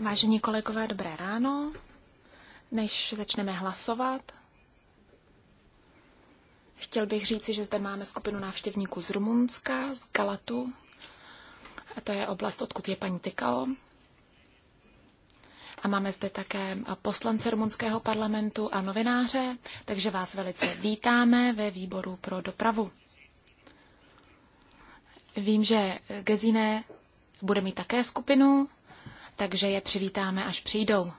Vážení kolegové, dobré ráno. Než začneme hlasovat, chtěl bych říci, že zde máme skupinu návštěvníků z Rumunska, z Galatu. A to je oblast, odkud je paní Tykao. A máme zde také poslance rumunského parlamentu a novináře, takže vás velice vítáme ve výboru pro dopravu. Vím, že Gezine bude mít také skupinu, takže je přivítáme, až přijdou.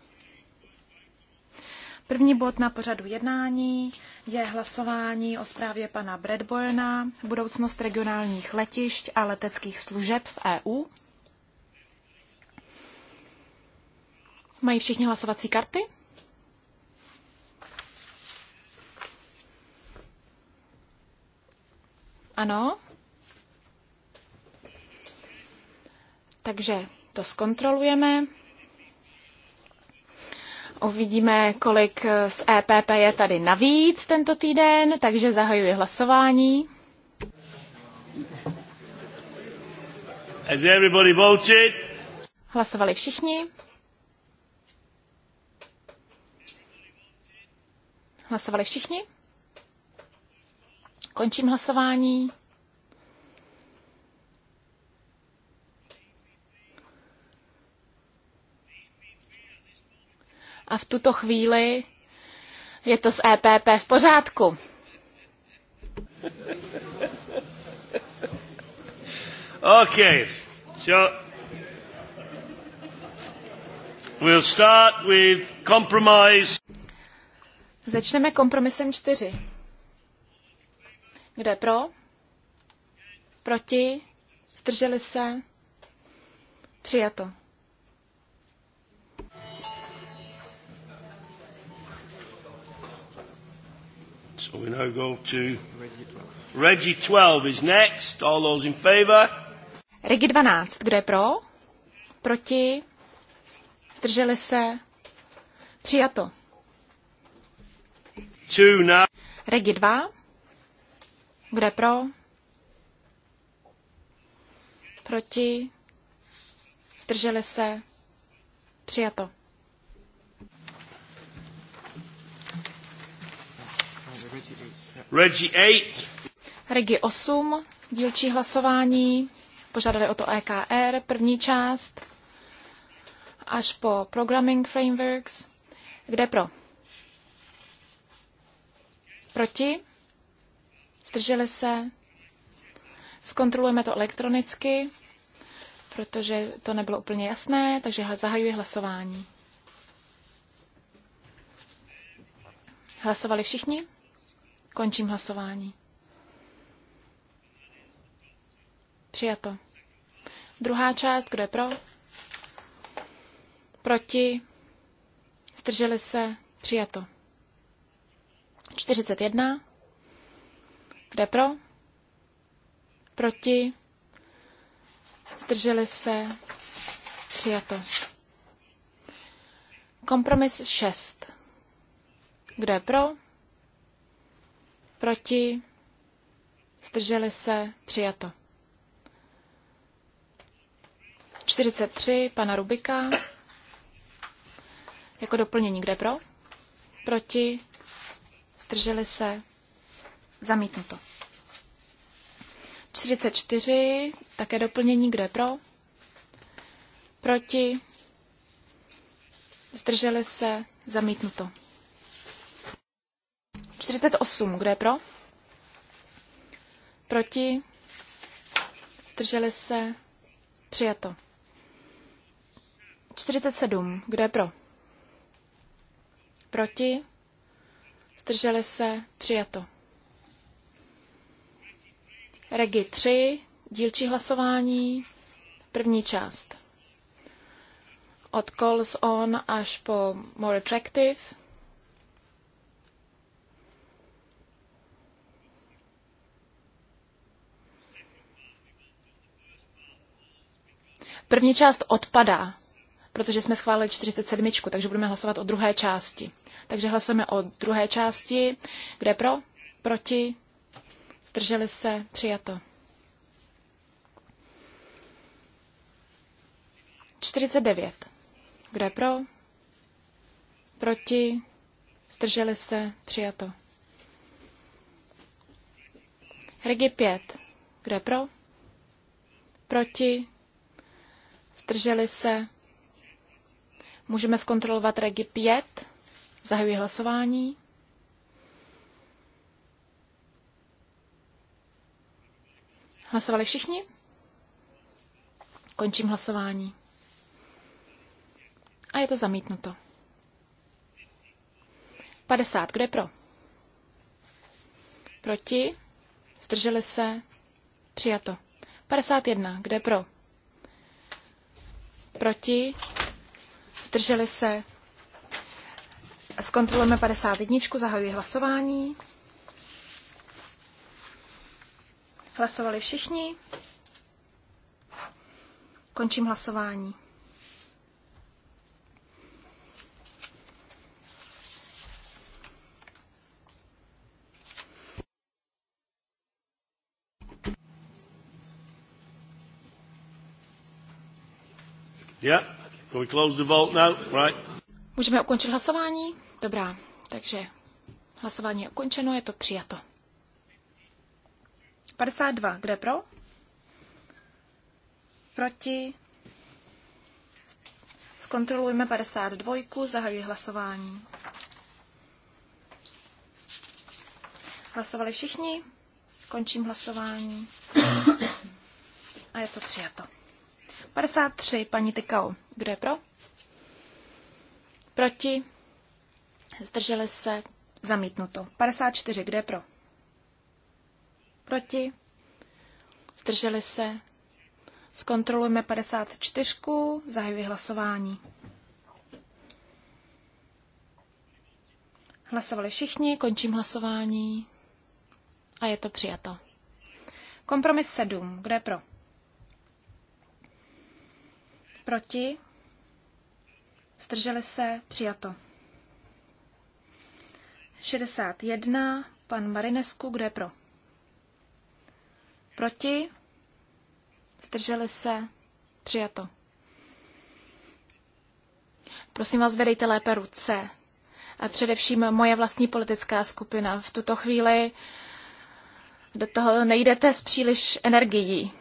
První bod na pořadu jednání je hlasování o zprávě pana Bradborna, budoucnost regionálních letišť a leteckých služeb v EU. Mají všichni hlasovací karty? Ano. Takže to zkontrolujeme. Uvidíme, kolik z EPP je tady navíc tento týden, takže zahajuji hlasování. Has everybody voted? Hlasovali všichni. Hlasovali všichni? Končím hlasování. a v tuto chvíli je to z EPP v pořádku. Okay, so we'll start with compromise. Začneme kompromisem čtyři. Kde pro? Proti? Zdrželi se? Přijato. So we now go to Reggie 12 is next. All those in favor? Regi 12, kdo je pro? Proti? Zdrželi se? Přijato. Two Regi 2, kdo je pro? Proti? Zdrželi se? Přijato. Regi 8. dílčí hlasování, požádali o to EKR, první část, až po Programming Frameworks. Kde pro? Proti? Zdrželi se? Zkontrolujeme to elektronicky, protože to nebylo úplně jasné, takže zahajuji hlasování. Hlasovali všichni? Končím hlasování. Přijato. Druhá část, kdo je pro? Proti? Zdrželi se? Přijato. 41. Kde pro? Proti? Zdrželi se? Přijato. Kompromis 6. Kde pro? Proti? Zdrželi se? Přijato. 43 pana Rubika. Jako doplnění kde pro? Proti? Zdrželi se? Zamítnuto. 44, také doplnění kde pro? Proti? Zdrželi se? Zamítnuto. 48. Kdo je pro? Proti? Zdrželi se? Přijato. 47. Kdo je pro? Proti? Zdrželi se? Přijato. Regi 3. Dílčí hlasování. První část. Od calls on až po more attractive. První část odpadá, protože jsme schválili 47, takže budeme hlasovat o druhé části. Takže hlasujeme o druhé části. Kde pro? Proti? Zdrželi se? Přijato. 49. Kde pro? Proti? Zdrželi se? Přijato. Regi 5. kde pro? Proti? Zdrželi se? Můžeme zkontrolovat regi 5. Zahajuji hlasování. Hlasovali všichni? Končím hlasování. A je to zamítnuto. 50. Kdo je pro? Proti? Zdrželi se? Přijato. 51. Kdo je pro? proti, zdrželi se. Zkontrolujeme 51, zahajuji hlasování. Hlasovali všichni. Končím hlasování. Yeah. Can we close the vote now? Right. Můžeme ukončit hlasování? Dobrá, takže hlasování je ukončeno, je to přijato. 52, kde pro? Proti? Zkontrolujme 52, zahajuji hlasování. Hlasovali všichni? Končím hlasování. A je to přijato. 53, paní Tykau. Kdo je pro? Proti? Zdrželi se? Zamítnuto. 54, kdo je pro? Proti? Zdrželi se? Zkontrolujeme 54, zahajuji hlasování. Hlasovali všichni, končím hlasování a je to přijato. Kompromis 7, kdo je pro? Proti? Zdrželi se? Přijato. 61. Pan Marinesku, kdo je pro? Proti? Zdrželi se? Přijato. Prosím vás, vedejte lépe ruce. A především moje vlastní politická skupina. V tuto chvíli do toho nejdete s příliš energií.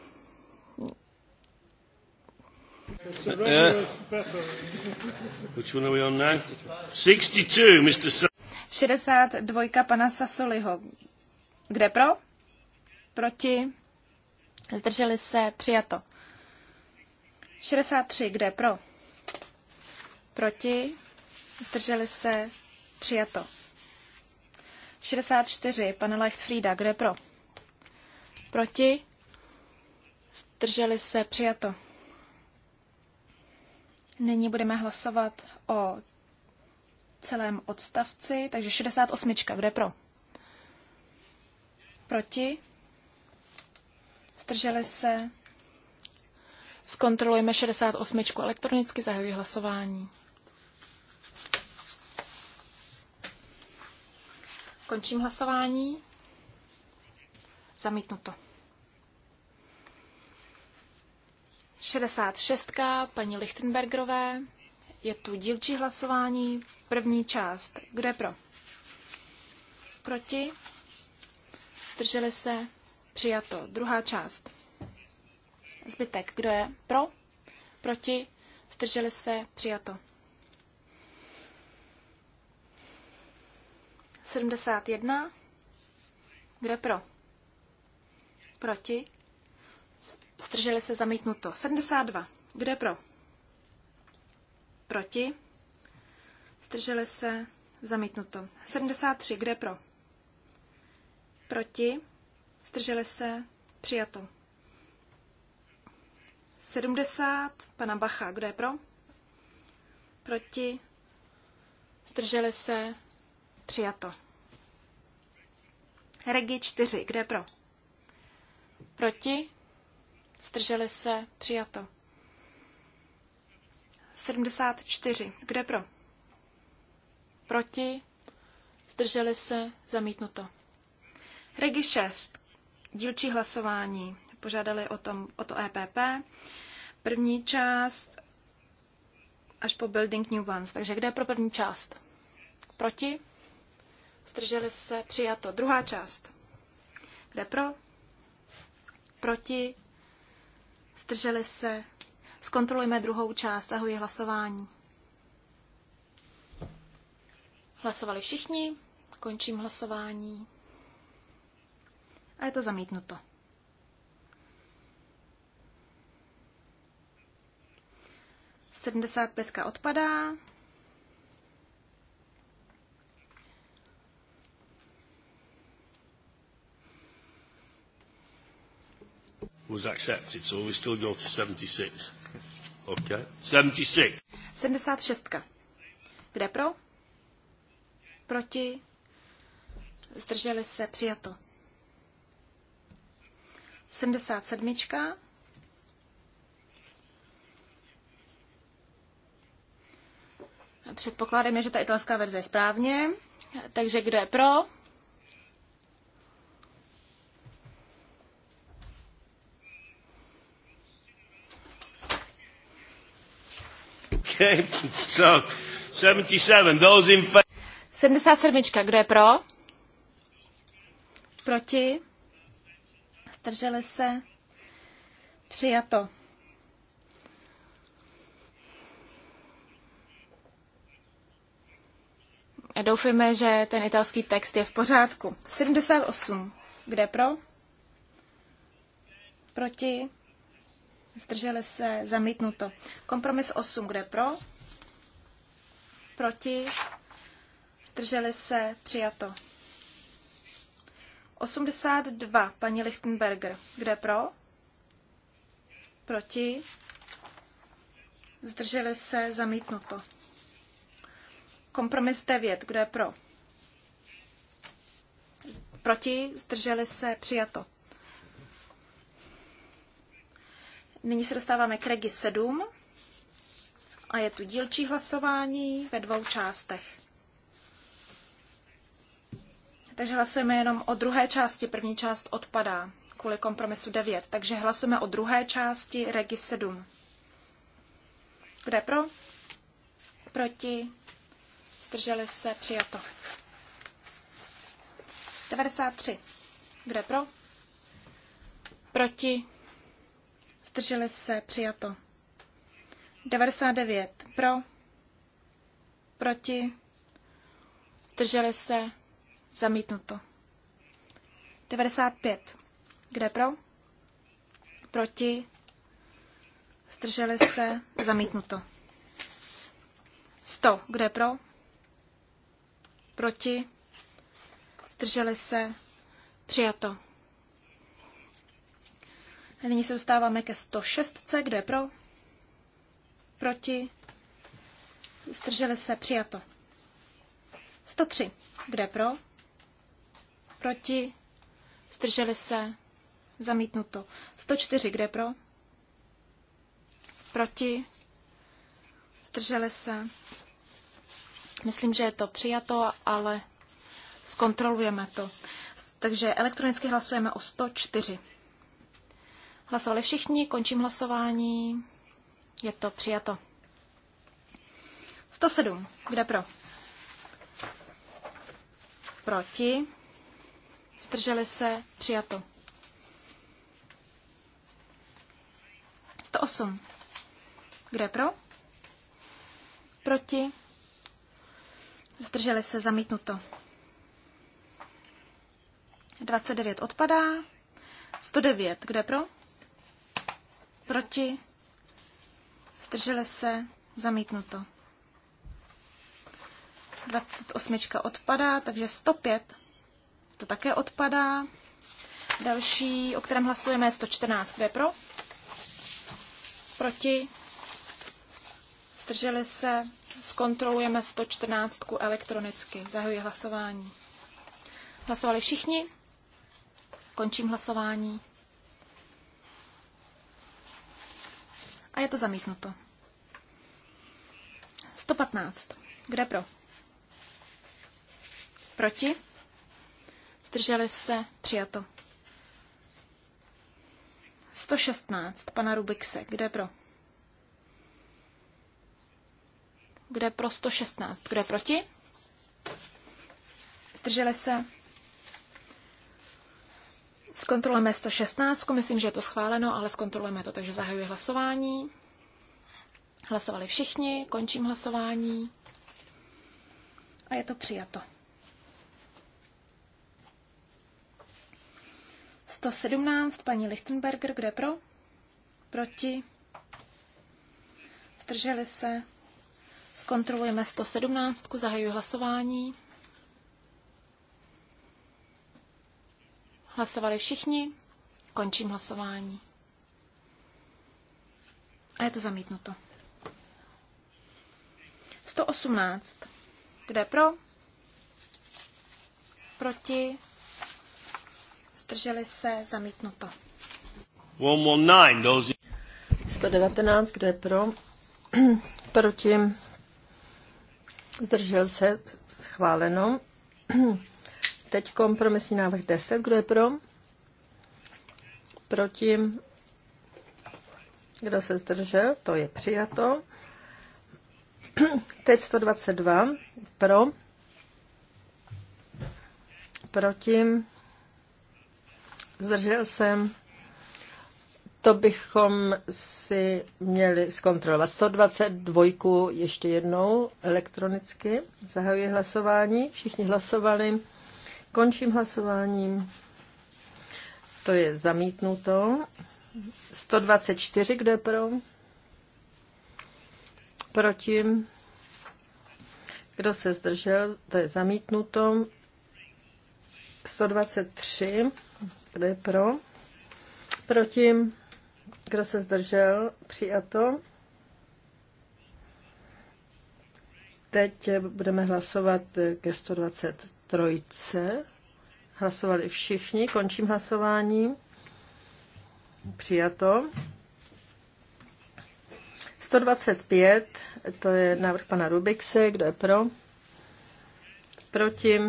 62, pana Sasoliho. Kde pro? Proti? Zdrželi se, přijato. 63, kde pro? Proti? Zdrželi se, přijato. 64, Pane Leichtfrieda, kde pro? Proti? Zdrželi se, přijato. Nyní budeme hlasovat o celém odstavci, takže 68. Kdo je pro? Proti? Zdrželi se? Zkontrolujeme 68. Elektronicky zahajuji hlasování. Končím hlasování. Zamítnuto. 66. paní Lichtenbergerové. Je tu dílčí hlasování. První část. Kdo je pro? Proti? Zdrželi se? Přijato. Druhá část. Zbytek. Kdo je pro? Proti? Zdrželi se? Přijato. 71. Kdo je pro? Proti? Zdrželi se zamítnuto. 72. Kdo je pro? Proti. Zdrželi se zamítnuto. 73. Kdo je pro? Proti. Zdrželi se přijato. 70. Pana Bacha. Kdo je pro? Proti. Zdrželi se přijato. Regi 4. Kde pro? Proti? Zdrželi se? Přijato. 74. Kde pro? Proti? Zdrželi se? Zamítnuto. Regi 6. Dílčí hlasování. Požádali o, tom, o to EPP. První část až po Building New Ones. Takže kde je pro první část? Proti? Zdrželi se? Přijato. Druhá část. Kde pro? Proti? Zdrželi se. Zkontrolujeme druhou část. Zahuji hlasování. Hlasovali všichni. Končím hlasování. A je to zamítnuto. Sedmdesát pětka odpadá, was accepted, so we still go to 76. Okay. 76. 76. Kde pro? Proti? Zdrželi se, přijato. 77. Předpokladem je, že ta italská verze je správně. Takže kdo je pro? Okay, so 77, those in 77, kdo je pro? Proti? Zdrželi se? Přijato. doufujeme, že ten italský text je v pořádku. 78. Kde pro? Proti? zdrželi se, zamítnuto. Kompromis 8, kde pro, proti, zdrželi se, přijato. 82, paní Lichtenberger, kde pro, proti, zdrželi se, zamítnuto. Kompromis 9, kde pro, proti, zdrželi se, přijato. Nyní se dostáváme k regi 7 a je tu dílčí hlasování ve dvou částech. Takže hlasujeme jenom o druhé části. První část odpadá kvůli kompromisu 9. Takže hlasujeme o druhé části regi 7. Kde pro? Proti? Zdrželi se? Přijato. 93. Kde pro? Proti? zdrželi se, přijato. 99 pro, proti, zdrželi se, zamítnuto. 95, kde pro, proti, zdrželi se, zamítnuto. 100, kde pro, proti, zdrželi se, přijato. Nyní se dostáváme ke 106. Kdo je pro? Proti? Zdrželi se přijato. 103. Kdo je pro? Proti? Zdrželi se? Zamítnuto. 104. Kde pro? Proti? Zdrželi se? Myslím, že je to přijato, ale zkontrolujeme to. Takže elektronicky hlasujeme o 104. Hlasovali všichni, končím hlasování. Je to přijato. 107. Kde pro? Proti. Zdrželi se. Přijato. 108. Kde pro? Proti. Zdrželi se. Zamítnuto. 29 odpadá. 109. Kde pro? Proti? Zdrželi se? Zamítnuto. 28 odpadá, takže 105 to také odpadá. Další, o kterém hlasujeme, je 114. Kde je pro? Proti? Zdrželi se? Zkontrolujeme 114 elektronicky. Zahajuji hlasování. Hlasovali všichni? Končím hlasování. a je to zamítnuto. 115. Kde pro? Proti? Zdrželi se přijato. 116. Pana Rubikse. Kde pro? Kde pro 116? Kde proti? Zdrželi se Zkontrolujeme 116, jako myslím, že je to schváleno, ale zkontrolujeme to, takže zahajuji hlasování. Hlasovali všichni, končím hlasování a je to přijato. 117, paní Lichtenberger, kde pro? Proti? Zdrželi se? Zkontrolujeme 117, zahajuji hlasování. Hlasovali všichni. Končím hlasování. A je to zamítnuto. 118. Kde pro? Proti? Zdrželi se? Zamítnuto. 119. Kdo je pro? Proti? Zdržel se? Schváleno. Teď kompromisní návrh 10. Kdo je pro? Proti? Kdo se zdržel? To je přijato. Teď 122. Pro? Proti? Zdržel jsem. To bychom si měli zkontrolovat. 122 ještě jednou elektronicky. Zahajuji hlasování. Všichni hlasovali. Končím hlasováním. To je zamítnuto. 124, kdo je pro? Proti? Kdo se zdržel? To je zamítnuto. 123, kdo je pro? Proti? Kdo se zdržel? Přijato. Teď budeme hlasovat ke 120 trojce. Hlasovali všichni, končím hlasování. Přijato. 125, to je návrh pana Rubikse, kdo je pro? Proti?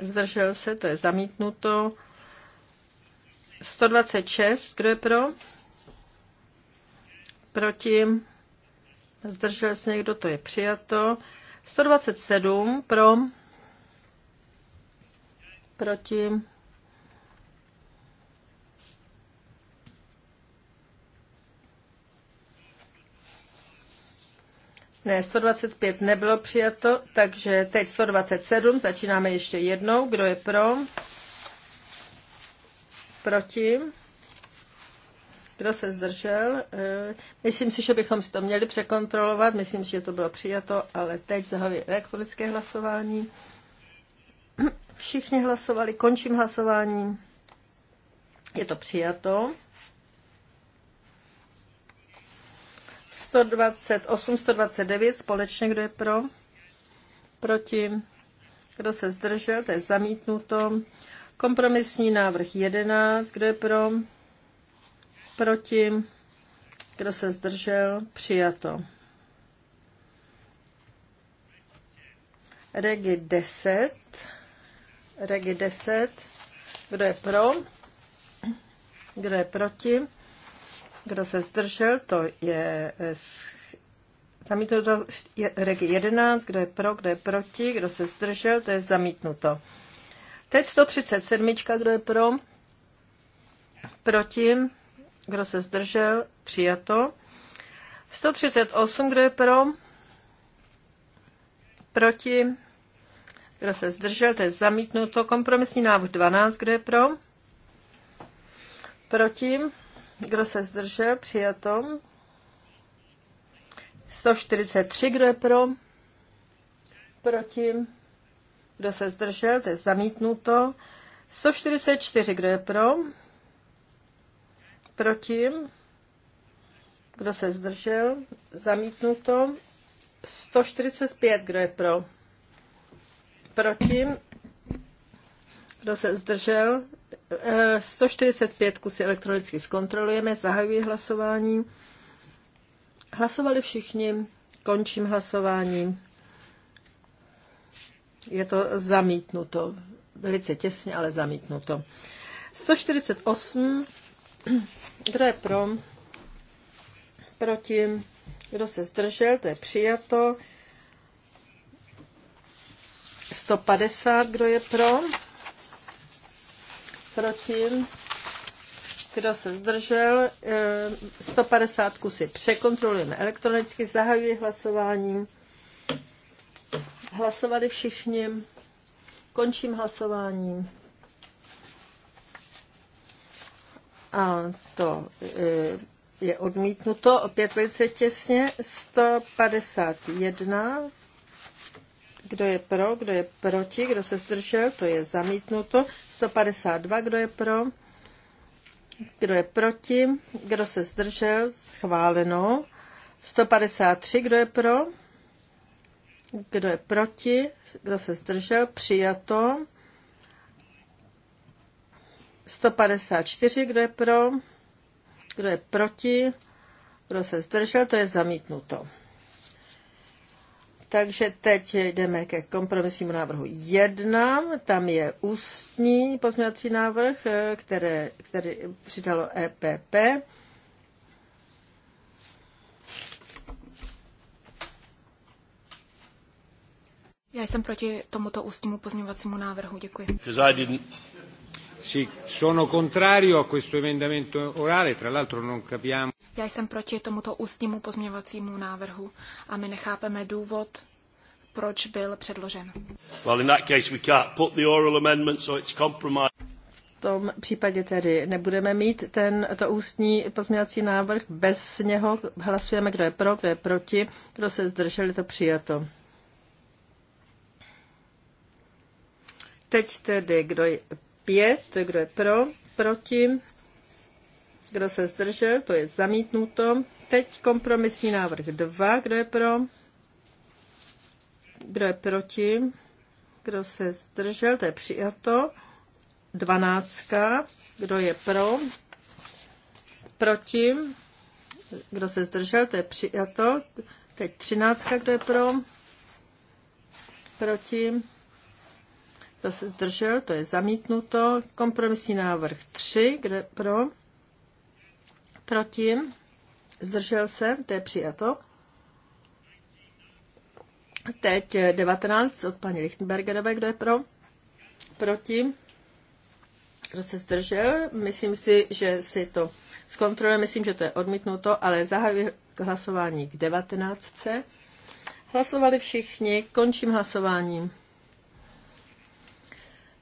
Zdržel se, to je zamítnuto. 126, kdo je pro? Proti? Zdržel se někdo, to je přijato. 127 pro, proti, Ne, 125 nebylo přijato, takže teď 127, začínáme ještě jednou. Kdo je pro? Proti? Kdo se zdržel? Eh, myslím si, že bychom si to měli překontrolovat, myslím si, že to bylo přijato, ale teď zahově elektronické hlasování. Všichni hlasovali, končím hlasování. Je to přijato. 128, 129 společně, kdo je pro, proti, kdo se zdržel, to je zamítnuto. Kompromisní návrh 11, kdo je pro, proti, kdo se zdržel, přijato. Regi 10, Regi 10. Kdo je pro? Kdo je proti? Kdo se zdržel? To je eh, zamítnuto. Regi 11. Kdo je pro? Kdo je proti? Kdo se zdržel? To je zamítnuto. Teď 137. Kdo je pro? Proti? Kdo se zdržel? Přijato. 138. Kdo je pro? Proti? Kdo se zdržel, to je zamítnuto. Kompromisní návrh 12, kdo je pro? Proti? Kdo se zdržel? Přijato. 143, kdo je pro? Proti? Kdo se zdržel? To je zamítnuto. 144, kdo je pro? Proti? Kdo se zdržel? Zamítnuto. 145, kdo je pro? Proti? Kdo se zdržel? 145 eh, kusy elektronicky zkontrolujeme, zahajuji hlasování. Hlasovali všichni, končím hlasování. Je to zamítnuto. Velice těsně, ale zamítnuto. 148. Kdo je pro? Proti? Kdo se zdržel? To je přijato. 150, kdo je pro? Proti? Kdo se zdržel? 150 eh, kusy překontrolujeme elektronicky, zahajuji hlasování. Hlasovali všichni. Končím hlasování. A to eh, je odmítnuto opět velice těsně. 151 kdo je pro, kdo je proti, kdo se zdržel, to je zamítnuto. 152, kdo je pro, kdo je proti, kdo se zdržel, schváleno. 153, kdo je pro, kdo je proti, kdo se zdržel, přijato. 154, kdo je pro, kdo je proti, kdo se zdržel, to je zamítnuto. Takže teď jdeme ke kompromisnímu návrhu 1. Tam je ústní pozměňovací návrh, eh, které, který přidalo EPP. Já jsem proti tomuto ústnímu pozměňovacímu návrhu. Děkuji. Sì, sono contrario a questo emendamento orale, tra l'altro non capiamo. Já jsem proti tomuto ústnímu pozměňovacímu návrhu a my nechápeme důvod, proč byl předložen. V tom případě tedy nebudeme mít ten to ústní pozměňovací návrh. Bez něho hlasujeme, kdo je pro, kdo je proti, kdo se zdržel? to přijato. Teď tedy, kdo je pět, kdo je pro, proti, kdo se zdržel, to je zamítnuto. Teď kompromisní návrh 2. Kdo je pro? Kdo je proti? Kdo se zdržel, to je přijato. Dvanáctka. Kdo je pro? Proti? Kdo se zdržel, to je přijato. Teď třináctka. Kdo je pro? Proti? Kdo se zdržel, to je zamítnuto. Kompromisní návrh 3. Kdo je pro? Proti? Zdržel se? To je přijato. Teď 19 od paní Lichtenbergerové. Kdo je pro? Proti? Kdo se zdržel? Myslím si, že si to zkontroluje. Myslím, že to je odmítnuto, ale zahajuji hlasování k 19. Hlasovali všichni. Končím hlasováním.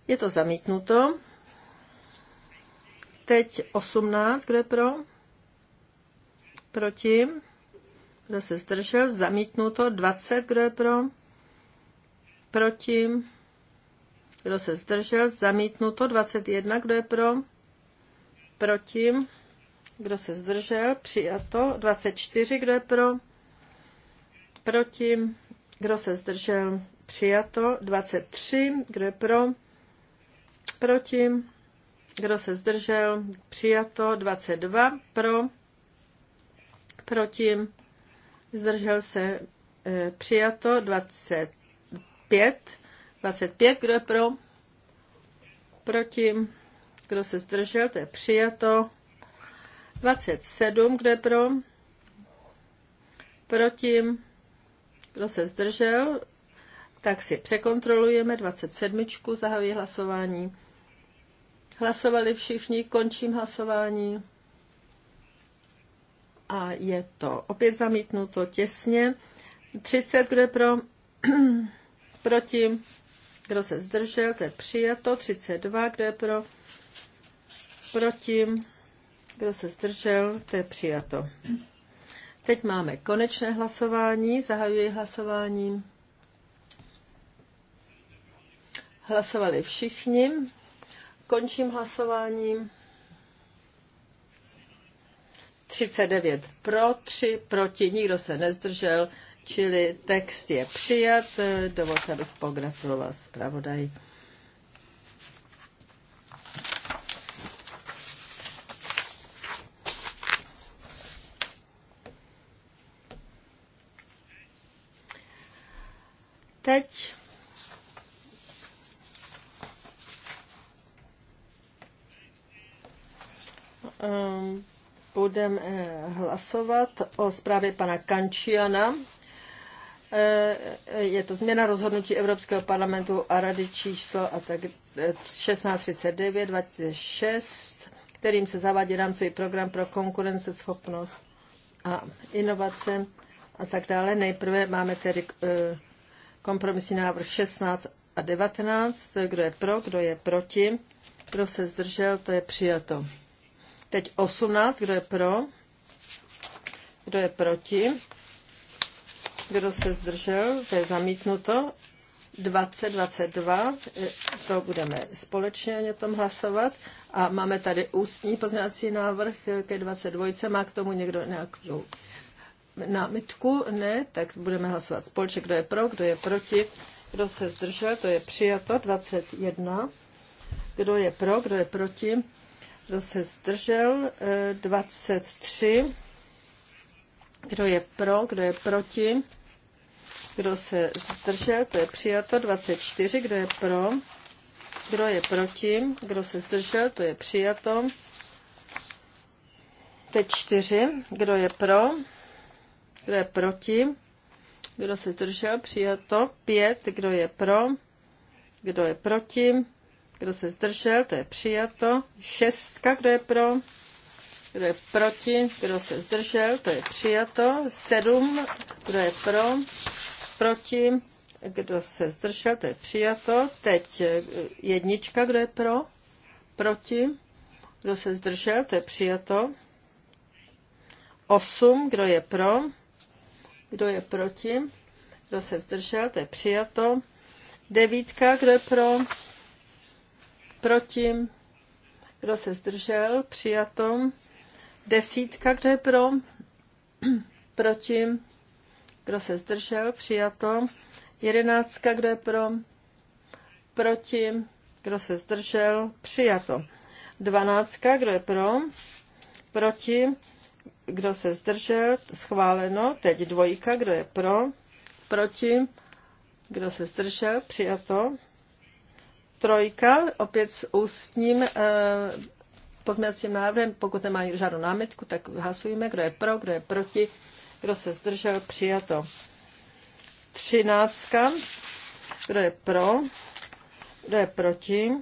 Je to zamítnuto. Teď 18. Kdo je pro? Proti? Kdo se zdržel? Zamítnuto. 20. Kdo je pro? Proti? Kdo se zdržel? Zamítnuto. 21. Kdo je pro? Proti? Kdo se zdržel? Přijato. 24. Kdo je pro? Proti? Kdo se zdržel? Přijato. 23. Kdo je pro? Proti? Kdo se zdržel? Přijato. 22. Pro? proti, zdržel se e, přijato 25, 25, kdo je pro, proti, kdo se zdržel, to je přijato 27, kdo je pro, proti, kdo se zdržel, tak si překontrolujeme 27. Zahajuji hlasování. Hlasovali všichni, končím hlasování a je to opět zamítnuto těsně. 30, kdo je pro, proti, kdo se zdržel, to je přijato. 32, kdo je pro, proti, kdo se zdržel, to je přijato. Teď máme konečné hlasování, zahajuji hlasování. Hlasovali všichni. Končím hlasování. 39 pro, 3 proti, nikdo se nezdržel, čili text je přijat. Dovolte, abych pogratuloval zpravodaj. Teď um, budeme eh, hlasovat o zprávě pana Kančiana. Eh, eh, je to změna rozhodnutí Evropského parlamentu a rady číslo a tak 1639 26, kterým se zavádí rámcový program pro konkurenceschopnost a inovace a tak dále. Nejprve máme tedy kompromisní návrh 16 a 19. Kdo je pro, kdo je proti, kdo se zdržel, to je přijato. Teď 18, kdo je pro? Kdo je proti? Kdo se zdržel? To je zamítnuto. 2022, e, to budeme společně o tom hlasovat. A máme tady ústní pozměňovací návrh e, ke 22. Má k tomu někdo nějakou námitku? Ne, tak budeme hlasovat společně, kdo je pro, kdo je proti, kdo se zdržel, to je přijato. 21. Kdo je pro, kdo je proti, kdo se zdržel, 23, eh, kdo je pro, kdo je proti, kdo se zdržel, to je přijato, 24, kdo je pro, kdo je proti, kdo se zdržel, to je přijato, teď 4, kdo je pro, kdo je proti, kdo se zdržel, přijato, 5, kdo je pro, kdo je proti, kdo se zdržel, to je přijato. Šestka, kdo je pro? Kdo je proti? Kdo se zdržel, to je přijato. Sedm, kdo je pro? Proti? Kdo se zdržel, to je přijato. Teď eh, jednička, kdo je pro? Proti? Kdo se zdržel, to je přijato. Osm, kdo je pro? Kdo je proti? Kdo se zdržel, to je přijato. Devítka, kdo je pro? proti, kdo se zdržel, přijato. Desítka, kdo je pro, proti, kdo se zdržel, přijato. Jedenáctka, kdo je pro, proti, kdo se zdržel, přijato. Dvanáctka, kdo je pro, proti, kdo se zdržel, schváleno. Teď dvojka, kdo je pro, proti, kdo se zdržel, přijato. Trojka, opět s ústním eh, pozměňovacím návrhem, pokud nemá žádnou námitku, tak hlasujeme, kdo je pro, kdo je proti, kdo se zdržel, přijato. Třináctka, kdo je pro, kdo je proti,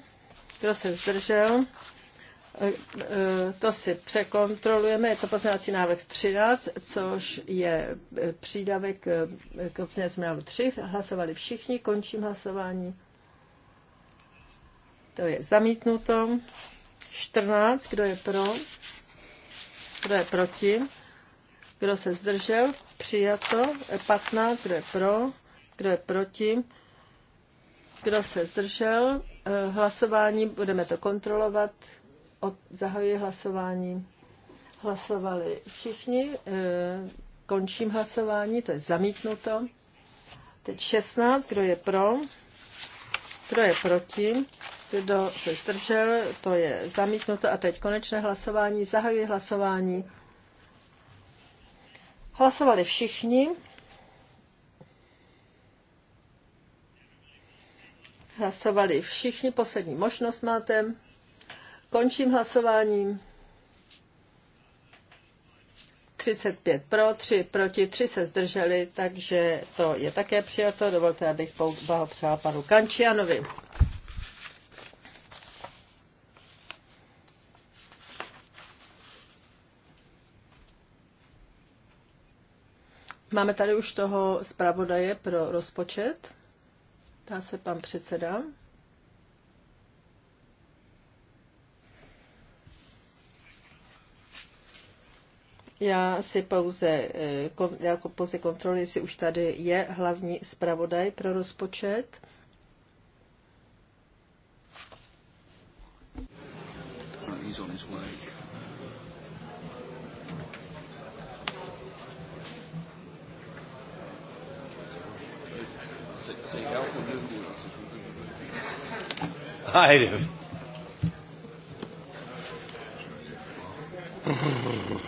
kdo se zdržel, eh, eh, to si překontrolujeme, je to pozměňovací návrh 13, což je přídavek k pozměňovacímu návrhu 3. Hlasovali všichni, končím hlasování to je zamítnuto. 14, kdo je pro, kdo je proti, kdo se zdržel, přijato. 15, kdo je pro, kdo je proti, kdo se zdržel, eh, hlasování, budeme to kontrolovat, zahajuji hlasování. Hlasovali všichni, eh, končím hlasování, to je zamítnuto. Teď 16, kdo je pro, kdo je proti? Kdo se zdržel? To je zamítnuto. A teď konečné hlasování. Zahajuji hlasování. Hlasovali všichni. Hlasovali všichni. Poslední možnost máte. Končím hlasováním. 35 pro, 3 proti, 3 se zdrželi, takže to je také přijato. Dovolte, abych blahopřál panu Kančianovi. Máme tady už toho zpravodaje pro rozpočet. Dá se pan předseda. Já si pouze, jako pouze kontroluji, jestli už tady je hlavní zpravodaj pro rozpočet. Hi.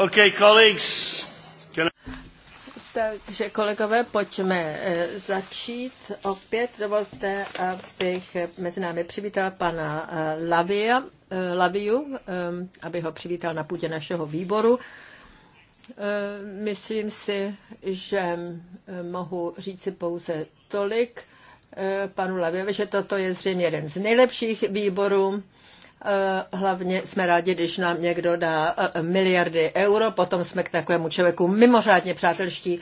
Okay, colleagues. Can... Takže kolegové, pojďme eh, začít. Opět dovolte, abych mezi námi přivítal pana eh, Lavia, eh, Laviu, aby ho přivítal na půdě našeho výboru. Myslím si, že mohu říci pouze tolik panu Lavěvi, že toto je zřejmě jeden z nejlepších výborů, Eh, hlavně jsme rádi, když nám někdo dá eh, miliardy euro, potom jsme k takovému člověku mimořádně přátelští.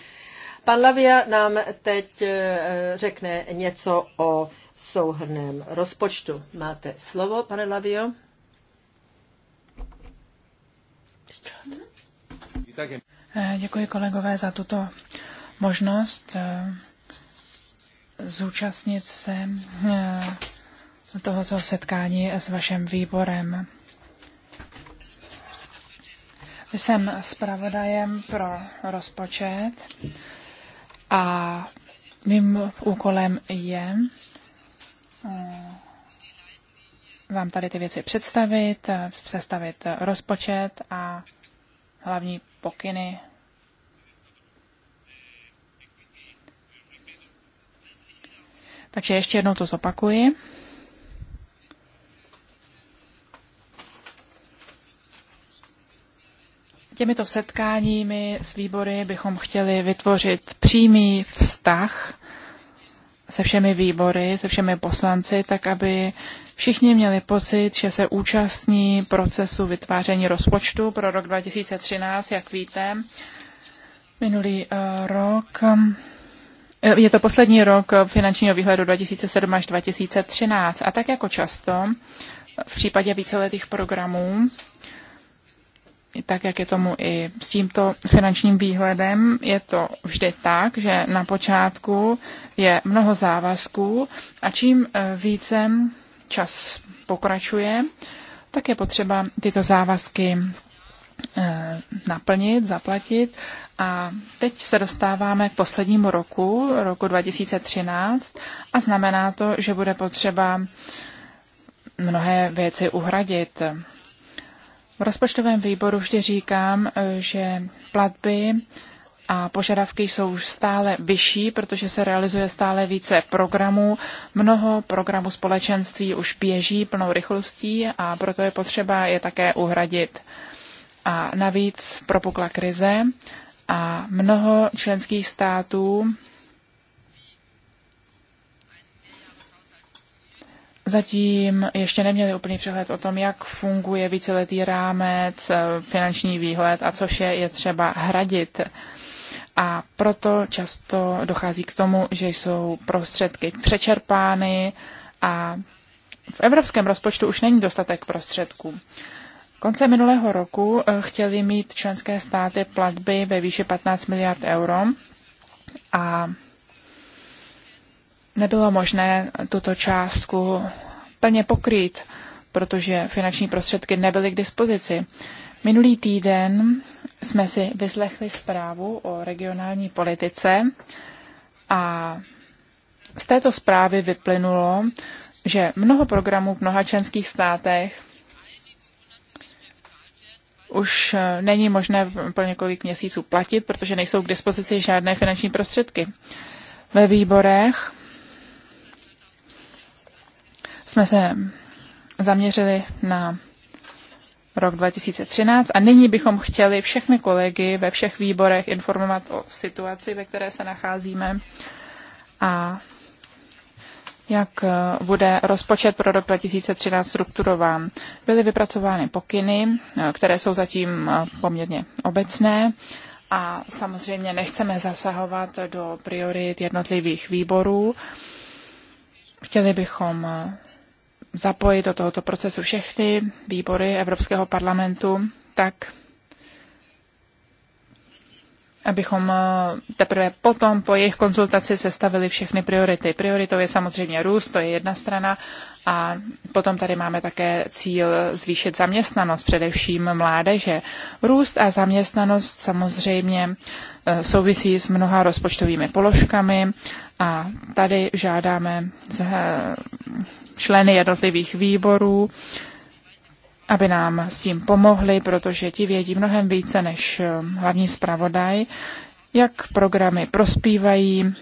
Pan Lavia nám teď eh, řekne něco o souhrném rozpočtu. Máte slovo, pane Lavio. Děkuji kolegové za tuto možnost zúčastnit se toho setkání s vaším výborem. Jsem zpravodajem pro rozpočet a mým úkolem je eh, vám tady ty věci představit, sestavit rozpočet a hlavní pokyny. Takže ještě jednou to zopakuji. Těmito setkáními s výbory bychom chtěli vytvořit přímý vztah se všemi výbory, se všemi poslanci, tak aby všichni měli pocit, že se účastní procesu vytváření rozpočtu pro rok 2013, jak víte. Minulý uh, rok, eh, je to poslední rok finančního výhledu 2007 až 2013 a tak jako často v případě víceletých programů tak jak je tomu i s tímto finančním výhledem, je to vždy tak, že na počátku je mnoho závazků a čím eh, více čas pokračuje, tak je potřeba tyto závazky eh, naplnit, zaplatit. A teď se dostáváme k poslednímu roku, roku 2013, a znamená to, že bude potřeba mnohé věci uhradit. V rozpočtovém výboru vždy říkám, eh, že platby a požadavky jsou stále vyšší, protože se realizuje stále více programů. Mnoho programů společenství už běží plnou rychlostí a proto je potřeba je také uhradit. A navíc propukla krize a mnoho členských států zatím ještě neměli úplný přehled o tom, jak funguje víceletý rámec, eh, finanční výhled a co vše je třeba hradit. A proto často dochází k tomu, že jsou prostředky přečerpány a v evropském rozpočtu už není dostatek prostředků. Konce minulého roku eh, chtěli mít členské státy platby ve výši 15 miliard euro a nebylo možné tuto částku plně pokrýt, protože finanční prostředky nebyly k dispozici. Minulý týden jsme si vyslechli zprávu o regionální politice a z této zprávy vyplynulo, že mnoho programů v mnoha členských státech už není možné po několik měsíců platit, protože nejsou k dispozici žádné finanční prostředky. Ve výborech jsme se zaměřili na rok 2013 a nyní bychom chtěli všechny kolegy ve všech výborech informovat o situaci, ve které se nacházíme a jak eh, bude rozpočet pro rok 2013 strukturován. Byly vypracovány pokyny, eh, které jsou zatím eh, poměrně obecné a samozřejmě nechceme zasahovat do priorit jednotlivých výborů. Chtěli bychom zapojit do tohoto procesu všechny výbory Evropského parlamentu, tak abychom eh, teprve potom po jejich konzultaci sestavili všechny priority. Prioritou je samozřejmě růst, to je jedna strana, a potom tady máme také cíl zvýšit zaměstnanost, především mládeže. Růst a zaměstnanost samozřejmě eh, souvisí s mnoha rozpočtovými položkami a tady žádáme eh, členy jednotlivých výborů, aby nám s tím pomohli, protože ti vědí mnohem více než eh, hlavní zpravodaj, jak programy prospívají,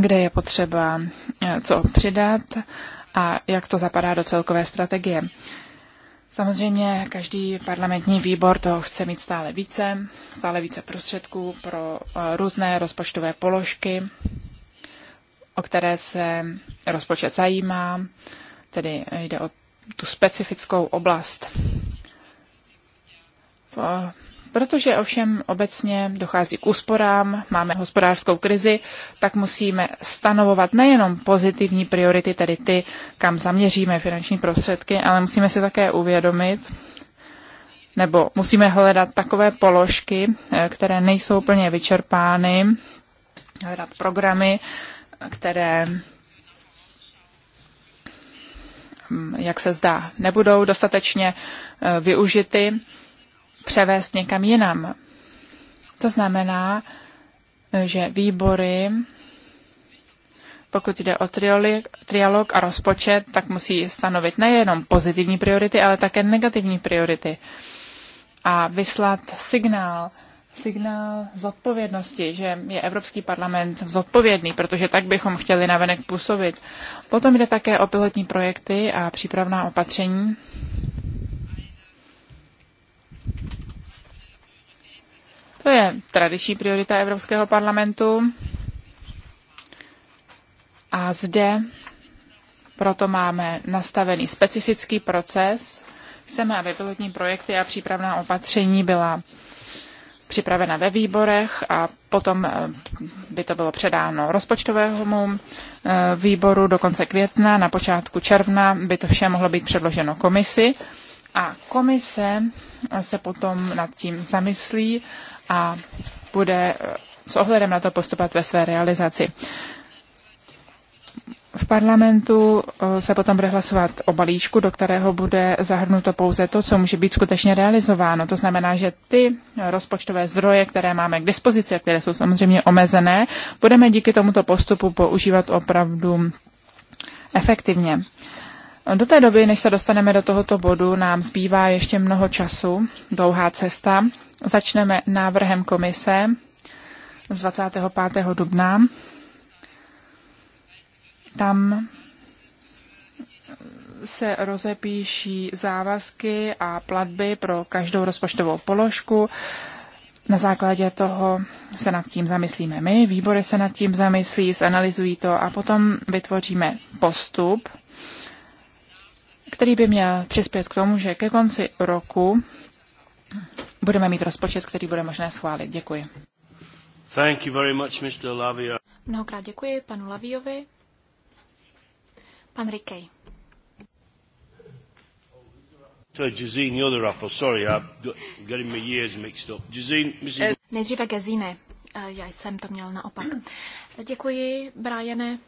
kde je potřeba eh, co přidat a jak to zapadá do celkové strategie. Samozřejmě každý parlamentní výbor to chce mít stále více, stále více prostředků pro eh, různé rozpočtové položky, o které se rozpočet zajímá, tedy jde o tu specifickou oblast. Protože ovšem obecně dochází k úsporám, máme hospodářskou krizi, tak musíme stanovovat nejenom pozitivní priority, tedy ty, kam zaměříme finanční prostředky, ale musíme si také uvědomit, nebo musíme hledat takové položky, eh, které nejsou plně vyčerpány, hledat programy, které Hm, jak se zdá, nebudou dostatečně eh, využity, převést někam jinam. To znamená, eh, že výbory, pokud jde o trialog a rozpočet, tak musí stanovit nejenom pozitivní priority, ale také negativní priority a vyslat signál, signál zodpovědnosti, že je Evropský parlament zodpovědný, protože tak bychom chtěli navenek působit. Potom jde také o pilotní projekty a přípravná opatření. To je tradiční priorita Evropského parlamentu. A zde proto máme nastavený specifický proces. Chceme, aby pilotní projekty a přípravná opatření byla připravena ve výborech a potom eh, by to bylo předáno rozpočtovému eh, výboru do konce května, na počátku června by to vše mohlo být předloženo komisi a komise eh, se potom nad tím zamyslí a bude s ohledem na to postupovat ve své realizaci. V parlamentu eh, se potom bude hlasovat o balíčku, do kterého bude zahrnuto pouze to, co může být skutečně realizováno. To znamená, že ty rozpočtové zdroje, které máme k dispozici, které jsou samozřejmě omezené, budeme díky tomuto postupu používat opravdu efektivně. Do té doby, než se dostaneme do tohoto bodu, nám zbývá ještě mnoho času, dlouhá cesta. Začneme návrhem komise z 25. dubna tam se rozepíší závazky a platby pro každou rozpočtovou položku. Na základě toho se nad tím zamyslíme my, výbory se nad tím zamyslí, zanalizují to a potom vytvoříme postup, který by měl přispět k tomu, že ke konci roku budeme mít rozpočet, který bude možné schválit. Děkuji. Thank you very much, Mr. Mnohokrát děkuji panu Laviovi. Pan Rikej. Nejdříve Gezine, eh, já jsem to měl naopak. Děkuji, Briane.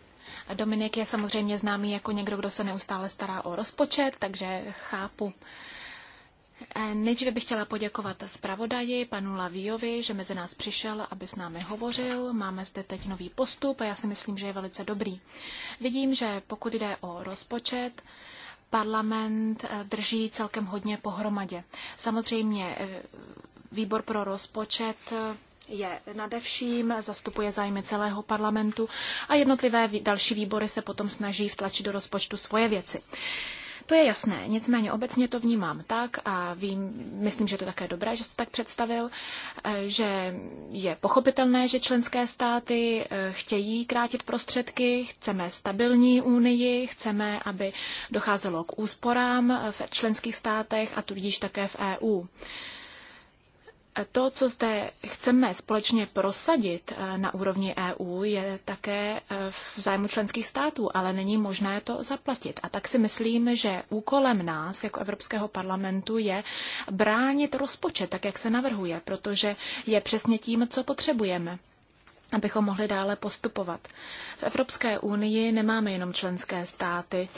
Dominik je samozřejmě známý jako někdo, kdo se neustále stará o rozpočet, takže chápu Eh, nejdříve bych chtěla poděkovat zpravodaji, panu Lavíjovi, že mezi nás přišel, aby s námi hovořil. Máme zde teď nový postup a já si myslím, že je velice dobrý. Vidím, že pokud jde o rozpočet, parlament eh, drží celkem hodně pohromadě. Samozřejmě eh, výbor pro rozpočet je nadevším, zastupuje zájmy celého parlamentu a jednotlivé další výbory se potom snaží vtlačit do rozpočtu svoje věci. To je jasné, nicméně obecně to vnímám tak a vím, myslím, že to také dobré, že jste tak představil, eh, že je pochopitelné, že členské státy eh, chtějí krátit prostředky, chceme stabilní unii, chceme, aby docházelo k úsporám eh, v členských státech a tudíž také v EU. To, co zde chceme společně prosadit eh, na úrovni EU, je také eh, v zájmu členských států, ale není možné to zaplatit. A tak si myslím, že úkolem nás jako Evropského parlamentu je bránit rozpočet, tak jak se navrhuje, protože je přesně tím, co potřebujeme abychom mohli dále postupovat. V Evropské unii nemáme jenom členské státy,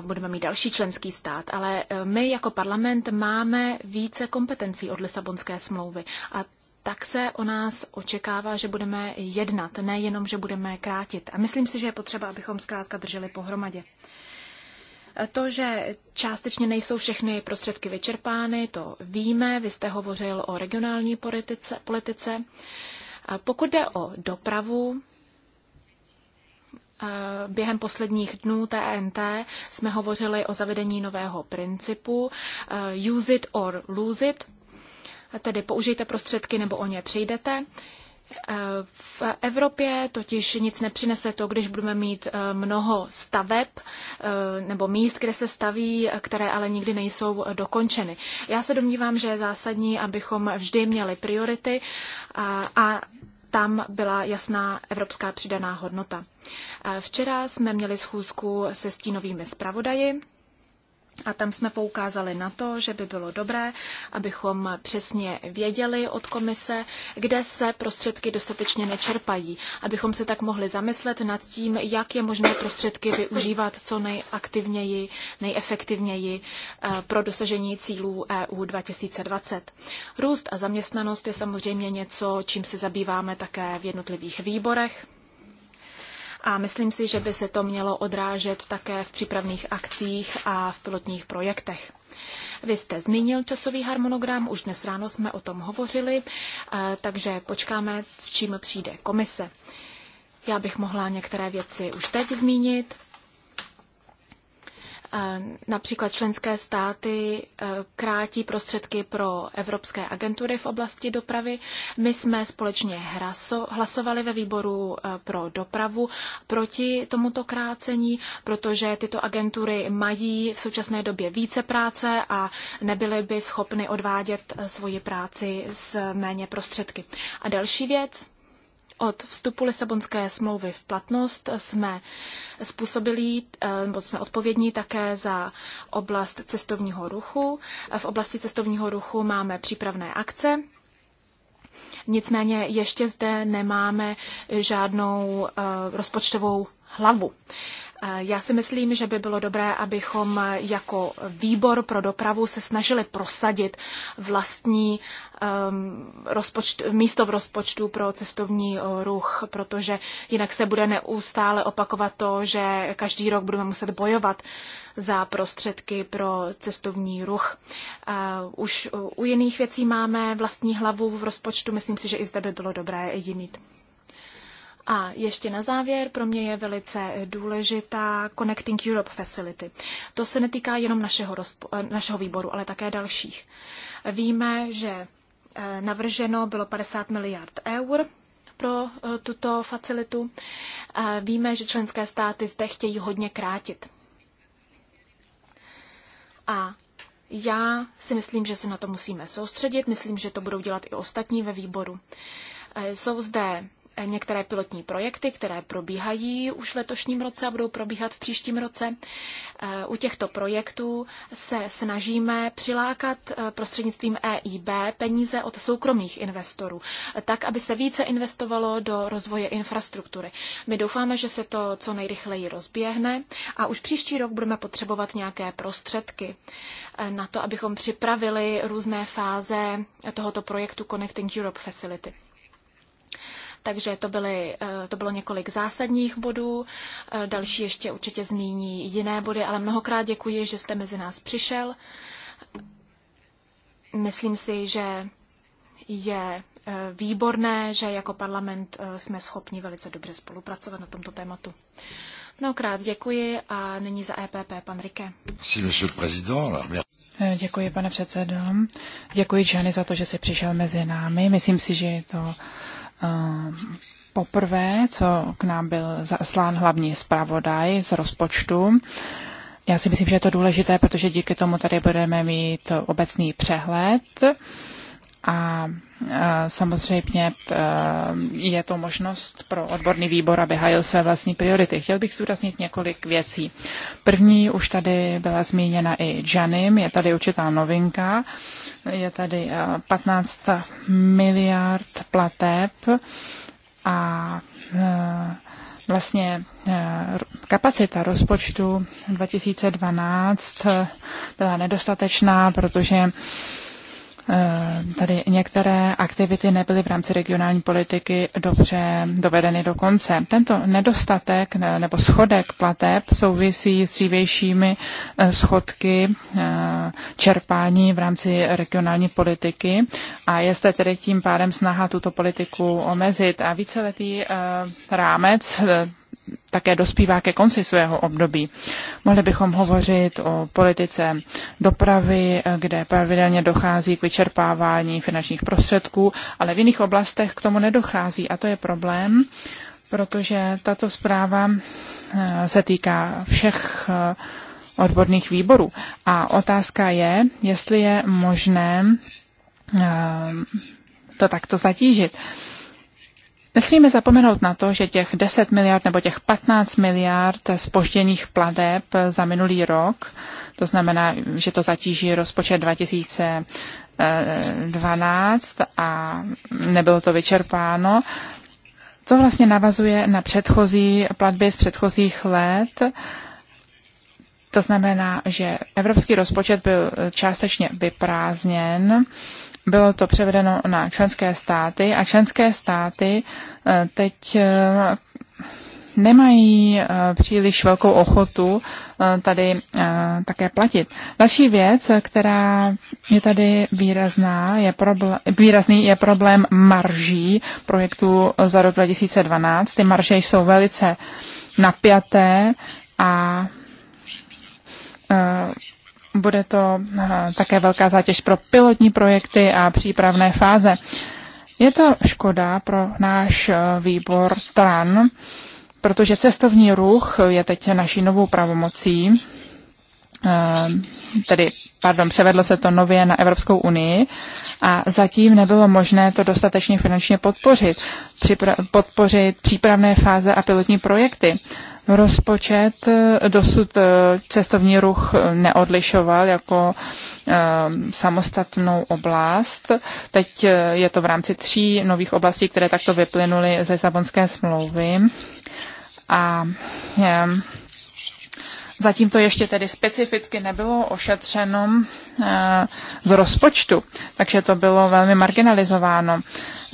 budeme mít další členský stát, ale e, my jako parlament máme více kompetencí od Lisabonské smlouvy a tak se o nás očekává, že budeme jednat, nejenom, že budeme krátit. A myslím si, že je potřeba, abychom zkrátka drželi pohromadě. E, to, že částečně nejsou všechny prostředky vyčerpány, to víme. Vy jste hovořil o regionální politice. politice. Pokud jde o dopravu, Eh, během posledních dnů TNT jsme hovořili o zavedení nového principu eh, use it or lose it, tedy použijte prostředky nebo o ně přijdete. Eh, v Evropě totiž nic nepřinese to, když budeme mít mnoho staveb nebo míst, kde se staví, které ale nikdy nejsou dokončeny. Já se domnívám, že je zásadní, abychom vždy měli priority a, a tam byla jasná evropská přidaná hodnota. Eh, včera jsme měli schůzku se stínovými zpravodaji a tam jsme poukázali na to, že by bylo dobré, abychom přesně věděli od komise, kde se prostředky dostatečně nečerpají, abychom se tak mohli zamyslet nad tím, jak je možné prostředky využívat co nejaktivněji, nejefektivněji eh, pro dosažení cílů EU 2020. Růst a zaměstnanost je samozřejmě něco, čím se zabýváme také v jednotlivých výborech. A myslím si, že by se to mělo odrážet také v přípravných akcích a v pilotních projektech. Vy jste zmínil časový harmonogram, už dnes ráno jsme o tom hovořili, eh, takže počkáme, s čím přijde komise. Já bych mohla některé věci už teď zmínit. Například členské státy eh, krátí prostředky pro evropské agentury v oblasti dopravy. My jsme společně hlasovali ve výboru eh, pro dopravu proti tomuto krácení, protože tyto agentury mají v současné době více práce a nebyly by schopny odvádět eh, svoji práci s méně prostředky. A další věc, od vstupu Lisabonské smlouvy v platnost jsme způsobili, eh, nebo jsme odpovědní také za oblast cestovního ruchu. V oblasti cestovního ruchu máme přípravné akce, Nicméně ještě zde nemáme žádnou eh, rozpočtovou hlavu. Já si myslím, že by bylo dobré, abychom jako výbor pro dopravu se snažili prosadit vlastní um, rozpočt, místo v rozpočtu pro cestovní eh, ruch, protože jinak se bude neustále opakovat to, že každý rok budeme muset bojovat za prostředky pro cestovní ruch. Uh, už u jiných věcí máme vlastní hlavu v rozpočtu, myslím si, že i zde by bylo dobré ji mít. A ještě na závěr, pro mě je velice důležitá Connecting Europe Facility. To se netýká jenom našeho, rozpo- eh, našeho výboru, ale také dalších. Víme, že eh, navrženo bylo 50 miliard eur pro eh, tuto facilitu. Víme, že členské státy zde chtějí hodně krátit. A já si myslím, že se na to musíme soustředit, myslím, že to budou dělat i ostatní ve výboru. Jsou zde některé pilotní projekty, které probíhají už v letošním roce a budou probíhat v příštím roce. Eh, u těchto projektů se snažíme přilákat eh, prostřednictvím EIB peníze od soukromých investorů, tak, aby se více investovalo do rozvoje infrastruktury. My doufáme, že se to co nejrychleji rozběhne a už příští rok budeme potřebovat nějaké prostředky eh, na to, abychom připravili různé fáze tohoto projektu Connecting Europe Facility. Takže to, byly, eh, to bylo několik zásadních bodů. Eh, další ještě určitě zmíní jiné body, ale mnohokrát děkuji, že jste mezi nás přišel. Myslím si, že je eh, výborné, že jako parlament jsme schopni velice dobře spolupracovat na tomto tématu. Mnohokrát děkuji a nyní za EPP pan Rike. Děkuji, pane předsedo. Děkuji, Jany za to, že jsi přišel mezi námi. Myslím si, že je to Eh, poprvé, co k nám byl zaslán hlavní zpravodaj z rozpočtu. Já si myslím, že je to důležité, protože díky tomu tady budeme mít obecný přehled a e, samozřejmě e, je to možnost pro odborný výbor, aby hájil své vlastní priority. Chtěl bych zdůraznit několik věcí. První už tady byla zmíněna i Janim, je tady určitá novinka, je tady 15 e, miliard plateb a vlastně kapacita rozpočtu 2012 byla nedostatečná, protože Eh, tady některé aktivity nebyly v rámci regionální politiky dobře dovedeny do konce. Tento nedostatek nebo schodek plateb souvisí s dřívějšími eh, schodky eh, čerpání v rámci regionální politiky a je zde tedy tím pádem snaha tuto politiku omezit. A víceletý rámec také dospívá ke konci svého období. Mohli bychom hovořit o politice dopravy, kde pravidelně dochází k vyčerpávání finančních prostředků, ale v jiných oblastech k tomu nedochází a to je problém, protože tato zpráva eh, se týká všech eh, odborných výborů. A otázka je, jestli je možné eh, to takto zatížit. Nesmíme zapomenout na to, že těch 10 miliard nebo těch 15 miliard spožděných plateb za minulý rok, to znamená, že to zatíží rozpočet 2012 eh, a nebylo to vyčerpáno, to vlastně navazuje na předchozí platby z předchozích let. To znamená, že evropský rozpočet byl částečně vyprázněn bylo to převedeno na členské státy a členské státy eh, teď eh, nemají eh, příliš velkou ochotu tady také platit. Další věc, která je tady výrazná, je problém, výrazný je problém marží projektu za rok 2012. Ty marže jsou velice napjaté a bude to eh, také velká zátěž pro pilotní projekty a přípravné fáze. Je to škoda pro náš eh, výbor TRAN, protože cestovní ruch je teď naší novou pravomocí, eh, tedy, pardon, převedlo se to nově na Evropskou unii a zatím nebylo možné to dostatečně finančně podpořit, připra- podpořit přípravné fáze a pilotní projekty. Rozpočet eh, dosud eh, cestovní ruch eh, neodlišoval jako samostatnou oblast. Teď je to v rámci tří nových oblastí, které takto vyplynuly z Lisabonské smlouvy. A Zatím to ještě tedy specificky nebylo ošetřeno eh, z rozpočtu, takže to bylo velmi marginalizováno.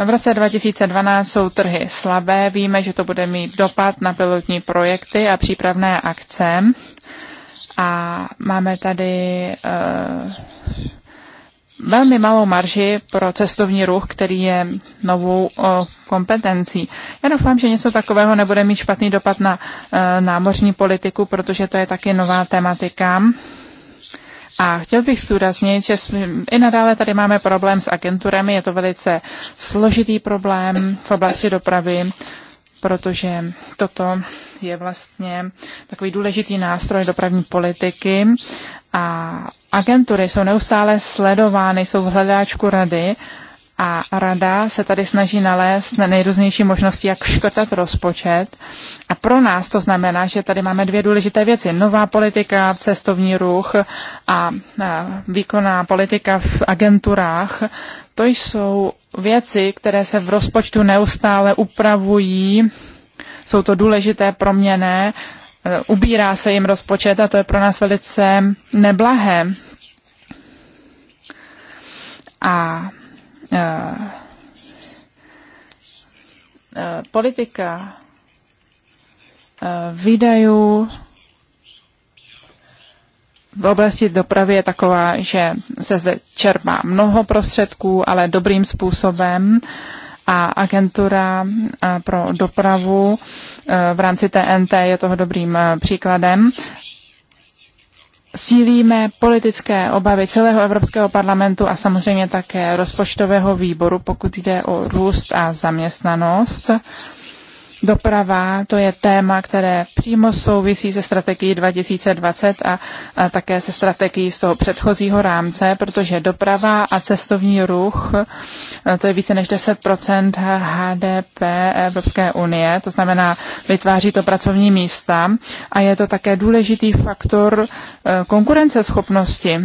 V roce 2012 jsou trhy slabé, víme, že to bude mít dopad na pilotní projekty a přípravné akce. A máme tady eh, velmi malou marži pro cestovní ruch, který je novou kompetencí. Já doufám, že něco takového nebude mít špatný dopad na e, námořní politiku, protože to je taky nová tematika. A chtěl bych zdůraznit, že i nadále tady máme problém s agenturami, je to velice složitý problém v oblasti dopravy protože toto je vlastně takový důležitý nástroj dopravní politiky a agentury jsou neustále sledovány, jsou v hledáčku rady a rada se tady snaží nalézt na nejrůznější možnosti, jak škrtat rozpočet. A pro nás to znamená, že tady máme dvě důležité věci. Nová politika, cestovní ruch a výkonná politika v agenturách. To jsou věci, které se v rozpočtu neustále upravují. Jsou to důležité proměny. Ubírá se jim rozpočet a to je pro nás velice neblahé. A Eh, politika eh, výdajů v oblasti dopravy je taková, že se zde čerpá mnoho prostředků, ale dobrým způsobem a agentura eh, pro dopravu v rámci TNT je toho dobrým příkladem sílíme politické obavy celého Evropského parlamentu a samozřejmě také rozpočtového výboru, pokud jde o růst a zaměstnanost. Uh, Doprava, to je téma, které přímo souvisí se strategií 2020 a, a také se strategií z toho předchozího rámce, protože doprava a cestovní ruch, eh, to je více než 10 HDP Evropské unie, to znamená, vytváří to pracovní místa a je to také důležitý faktor eh, konkurenceschopnosti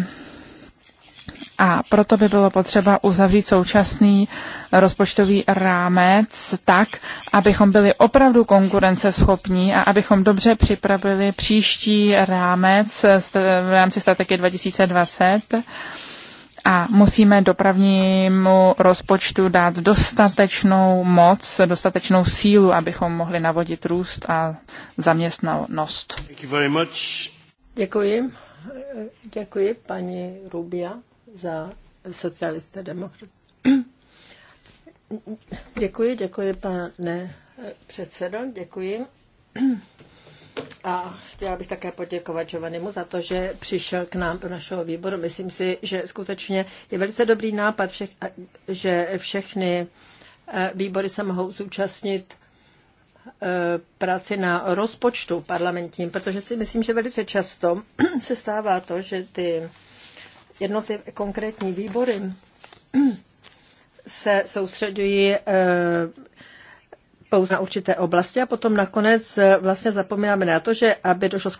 a proto by bylo potřeba uzavřít současný rozpočtový rámec tak, abychom byli opravdu konkurenceschopní a abychom dobře připravili příští rámec v rámci strategie 2020 a musíme dopravnímu rozpočtu dát dostatečnou moc, dostatečnou sílu, abychom mohli navodit růst a zaměstnanost. Děkuji. Děkuji, paní Rubia za socialisté demokrat. Děkuji, děkuji, pane předsedo, děkuji. A chtěla bych také poděkovat Jovanimu za to, že přišel k nám do našeho výboru. Myslím si, že skutečně je velice dobrý nápad, všech, že všechny eh, výbory se mohou zúčastnit eh, práci na rozpočtu parlamentním, protože si myslím, že velice často se stává to, že ty jednotlivé konkrétní výbory se soustředují eh, pouze na určité oblasti a potom nakonec eh, vlastně zapomínáme na to, že aby došlo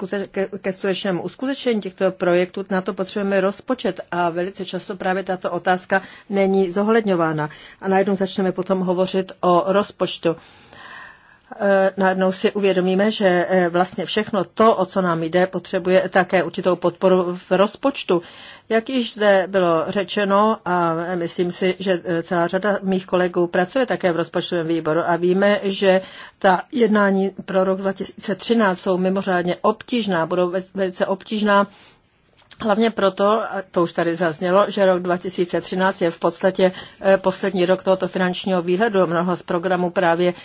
ke skutečnému uskutečnění těchto projektů, na to potřebujeme rozpočet a velice často právě tato otázka není zohledňována. A najednou začneme potom hovořit o rozpočtu. Eh, najednou si uvědomíme, že vlastně všechno to, o co nám jde, potřebuje také určitou podporu v rozpočtu. Jak již zde bylo řečeno, a myslím si, že e, celá řada mých kolegů pracuje také v rozpočtovém výboru a víme, že ta jednání pro rok 2013 jsou mimořádně obtížná, budou velice obtížná. Hlavně proto, to už tady zaznělo, že rok 2013 je v podstatě e, poslední rok tohoto finančního výhledu. Mnoho z programů právě e,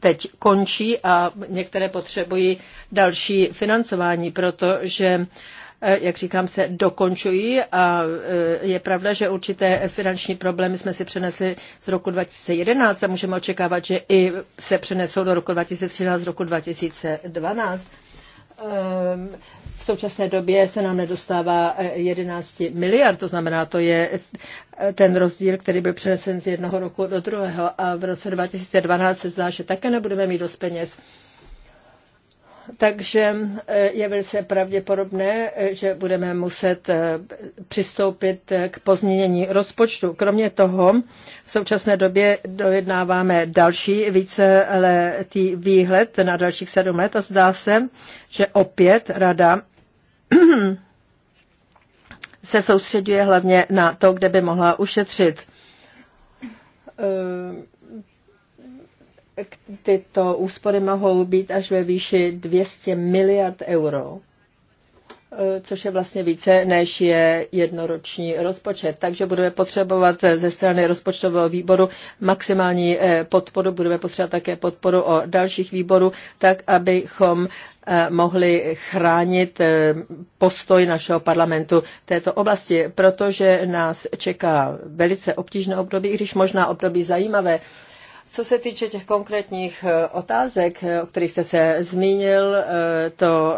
teď končí a některé potřebují další financování, protože jak říkám, se dokončují a e, je pravda, že určité finanční problémy jsme si přenesli z roku 2011 a můžeme očekávat, že i se přenesou do roku 2013, roku 2012. Ehm, v současné době se nám nedostává 11 e, miliard, to znamená, to je e, ten rozdíl, který byl přenesen z jednoho roku do druhého a v roce 2012 se zdá, že také nebudeme mít dost peněz. Takže eh, je velice pravděpodobné, eh, že budeme muset eh, přistoupit k pozměnění rozpočtu. Kromě toho v současné době dojednáváme další více, tý výhled na dalších sedm let a zdá se, že opět rada se soustředuje hlavně na to, kde by mohla ušetřit tyto úspory mohou být až ve výši 200 miliard euro, e, což je vlastně více, než je jednoroční rozpočet. Takže budeme potřebovat ze strany rozpočtového výboru maximální e, podporu, budeme potřebovat také podporu o dalších výborů, tak abychom e, mohli chránit postoj našeho parlamentu v této oblasti, protože nás čeká velice obtížné období, i když možná období zajímavé co se týče těch konkrétních eh, otázek, eh, o kterých jste se zmínil, eh, to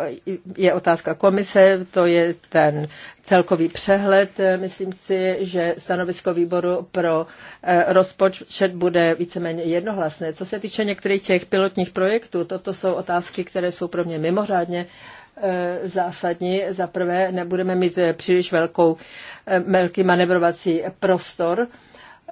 je otázka komise, to je ten celkový přehled. Myslím si, že stanovisko výboru pro rozpočet bude víceméně jednohlasné. Co se týče některých těch pilotních projektů, toto jsou otázky, které jsou pro mě mimořádně zásadní. Za prvé, nebudeme mít příliš velkou, velký manevrovací prostor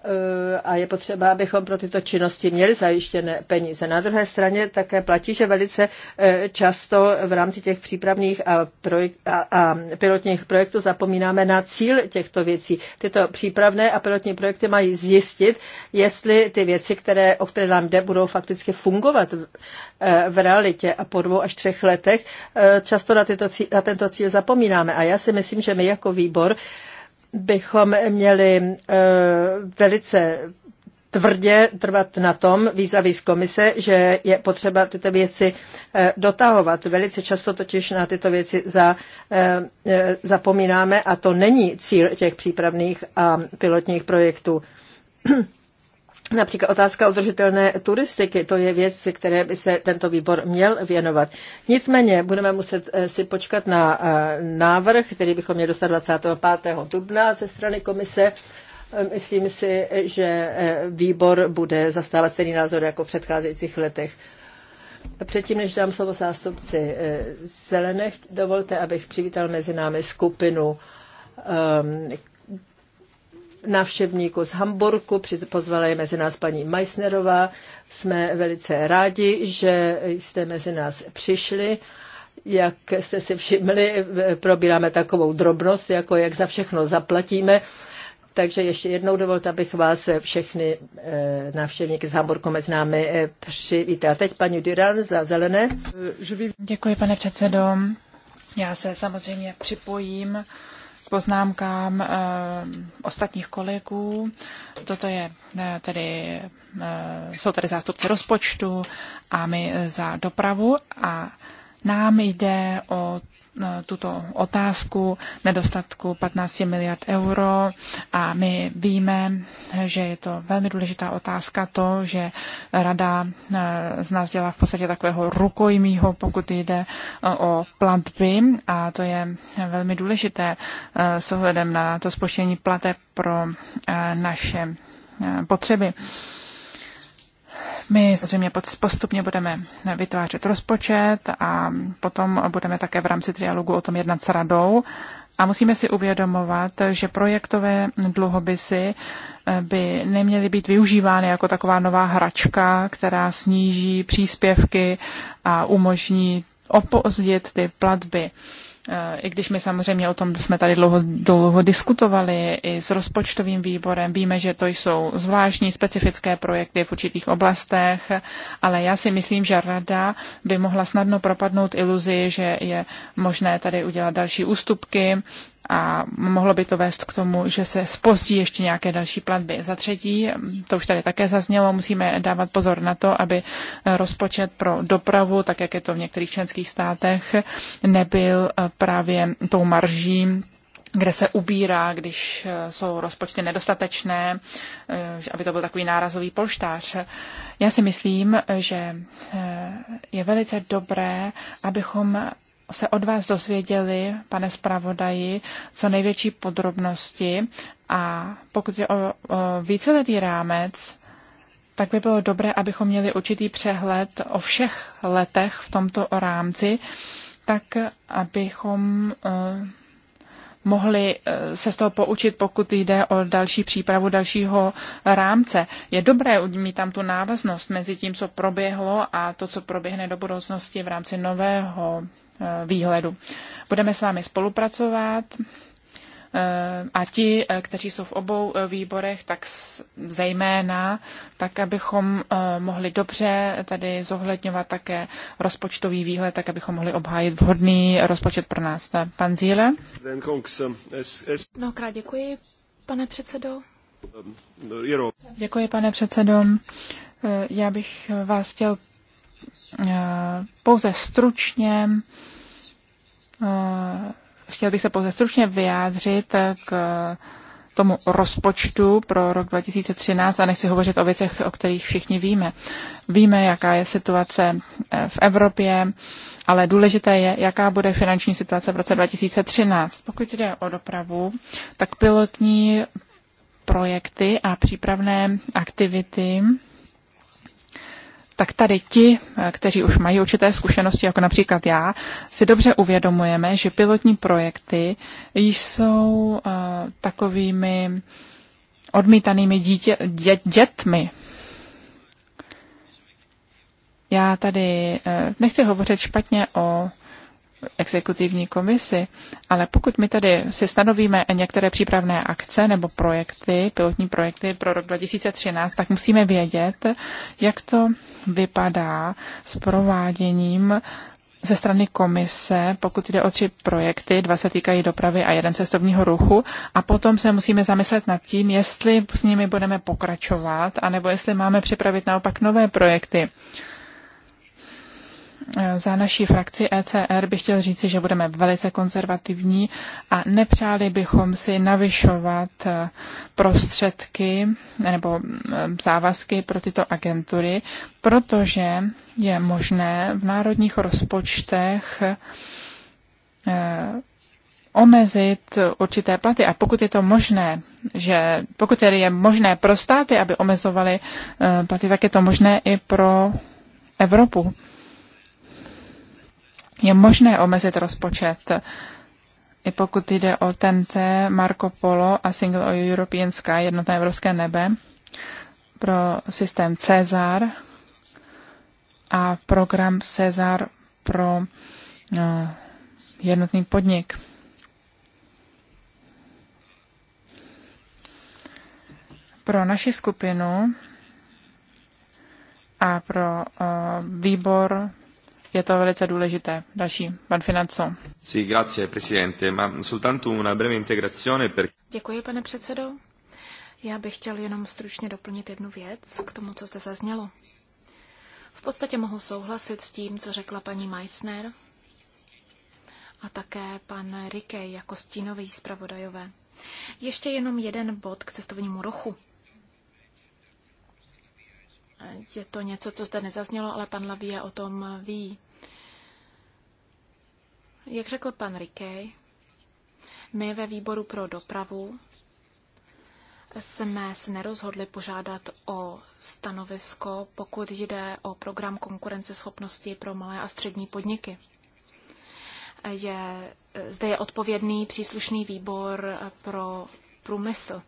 Eh, a je potřeba, abychom pro tyto činnosti měli zajištěné peníze. Na druhé straně také platí, že velice eh, často v rámci těch přípravných a, projek- a, a pilotních projektů zapomínáme na cíl těchto věcí. Tyto přípravné a pilotní projekty mají zjistit, jestli ty věci, které, o které nám jde, budou fakticky fungovat v, eh, v realitě a po dvou až třech letech. Často na, tyto, na tento cíl zapomínáme a já si myslím, že my jako výbor uh, bychom měli eh, velice tvrdě trvat na tom výzaví z komise, že je potřeba tyto věci eh, dotahovat. Velice často totiž na tyto věci za, eh, zapomínáme a to není cíl těch přípravných a pilotních projektů. Například otázka udržitelné turistiky, to je věc, které by se tento výbor měl věnovat. Nicméně budeme muset eh, si počkat na eh, návrh, který bychom měli dostat 25. dubna ze strany komise. Eh, myslím si, že výbor bude zastávat stejný názor jako v předcházejících letech. Předtím, než dám slovo zástupci Zelených, dovolte, abych přivítal mezi námi skupinu ehm, návštěvníků z Hamburku. Pozvala je mezi nás paní Meissnerová. Jsme velice rádi, že jste mezi nás přišli. Jak jste si všimli, probíráme takovou drobnost, jako jak za všechno zaplatíme. Takže ještě jednou dovolte, abych vás všechny eh, návštěvníky z Hamburku mezi námi eh, přivítal. A teď paní Duran za zelené. Děkuji, pane předsedo. Já se samozřejmě připojím poznámkám eh, ostatních kolegů. Toto je eh, tedy, eh, jsou tady zástupci rozpočtu a my za dopravu a nám jde o tuto otázku nedostatku 15 miliard euro a my víme, že je to velmi důležitá otázka to, že rada eh, z nás dělá v podstatě takového rukojmího, pokud jde eh, o platby a to je velmi důležité eh, s ohledem na to spoštění plateb pro naše potřeby. My samozřejmě postupně budeme vytvářet rozpočet a potom budeme také v rámci trialogu o tom jednat s radou. A musíme si uvědomovat, že projektové dluhopisy eh, by neměly být využívány jako taková nová hračka, která sníží příspěvky a umožní opozdit ty platby i když my samozřejmě o tom jsme tady dlouho, dlouho diskutovali i s rozpočtovým výborem, víme, že to jsou zvláštní specifické projekty v určitých oblastech, ale já si myslím, že rada by mohla snadno propadnout iluzi, že je možné tady udělat další ústupky, a mohlo by to vést k tomu, že se spozdí ještě nějaké další platby. Za třetí, to už tady také zaznělo, musíme dávat pozor na to, aby rozpočet pro dopravu, tak jak je to v některých členských státech, nebyl právě tou marží, kde se ubírá, když jsou rozpočty nedostatečné, aby to byl takový nárazový polštář. Já si myslím, že je velice dobré, abychom se od vás dozvěděli, pane zpravodaji, co největší podrobnosti a pokud je o, o víceletý rámec, tak by bylo dobré, abychom měli určitý přehled o všech letech v tomto rámci, tak abychom e, mohli e, se z toho poučit, pokud jde o další přípravu dalšího rámce. Je dobré mít tam tu návaznost mezi tím, co proběhlo a to, co proběhne do budoucnosti v rámci nového Eh, výhledu. Budeme s vámi spolupracovat eh, a ti, eh, kteří jsou v obou výborech, tak zejména, tak abychom mohli dobře tady zohledňovat také rozpočtový výhled, tak abychom mohli obhájit vhodný rozpočet pro nás. Pan Zíle? Mnohokrát děkuji, pane předsedo. Děkuji, pane předsedo. Já bych vás chtěl Eh, pouze stručně eh, chtěl bych se pouze stručně vyjádřit k tomu rozpočtu pro rok 2013 a nechci hovořit o věcech, o kterých všichni víme. Víme, jaká je situace eh, v Evropě, ale důležité je, jaká bude finanční situace v roce 2013. Pokud jde o dopravu, tak pilotní projekty a přípravné aktivity tak tady ti, eh, kteří už mají určité zkušenosti, jako například já, si dobře uvědomujeme, že pilotní projekty jsou eh, takovými odmítanými dítě, dě, dětmi. Já tady eh, nechci hovořit špatně o exekutivní komisi, ale pokud my tady si stanovíme některé přípravné akce nebo projekty, pilotní projekty pro rok 2013, tak musíme vědět, jak to vypadá s prováděním ze strany komise, pokud jde o tři projekty, dva se týkají dopravy a jeden cestovního ruchu, a potom se musíme zamyslet nad tím, jestli s nimi budeme pokračovat, anebo jestli máme připravit naopak nové projekty. Uh, Eh, za naší frakci ECR bych chtěl říci, že budeme velice konzervativní a nepřáli bychom si navyšovat eh, prostředky nebo eh, závazky pro tyto agentury, protože je možné v národních rozpočtech omezit určité platy. A pokud je to možné, že pokud tedy je možné pro státy, aby omezovaly platy, tak je to možné i pro Evropu je možné omezit rozpočet. I pokud jde o TNT, Marco Polo a Single European Sky, jednotné evropské nebe, pro systém Cezar a program Cezar pro eh, jednotný podnik. Pro naši skupinu a pro eh, výbor je to velice důležité. Další, pan Financo. Sí, grazie, presidente. soltanto una breve integrazione per... Děkuji, pane předsedo. Já bych chtěl jenom stručně doplnit jednu věc k tomu, co zde zaznělo. V podstatě mohu souhlasit s tím, co řekla paní Meissner a také pan Rikej jako stínový zpravodajové. Ještě jenom jeden bod k cestovnímu ruchu. Je to něco, co zde nezaznělo, ale pan Lavie o tom ví. Jak řekl pan Rikej, my ve výboru pro dopravu jsme se nerozhodli požádat o stanovisko, pokud jde o program konkurenceschopnosti pro malé a střední podniky. Je, zde je odpovědný příslušný výbor pro průmysl.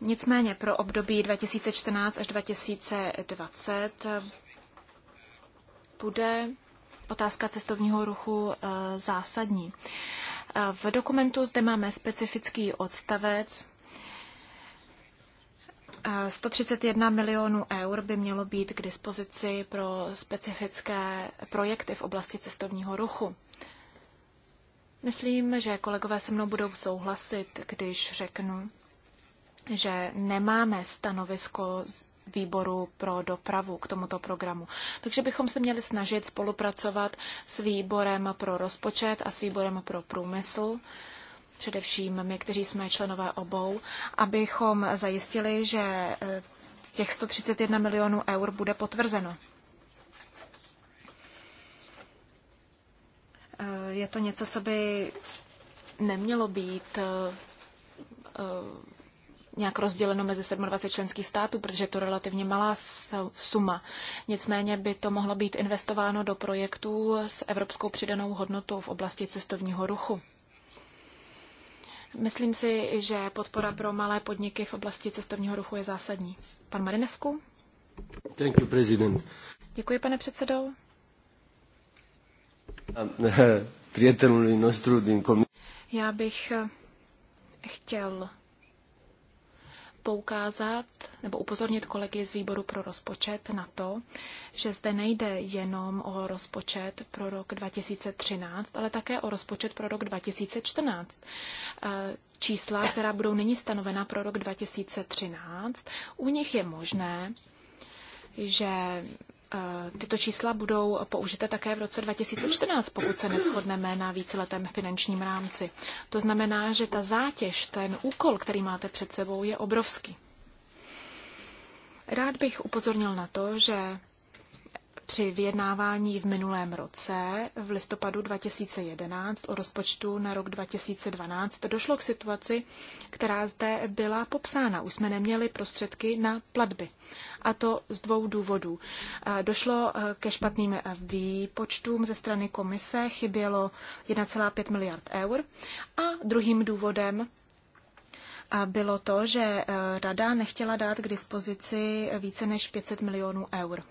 Nicméně pro období 2014 až 2020 bude otázka cestovního ruchu eh, zásadní. Eh, v dokumentu zde máme specifický odstavec. 131 eh, milionů eur by mělo být k dispozici pro specifické projekty v oblasti cestovního ruchu. Myslím, že kolegové se mnou budou souhlasit, když řeknu, že nemáme stanovisko výboru pro dopravu k tomuto programu. Takže bychom se měli snažit spolupracovat s výborem pro rozpočet a s výborem pro průmysl, především my, kteří jsme členové obou, abychom zajistili, že eh, těch 131 milionů eur bude potvrzeno. Eh, je to něco, co by nemělo být eh, nějak rozděleno mezi 27 členských států, protože je to relativně malá suma. Nicméně by to mohlo být investováno do projektů s evropskou přidanou hodnotou v oblasti cestovního ruchu. Myslím si, že podpora pro malé podniky v oblasti cestovního ruchu je zásadní. Pan Marinescu? Thank you, president. Děkuji, pane předsedo. Já bych chtěl poukázat nebo upozornit kolegy z výboru pro rozpočet na to, že zde nejde jenom o rozpočet pro rok 2013, ale také o rozpočet pro rok 2014. Eh, čísla, která budou nyní stanovena pro rok 2013, u nich je možné, že Eh, tyto čísla budou použité také v roce 2014, pokud se neschodneme na víceletém finančním rámci. To znamená, že ta zátěž, ten úkol, který máte před sebou, je obrovský. Rád bych upozornil na to, že při vyjednávání v minulém roce, v listopadu 2011 o rozpočtu na rok 2012, došlo k situaci, která zde byla popsána. Už jsme neměli prostředky na platby. A to z dvou důvodů. Eh, došlo eh, ke špatným eh, výpočtům ze strany komise, chybělo 1,5 miliard eur. A druhým důvodem a bylo to, že rada nechtěla dát k dispozici více než 500 milionů eur.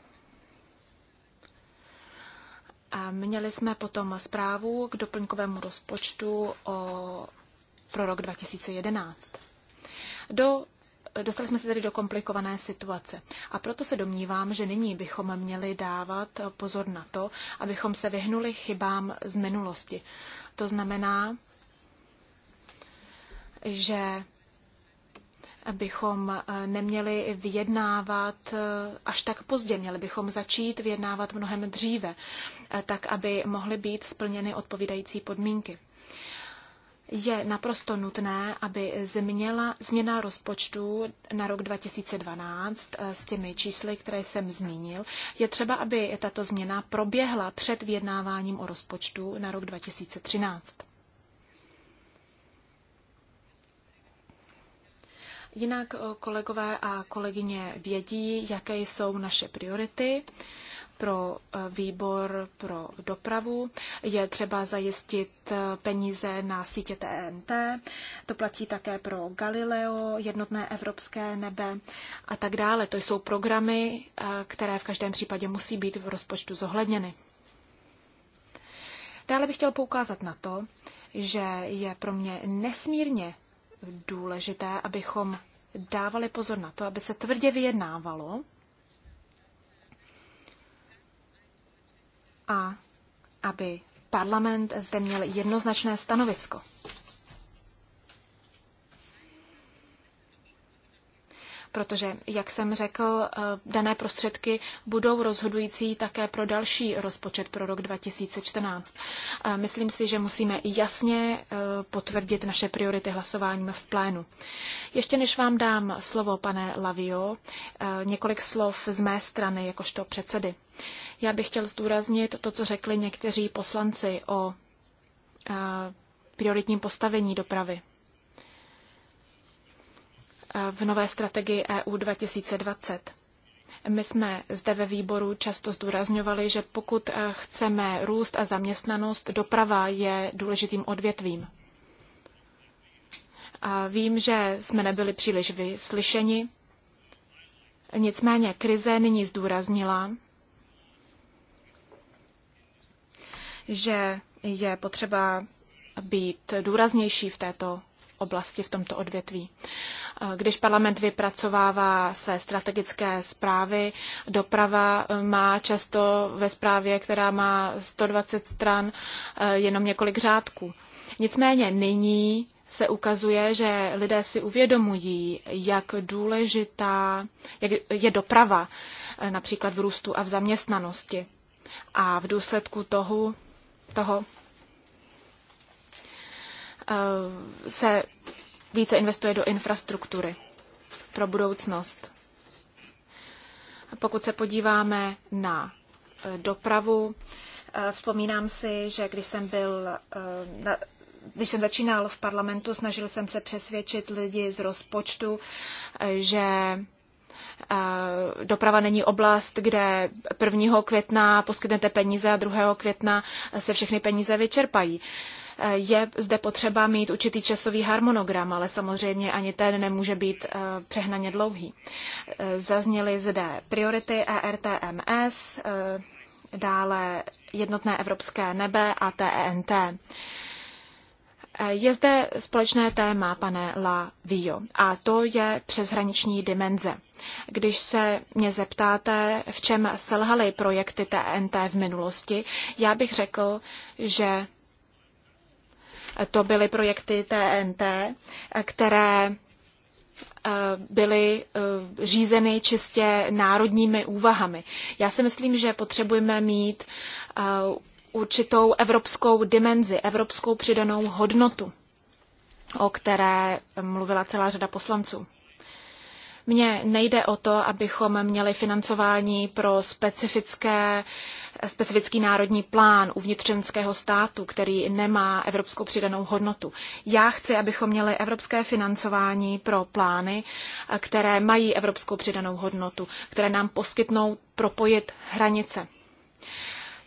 Měli jsme potom zprávu k doplňkovému rozpočtu o, pro rok 2011. Do, dostali jsme se tedy do komplikované situace a proto se domnívám, že nyní bychom měli dávat pozor na to, abychom se vyhnuli chybám z minulosti. To znamená, že bychom eh, neměli vyjednávat eh, až tak pozdě, měli bychom začít vyjednávat mnohem dříve, eh, tak aby mohly být splněny odpovídající podmínky. Je naprosto nutné, aby změla, změna rozpočtu na rok 2012 s těmi čísly, které jsem zmínil, je třeba, aby tato změna proběhla před vyjednáváním o rozpočtu na rok 2013. Jinak eh, kolegové a kolegyně vědí, jaké jsou naše priority pro eh, výbor pro dopravu. Je třeba zajistit eh, peníze na sítě TNT. To platí také pro Galileo, jednotné evropské nebe a tak dále. To jsou programy, které v každém případě musí být v rozpočtu zohledněny. Dále bych chtěl poukázat na to, že je pro mě nesmírně důležité, abychom dávali pozor na to, aby se tvrdě vyjednávalo a aby parlament zde měl jednoznačné stanovisko. protože, jak jsem řekl, eh, dané prostředky budou rozhodující také pro další rozpočet pro rok 2014. Myslím si, že musíme jasně eh, potvrdit naše priority hlasováním v plénu. Ještě než vám dám slovo, pane Lavio, eh, několik slov z mé strany jakožto předsedy. Já bych chtěl zdůraznit to, co řekli někteří poslanci o prioritním postavení dopravy v nové strategii EU 2020. My jsme zde ve výboru často zdůrazňovali, že pokud eh, chceme růst a zaměstnanost, doprava je důležitým odvětvím. A vím, že jsme nebyli příliš vyslyšeni, nicméně krize nyní zdůraznila, že je potřeba být důraznější v této oblasti v tomto odvětví. Eh, když parlament vypracovává své strategické zprávy, doprava eh, má často ve zprávě, která má 120 stran, eh, jenom několik řádků. Nicméně nyní se ukazuje, že lidé si uvědomují, jak důležitá jak je doprava, například v růstu a v zaměstnanosti. A v důsledku toho, toho Eh, se více investuje do infrastruktury pro budoucnost. Pokud se podíváme na eh, dopravu, eh, vzpomínám si, že když jsem byl na když jsem začínal v parlamentu, snažil jsem se přesvědčit lidi z rozpočtu, že doprava není oblast, kde 1. května poskytnete peníze a 2. května se všechny peníze vyčerpají je zde potřeba mít určitý časový harmonogram, ale samozřejmě ani ten nemůže být eh, přehnaně dlouhý. Eh, zazněly zde priority ERTMS, eh, dále jednotné evropské nebe a TENT. E je zde společné téma, pane La Vio, a to je přeshraniční dimenze. Když se mě zeptáte, v čem selhaly projekty TNT e v minulosti, já bych řekl, že to byly projekty TNT, které eh, byly eh, řízeny čistě národními úvahami. Já si myslím, že potřebujeme mít eh, určitou evropskou dimenzi, evropskou přidanou hodnotu, o které mluvila celá řada poslanců. Mně nejde o to, abychom měli financování pro specifické, specifický národní plán uvnitř státu, který nemá evropskou přidanou hodnotu. Já chci, abychom měli evropské financování pro plány, které mají evropskou přidanou hodnotu, které nám poskytnou propojit hranice.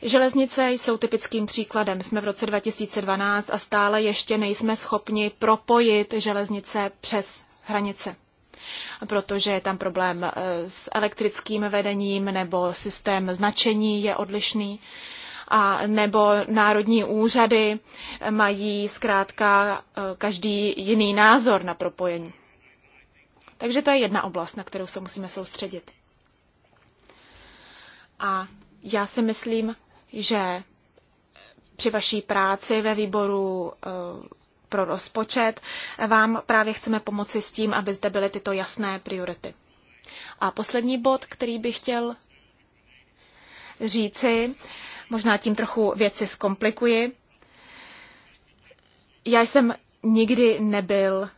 Železnice jsou typickým příkladem. Jsme v roce 2012 a stále ještě nejsme schopni propojit železnice přes hranice protože je tam problém eh, s elektrickým vedením nebo systém značení je odlišný. A nebo národní úřady mají zkrátka eh, každý jiný názor na propojení. Takže to je jedna oblast, na kterou se musíme soustředit. A já si myslím, že při vaší práci ve výboru eh, pro rozpočet, vám právě chceme pomoci s tím, aby zde byly tyto jasné priority. A poslední bod, který bych chtěl říci, možná tím trochu věci zkomplikuji. Já jsem nikdy nebyl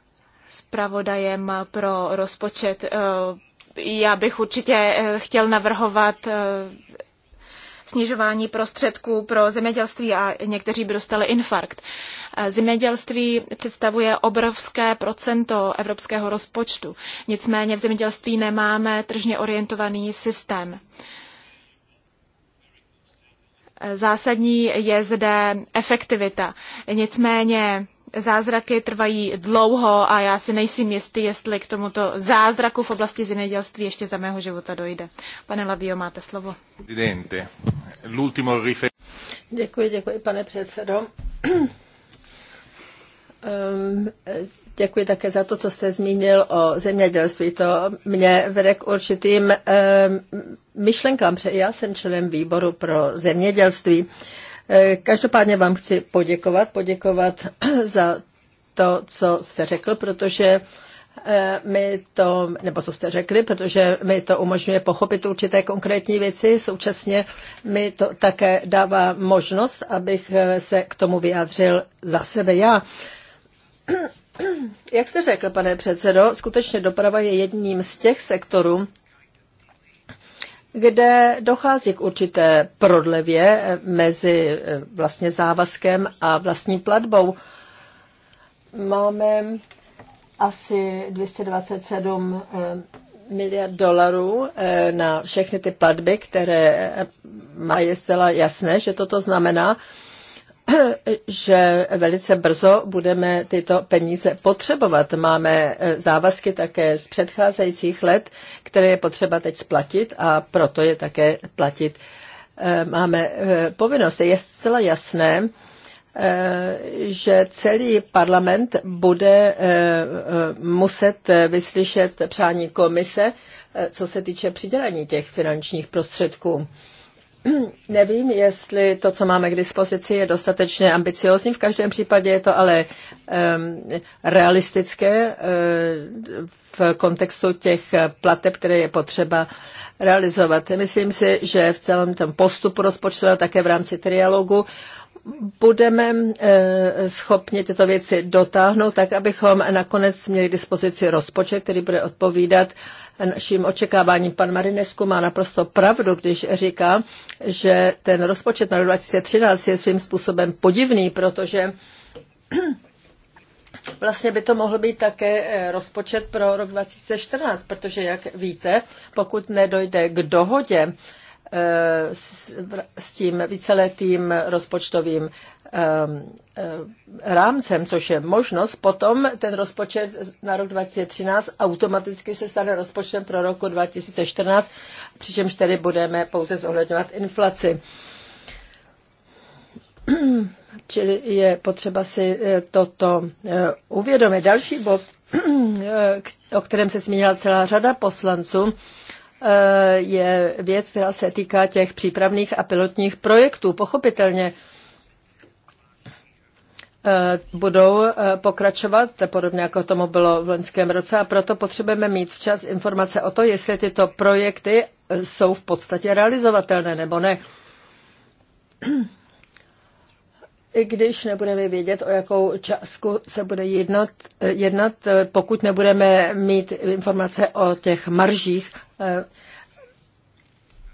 zpravodajem pro rozpočet. Já bych určitě eh, chtěl navrhovat eh, snižování prostředků pro zemědělství a někteří by dostali infarkt. Eh, zemědělství představuje obrovské procento evropského rozpočtu, nicméně v zemědělství nemáme tržně orientovaný systém. Eh, zásadní je zde efektivita. Nicméně zázraky trvají dlouho a já si nejsem jistý, jestli k tomuto zázraku v oblasti zemědělství ještě za mého života dojde. Pane Lavio, máte slovo. Děkuji, děkuji, pane předsedo. Ehm, děkuji také za to, co jste zmínil o zemědělství. To mě vede k určitým ehm, myšlenkám. Já jsem členem výboru pro zemědělství. Eh, každopádně vám chci poděkovat, poděkovat za to, co jste řekl, protože eh, my to, nebo co jste řekli, protože mi to umožňuje pochopit určité konkrétní věci, současně mi to také dává možnost, abych eh, se k tomu vyjádřil za sebe já. Jak jste řekl, pane předsedo, skutečně doprava je jedním z těch sektorů, kde dochází k určité prodlevě eh, mezi eh, vlastně závazkem a vlastní platbou. Máme asi 227 eh, miliard dolarů na všechny ty platby, které má je zcela jasné, že toto znamená, že velice brzo budeme tyto peníze potřebovat. Máme eh, závazky také z předcházejících let, které je potřeba teď splatit a proto je také platit. Eh, máme eh, povinnost. Je zcela jasné, že celý parlament bude muset vyslyšet přání komise, co se týče přidělení těch finančních prostředků. Nevím, jestli to, co máme k dispozici, je dostatečně ambiciozní. V každém případě je to ale um, realistické uh, v kontextu těch plateb, které je potřeba realizovat. Myslím si, že v celém tom postupu rozpočtu, také v rámci trialogu, budeme eh, schopni tyto věci dotáhnout tak, abychom nakonec měli k dispozici rozpočet, který bude odpovídat uh, naším očekáváním. Pan Marinesku má naprosto pravdu, když říká, že ten rozpočet na 2013 je svým způsobem podivný, protože Vlastně by to mohl být také eh, rozpočet pro rok 2014, protože, jak víte, pokud nedojde k dohodě eh, s tím víceletým rozpočtovým Ehm, ehm, rámcem, což je možnost, potom ten rozpočet na rok 2013 automaticky se stane rozpočtem pro roku 2014, přičemž tedy budeme pouze zohledňovat inflaci. Čili je potřeba si eh, toto eh, uvědomit. Další bod, eh, o kterém se zmínila celá řada poslanců, je věc, která se týká těch přípravných a pilotních projektů. Pochopitelně Eh, budou eh, pokračovat, podobně jako tomu bylo v loňském roce, a proto potřebujeme mít včas informace o to, jestli tyto projekty eh, jsou v podstatě realizovatelné nebo ne. I když nebudeme vědět, o jakou částku se bude jednat, jednat pokud nebudeme mít informace o těch maržích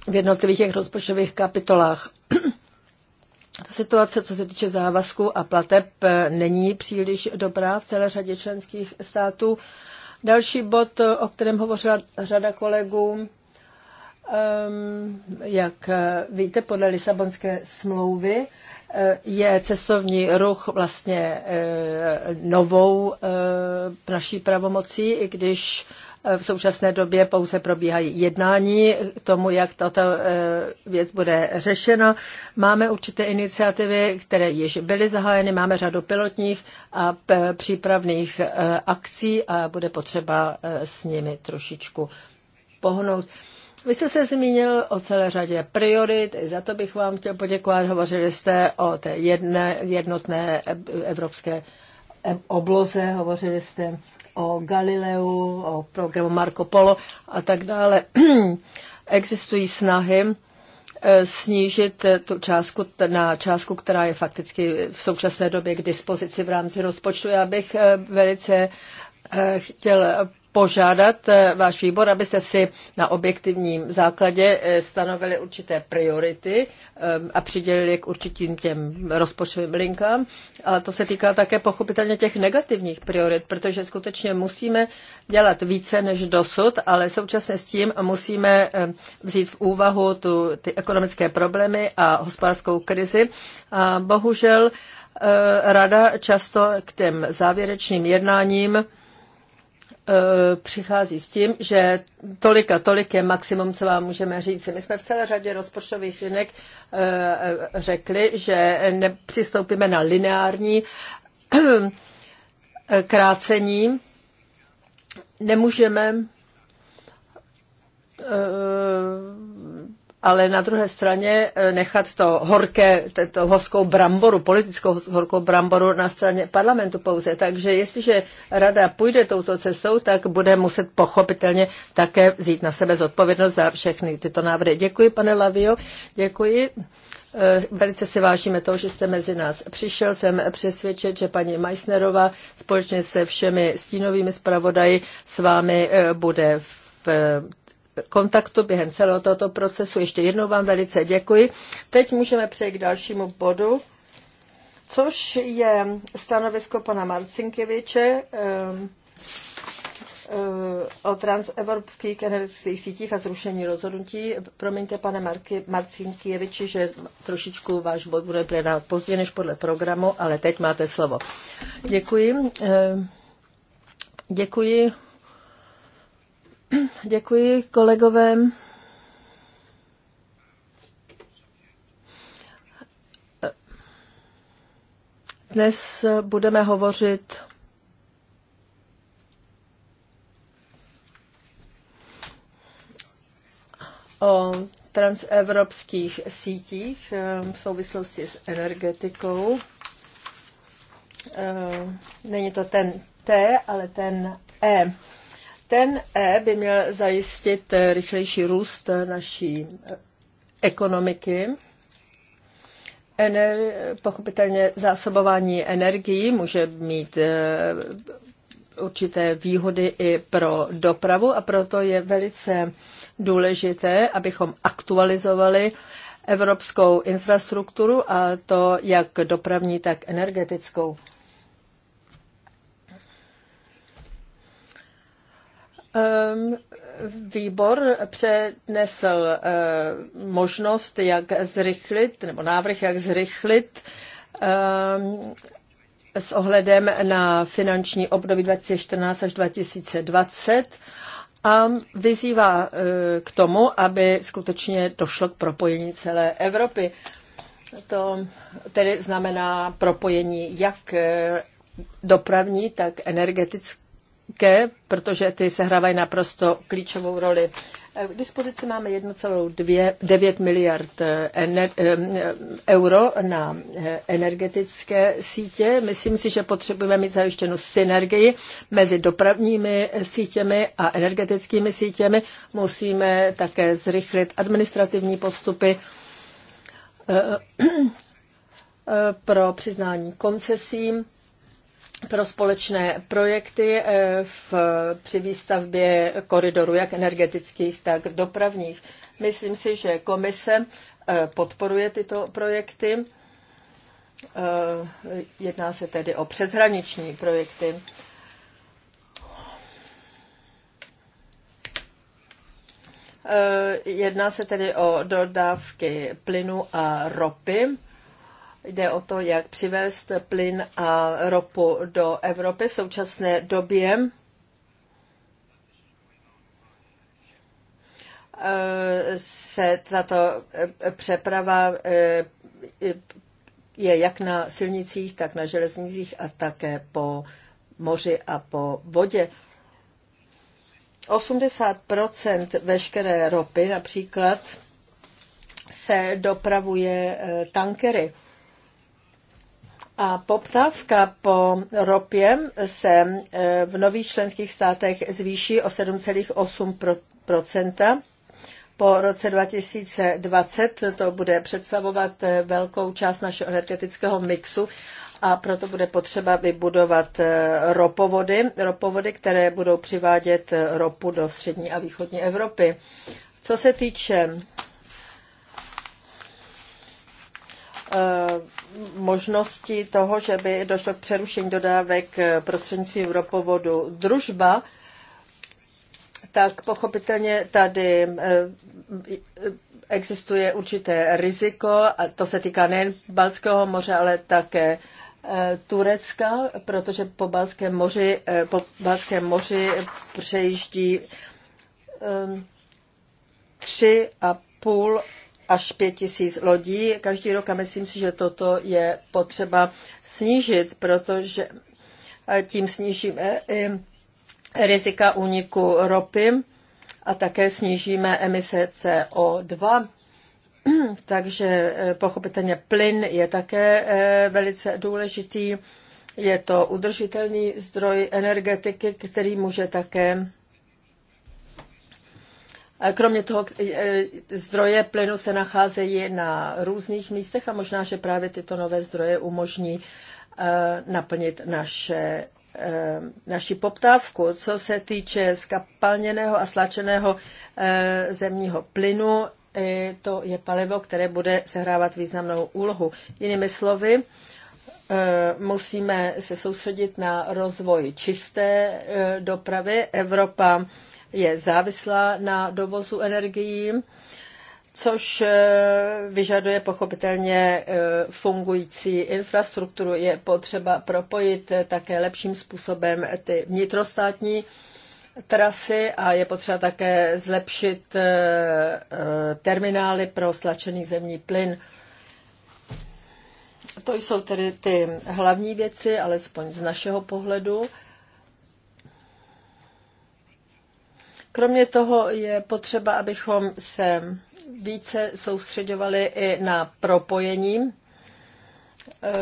v jednotlivých těch rozpočtových kapitolách ta situace, co se týče závazku a plateb, není příliš dobrá v celé řadě členských států. Další bod, o kterém hovořila řada kolegů, ehm, jak víte, podle Lisabonské smlouvy eh, je cestovní ruch vlastně eh, novou eh, naší pravomocí, i když v současné době pouze probíhají jednání k tomu, jak tato eh, věc bude řešena. Máme určité iniciativy, které již byly zahájeny, máme řadu pilotních a přípravných eh, akcí a bude potřeba eh, s nimi trošičku pohnout. Vy jste se zmínil o celé řadě priorit, za to bych vám chtěl poděkovat. Hovořili jste o té jedné, jednotné evropské obloze, hovořili jste o Galileu, o programu Marco Polo a tak dále. Existují snahy eh, snížit tu částku na částku, která je fakticky v současné době k dispozici v rámci rozpočtu. Já bych eh, velice eh, chtěl požádat eh, váš výbor, abyste si na objektivním základě eh, stanovili určité priority ehm, a přidělili k určitým těm rozpočtovým linkám. A to se týká také pochopitelně těch negativních priorit, protože skutečně musíme dělat více než dosud, ale současně s tím musíme ehm, vzít v úvahu tu, ty ekonomické problémy a hospodářskou krizi. A bohužel eh, Rada často k těm závěrečným jednáním Eh, přichází s tím, že tolik a tolik je maximum, co vám můžeme říct. My jsme v celé řadě rozpočtových linek eh, řekli, že nepřistoupíme na lineární eh, krácení. Nemůžeme ale na druhé straně eh, nechat to horké, to horkou bramboru, politickou horkou bramboru na straně parlamentu pouze. Takže jestliže rada půjde touto cestou, tak bude muset pochopitelně také vzít na sebe zodpovědnost za všechny tyto návrhy. Děkuji, pane Lavio, děkuji. Eh, velice si vážíme toho, že jste mezi nás přišel. Jsem přesvědčen, že paní Meissnerová společně se všemi stínovými zpravodaji s vámi eh, bude v kontaktu během celého tohoto procesu. Ještě jednou vám velice děkuji. Teď můžeme přejít k dalšímu bodu, což je stanovisko pana Marcinkeviče ehm, ehm, o transevropských energetických sítích a zrušení rozhodnutí. Promiňte, pane Marky, Marcinkieviči, že trošičku váš bod bude předávat později než podle programu, ale teď máte slovo. Děkuji. Ehm, děkuji. Děkuji kolegové. Dnes budeme hovořit o transevropských sítích eh, v souvislosti s energetikou. Eh, Není to ten T, ale ten E. Ten E by měl zajistit eh, rychlejší růst eh, naší eh, ekonomiky. Ener, pochopitelně zásobování energií může mít určité výhody i pro dopravu a proto je velice důležité, abychom aktualizovali evropskou infrastrukturu a to jak dopravní, tak energetickou. Ehm, výbor přednesl ehm, možnost, jak zrychlit, nebo návrh, jak zrychlit ehm, s ohledem na finanční období 2014 až 2020 a vyzývá k tomu, aby skutečně došlo k propojení celé Evropy. To tedy znamená propojení jak dopravní, tak energetické také, protože ty sehrávají naprosto klíčovou roli. V eh, dispozici máme 1,9 miliard eh, eh, euro na energetické sítě. Myslím si, že potřebujeme mít zajištěnou synergii mezi dopravními sítěmi a energetickými sítěmi. Musíme také zrychlit administrativní postupy pro přiznání koncesím pro společné projekty eh, v, při výstavbě koridorů, jak energetických, tak dopravních. Myslím si, že komise eh, podporuje tyto projekty. Eh, jedná se tedy o přeshraniční projekty. Jedná se tedy o dodávky plynu a ropy. Jde o to, jak přivést plyn a ropu do Evropy v současné době. Eh, se tato eh, přeprava eh, je jak na silnicích, tak na železnicích a také po moři a po vodě. 80 veškeré ropy například se dopravuje tankery. A poptávka po ropě se e, v nových členských státech zvýší o 7,8 po roce 2020 to bude představovat e, velkou část našeho energetického mixu a proto bude potřeba vybudovat e, ropovody, ropovody, které budou přivádět ropu do střední a východní Evropy. Co se týče Eh, možnosti toho, že by došlo k přerušení dodávek eh, prostřednictvím ropovodu družba, tak pochopitelně tady eh, existuje určité riziko, a to se týká nejen Balského moře, ale také Turecka, protože po Balském moři, po Balském moři přejíždí tři a půl až 5 tisíc lodí každý rok a myslím si, že toto je potřeba snížit, protože eh, tím snížíme i rizika úniku ropy a také snížíme emise CO2. Takže eh, pochopitelně plyn je také eh, velice důležitý. Je to udržitelný zdroj energetiky, který může také Kromě toho e, e, zdroje plynu se nacházejí na různých místech a možná, že právě tyto nové zdroje umožní e, naplnit naše naši poptávku, co se týče skapalněného a slačeného zemního plynu, to je palivo, které bude sehrávat významnou úlohu. Jinými slovy, musíme se soustředit na rozvoj čisté dopravy. Evropa je závislá na dovozu energií, což eh, vyžaduje pochopitelně eh, fungující infrastrukturu. Je potřeba propojit eh, také lepším způsobem ty vnitrostátní trasy a je potřeba také zlepšit terminály pro slačený zemní plyn. To jsou tedy ty hlavní věci, alespoň z našeho pohledu. Kromě toho je potřeba, abychom se více soustředovali i na propojení eh,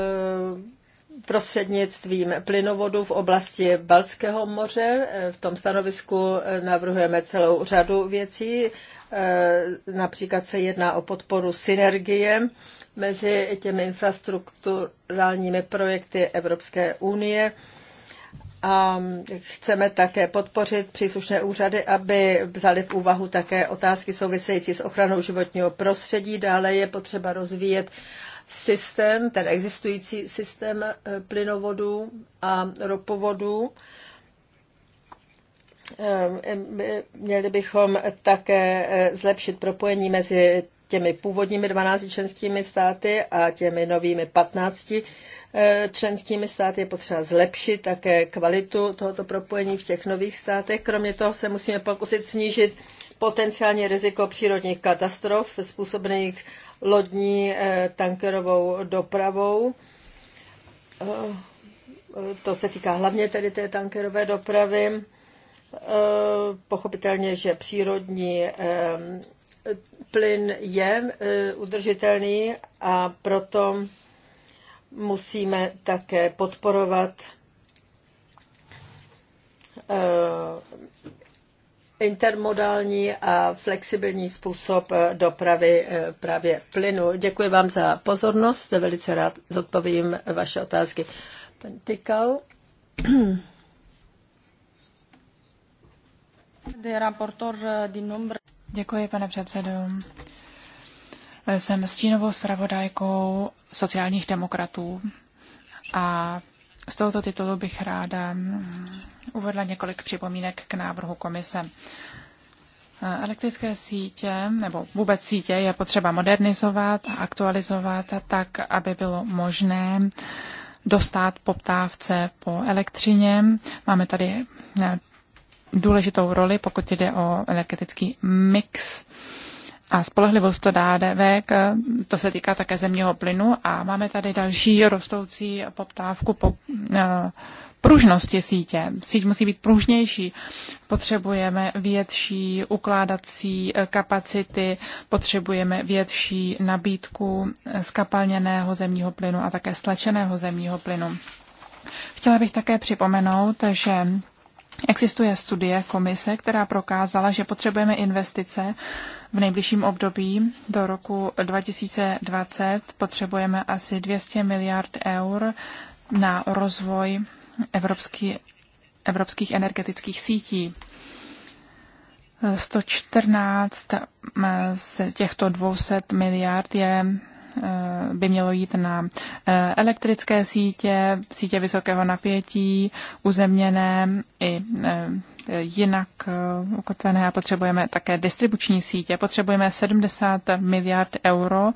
prostřednictvím plynovodu v oblasti Balckého moře. Eh, v tom stanovisku eh, navrhujeme celou řadu věcí. Například se jedná o podporu synergie mezi těmi infrastrukturálními projekty Evropské unie a chceme také podpořit příslušné úřady, aby vzali v úvahu také otázky související s ochranou životního prostředí. Dále je potřeba rozvíjet systém, ten existující systém e, plynovodů a ropovodů. E, měli bychom také e, zlepšit propojení mezi těmi původními 12 členskými státy a těmi novými 15 Eh, členskými státy. Je potřeba zlepšit také kvalitu tohoto propojení v těch nových státech. Kromě toho se musíme pokusit snížit potenciální riziko přírodních katastrof způsobených lodní eh, tankerovou dopravou. Eh, to se týká hlavně tedy té tankerové dopravy. Pochopitelně, že přírodní plyn je udržitelný a proto Musíme také podporovat eh, intermodální a flexibilní způsob eh, dopravy eh, právě plynu. Děkuji vám za pozornost, velice rád zodpovím vaše otázky. Pan Tykal. Děkuji, pane předsedo. Jsem stínovou zpravodajkou sociálních demokratů a z tohoto titulu bych ráda uvedla několik připomínek k návrhu komise. Elektrické sítě nebo vůbec sítě je potřeba modernizovat a aktualizovat tak, aby bylo možné dostat poptávce po elektřině. Máme tady eh, důležitou roli, pokud jde o energetický mix a spolehlivost to DVK, to se týká také zemního plynu a máme tady další rostoucí poptávku po eh, pružnosti sítě. Síť musí být pružnější. Potřebujeme větší ukládací eh, kapacity, potřebujeme větší nabídku eh, skapalněného zemního plynu a také stlačeného zemního plynu. Chtěla bych také připomenout, že Existuje studie komise, která prokázala, že potřebujeme investice v nejbližším období do roku 2020. Potřebujeme asi 200 miliard eur na rozvoj evropský, evropských energetických sítí. 114 z těchto 200 miliard je Eh, by mělo jít na eh, elektrické sítě, sítě vysokého napětí, uzemněné i eh, jinak ukotvené a potřebujeme také distribuční sítě. Potřebujeme 70 miliard euro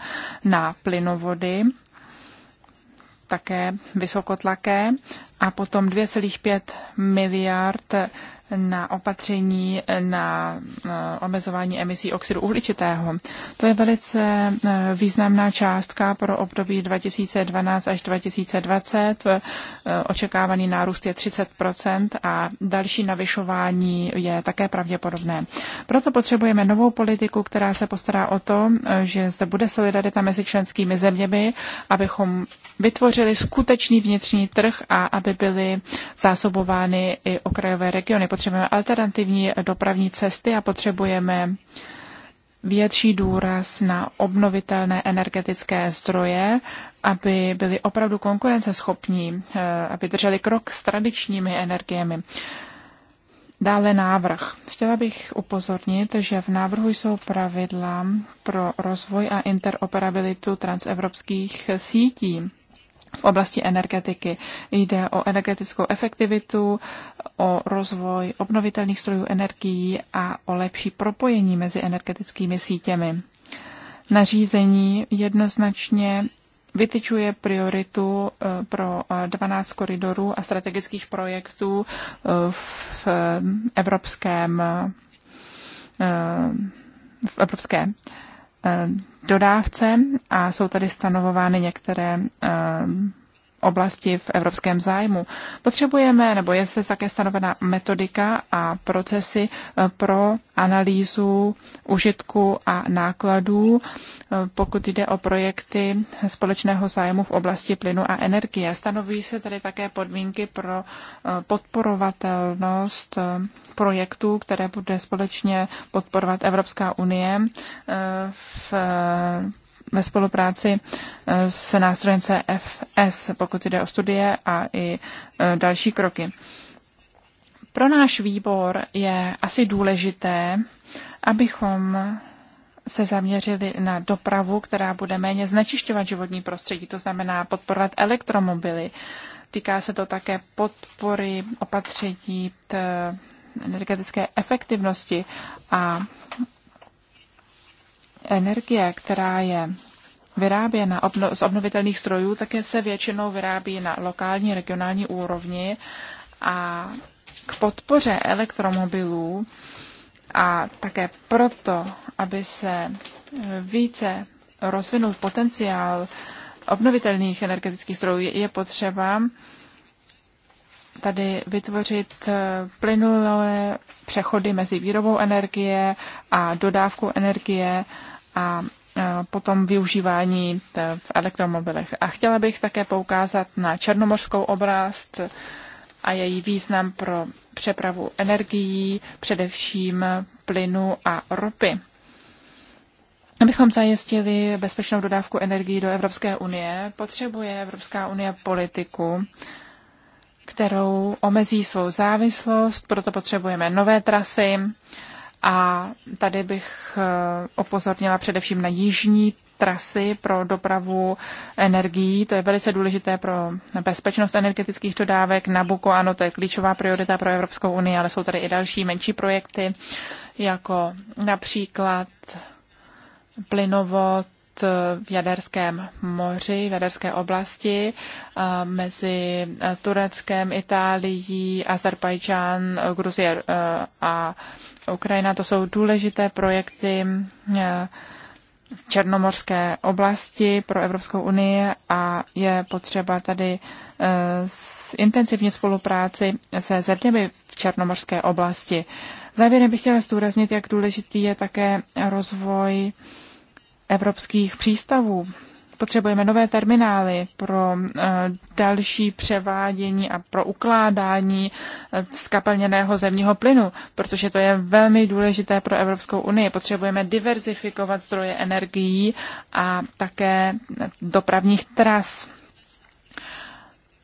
na plynovody, také vysokotlaké a potom 2,5 miliard na opatření na eh, omezování emisí oxidu uhličitého. To je velice eh, významná částka pro období 2012 až 2020. Eh, očekávaný nárůst je 30 a další navyšování je také pravděpodobné. Proto potřebujeme novou politiku, která se postará o to, že zde bude solidarita mezi členskými zeměmi, abychom vytvořili skutečný vnitřní trh a aby byly zásobovány i okrajové regiony. Potřebujeme potřebujeme alternativní dopravní cesty a potřebujeme větší důraz na obnovitelné energetické zdroje, aby byly opravdu konkurenceschopní, eh, aby drželi krok s tradičními energiemi. Dále návrh. Chtěla bych upozornit, že v návrhu jsou pravidla pro rozvoj a interoperabilitu transevropských sítí v oblasti energetiky. Jde o energetickou efektivitu, o rozvoj obnovitelných strojů energií a o lepší propojení mezi energetickými sítěmi. Nařízení jednoznačně vytyčuje prioritu eh, pro 12 eh, koridorů a strategických projektů eh, v evropském v evropské dodávce a jsou tady stanovovány některé eh, oblasti v evropském zájmu. Potřebujeme, nebo je se také stanovena metodika a procesy eh, pro analýzu užitku a nákladů, eh, pokud jde o projekty společného zájmu v oblasti plynu a energie. Stanoví se tedy také podmínky pro eh, podporovatelnost projektů, které bude společně podporovat Evropská unie v ve spolupráci e, s nástrojem CFS, pokud jde o studie a i e, další kroky. Pro náš výbor je asi důležité, abychom se zaměřili na dopravu, která bude méně znečišťovat životní prostředí, to znamená podporovat elektromobily. Týká se to také podpory opatření e, energetické efektivnosti a energie, která je vyráběna z obnovitelných strojů, také se většinou vyrábí na lokální, regionální úrovni a k podpoře elektromobilů a také proto, aby se více rozvinul potenciál obnovitelných energetických strojů, je potřeba tady vytvořit eh, plynulé přechody mezi výrobou energie a dodávkou energie a potom využívání v elektromobilech. A chtěla bych také poukázat na černomorskou oblast a její význam pro přepravu energií, především plynu a ropy. Abychom zajistili bezpečnou dodávku energií do Evropské unie, potřebuje Evropská unie politiku, kterou omezí svou závislost, proto potřebujeme nové trasy, a tady bych opozornila eh, především na jižní trasy pro dopravu energií. To je velice důležité pro bezpečnost energetických dodávek. Nabuko, ano, to je klíčová priorita pro Evropskou unii, ale jsou tady i další menší projekty, jako například plynovod v Jaderském moři, v Jaderské oblasti mezi e, Tureckem, Itálií, Azerbajdžán, Gruzie e, a Ukrajina. To jsou důležité projekty e, v černomorské oblasti pro Evropskou unii a je potřeba tady intenzivnit spolupráci se zeměmi v černomorské oblasti. Závěrem bych chtěla zdůraznit, jak důležitý je také rozvoj uh, evropských přístavů. Potřebujeme nové terminály pro eh, další převádění a pro ukládání skapalněného eh, zemního plynu, protože to je velmi důležité pro Evropskou unii. Potřebujeme diverzifikovat zdroje energií a také dopravních tras.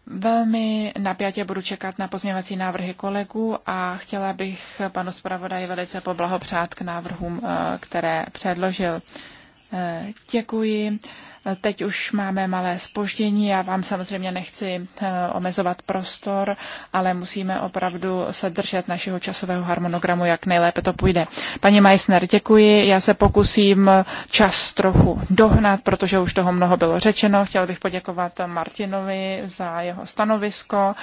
Velmi napjatě budu čekat na pozměňovací návrhy kolegů a chtěla bych panu zpravodaji velice poblahopřát k návrhům, eh, které předložil. Děkuji. Teď už máme malé spoždění, já vám samozřejmě nechci eh, omezovat prostor, ale musíme opravdu se držet našeho časového harmonogramu, jak nejlépe to půjde. Paní Meissner, děkuji, já se pokusím čas trochu dohnat, protože už toho mnoho bylo řečeno. Chtěl bych poděkovat Martinovi za jeho stanovisko.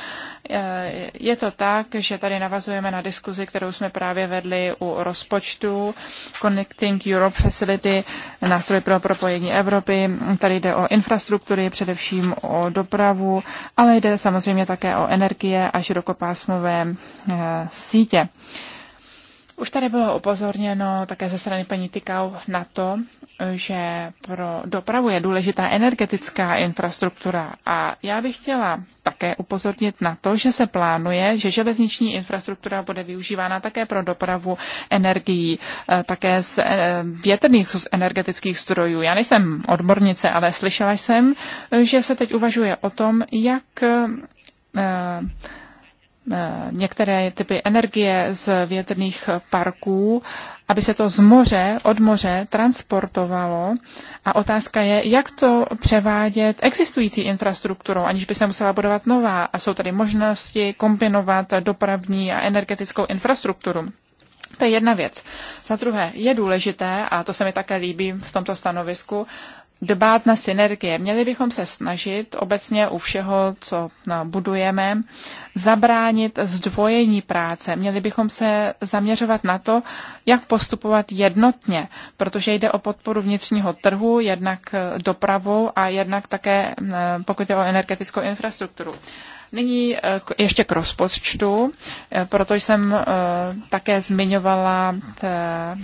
Eh, je to tak, že tady navazujeme na diskuzi, kterou jsme právě vedli u rozpočtu Connecting Europe Facility, nástroj pro propojení Evropy Tady jde o infrastruktury, především o dopravu, ale jde samozřejmě také o energie a širokopásmové eh, sítě. Už tady bylo upozorněno také ze strany paní Tykau na to, že pro dopravu je důležitá energetická infrastruktura. A já bych chtěla také upozornit na to, že se plánuje, že železniční infrastruktura bude využívána také pro dopravu energií, eh, také z eh, větrných energetických strojů. Já nejsem odbornice, ale slyšela jsem, že se teď uvažuje o tom, jak eh, Eh, některé typy energie z větrných parků, aby se to z moře, od moře transportovalo. A otázka je, jak to převádět existující infrastrukturou, aniž by se musela budovat nová. A jsou tady možnosti kombinovat dopravní a energetickou infrastrukturu. To je jedna věc. Za druhé, je důležité, a to se mi také líbí v tomto stanovisku, dbát na synergie. Měli bychom se snažit obecně u všeho, co no, budujeme, zabránit zdvojení práce. Měli bychom se zaměřovat na to, jak postupovat jednotně, protože jde o podporu vnitřního trhu, jednak dopravou a jednak také, no, pokud je o energetickou infrastrukturu. Nyní eh, ještě k rozpočtu, eh, proto jsem eh, také zmiňovala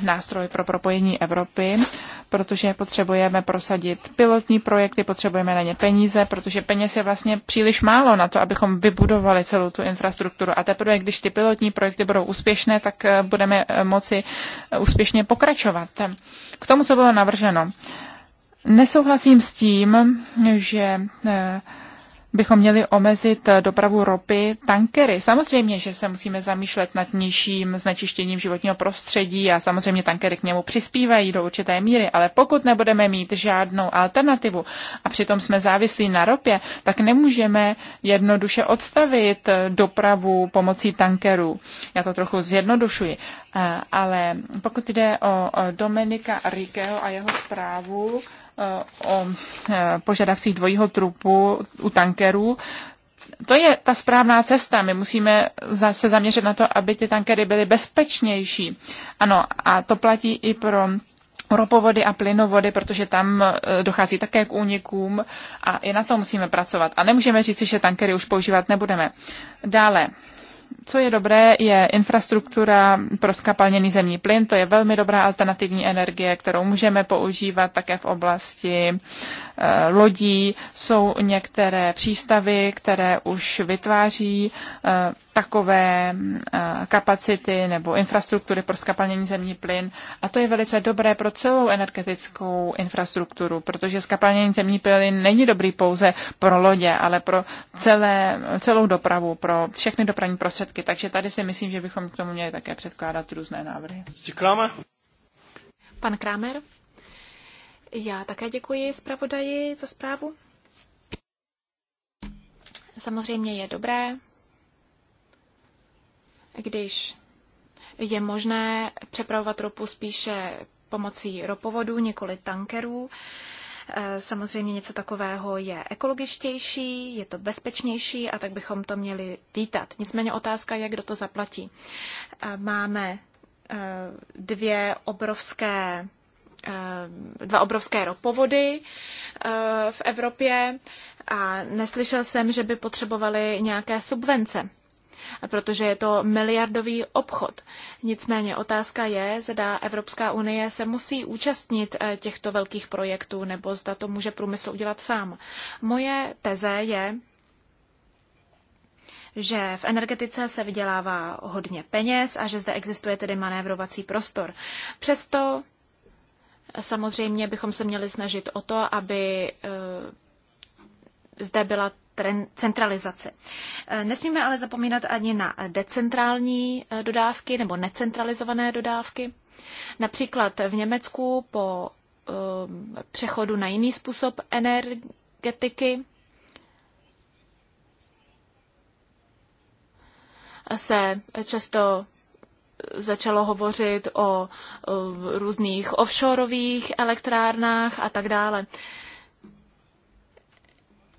nástroj pro propojení Evropy, protože potřebujeme prosadit pilotní projekty, potřebujeme na ně peníze, protože peněz je vlastně příliš málo na to, abychom vybudovali celou tu infrastrukturu. A teprve, když ty pilotní projekty budou úspěšné, tak budeme moci úspěšně pokračovat. K tomu, co bylo navrženo. Nesouhlasím s tím, že bychom měli omezit eh, dopravu ropy tankery. Samozřejmě, že se musíme zamýšlet nad nižším znečištěním životního prostředí a samozřejmě tankery k němu přispívají do určité míry, ale pokud nebudeme mít žádnou alternativu a přitom jsme závislí na ropě, tak nemůžeme jednoduše odstavit eh, dopravu pomocí tankerů. Já to trochu zjednodušuji, eh, ale pokud jde o Dominika Rikeho a jeho zprávu, o požadavcích dvojího trupu u tankerů. To je ta správná cesta. My musíme se zaměřit na to, aby ty tankery byly bezpečnější. Ano, a to platí i pro ropovody a plynovody, protože tam e, dochází také k únikům a i na to musíme pracovat. A nemůžeme říci, že tankery už používat nebudeme. Dále, co je dobré, je infrastruktura pro skapalněný zemní plyn. To je velmi dobrá alternativní energie, kterou můžeme používat také v oblasti eh, lodí. Jsou některé přístavy, které už vytváří eh, takové eh, kapacity nebo infrastruktury pro skapalnění zemní plyn. A to je velice dobré pro celou energetickou infrastrukturu, protože skapalnění zemní plyn není dobrý pouze pro lodě, ale pro celé, celou dopravu, pro všechny dopravní prostředky. Takže tady si myslím, že bychom k tomu měli také předkládat různé návrhy. Děkujeme. Pan Kramer. Já také děkuji zpravodaji za zprávu. Samozřejmě je dobré když je možné přepravovat ropu spíše pomocí ropovodů, nikoli tankerů. Eh, samozřejmě něco takového je ekologičtější, je to bezpečnější a tak bychom to měli vítat. Nicméně otázka je, kdo to zaplatí. Eh, máme eh, dvě obrovské dva obrovské ropovody v Evropě a neslyšel jsem, že by potřebovali nějaké subvence protože je to miliardový obchod. Nicméně otázka je, zda Evropská unie se musí účastnit eh, těchto velkých projektů, nebo zda to může průmysl udělat sám. Moje teze je, že v energetice se vydělává hodně peněz a že zde existuje tedy manévrovací prostor. Přesto eh, samozřejmě bychom se měli snažit o to, aby eh, zde byla centralizaci. Eh, nesmíme ale zapomínat ani na decentrální eh, dodávky nebo necentralizované dodávky. Například v Německu po eh, přechodu na jiný způsob energetiky se často začalo hovořit o různých offshoreových elektrárnách a tak dále.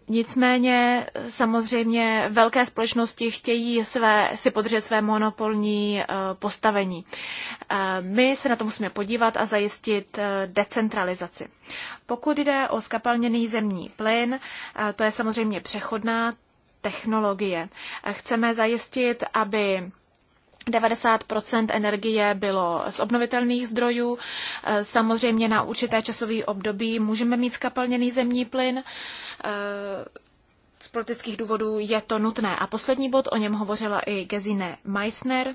Nicméně samozřejmě velké společnosti chtějí své, si podržet své monopolní eh, postavení. Eh, my se na to musíme podívat a zajistit eh, decentralizaci. Pokud jde o skapalněný zemní plyn, to je samozřejmě přechodná technologie. Chceme zajistit, aby 90 energie bylo z obnovitelných zdrojů. Samozřejmě na určité časové období můžeme mít skapalněný zemní plyn. Z politických důvodů je to nutné. A poslední bod, o něm hovořila i Gesine Meissner.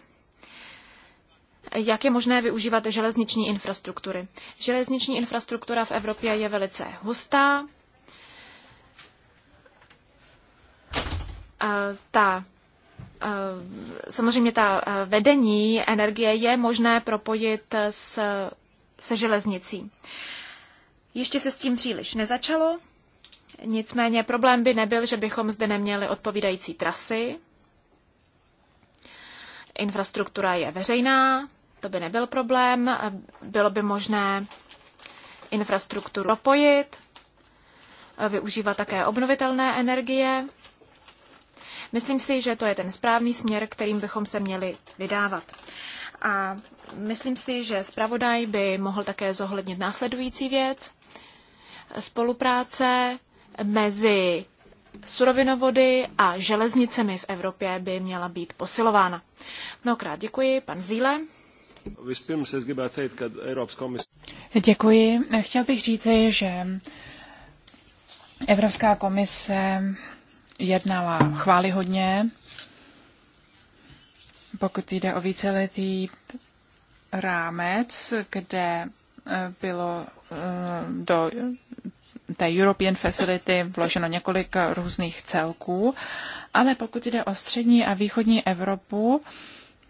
Jak je možné využívat železniční infrastruktury? Železniční infrastruktura v Evropě je velice hustá. Ta Eh, samozřejmě ta eh, vedení energie je možné propojit s, se železnicí. Ještě se s tím příliš nezačalo, nicméně problém by nebyl, že bychom zde neměli odpovídající trasy. Infrastruktura je veřejná, to by nebyl problém, eh, bylo by možné infrastrukturu propojit, využívat také obnovitelné energie. Myslím si, že to je ten správný směr, kterým bychom se měli vydávat. A myslím si, že zpravodaj by mohl také zohlednit následující věc. Spolupráce mezi surovinovody a železnicemi v Evropě by měla být posilována. Mnohokrát děkuji, pan Zíle. Děkuji. Chtěl bych říci, že Evropská komise jednala chválihodně, pokud jde o víceletý rámec, kde eh, bylo eh, do té European Facility vloženo několik různých celků, ale pokud jde o střední a východní Evropu,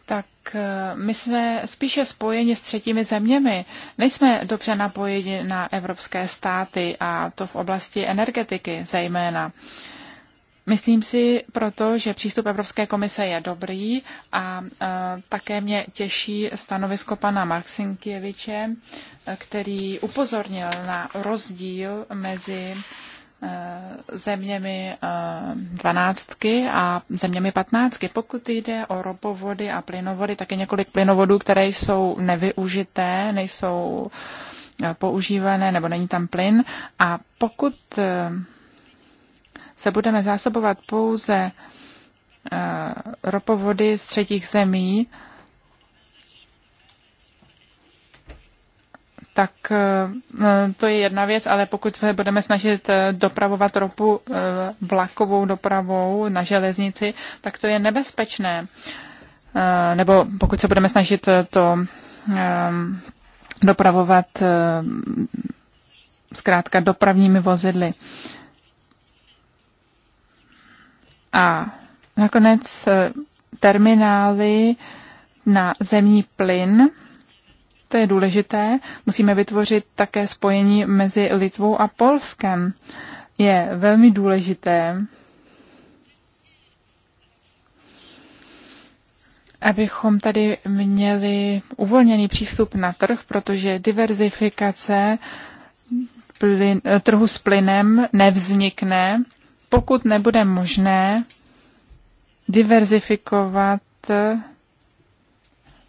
tak eh, my jsme spíše spojeni s třetími zeměmi. Nejsme dobře napojeni na evropské státy a to v oblasti energetiky zejména. Uh, Myslím si proto, že přístup Evropské komise je dobrý a e, také mě těší stanovisko pana Marksinkieviče, e, který upozornil na rozdíl mezi e, zeměmi dvanáctky a zeměmi patnáctky. Pokud jde o ropovody a plynovody, tak je několik plynovodů, které jsou nevyužité, nejsou používané nebo není tam plyn. A pokud se budeme zásobovat pouze eh, ropovody z třetích zemí, tak eh, to je jedna věc, ale pokud se budeme snažit eh, dopravovat ropu vlakovou dopravou na železnici, tak to je nebezpečné. Nebo pokud se budeme snažit to dopravovat zkrátka dopravními vozidly. A nakonec eh, terminály na zemní plyn, to je důležité, musíme vytvořit také spojení mezi Litvou a Polskem. Je velmi důležité, abychom tady měli uvolněný přístup na trh, protože diverzifikace plyn, trhu s plynem nevznikne, pokud nebude možné diverzifikovat eh,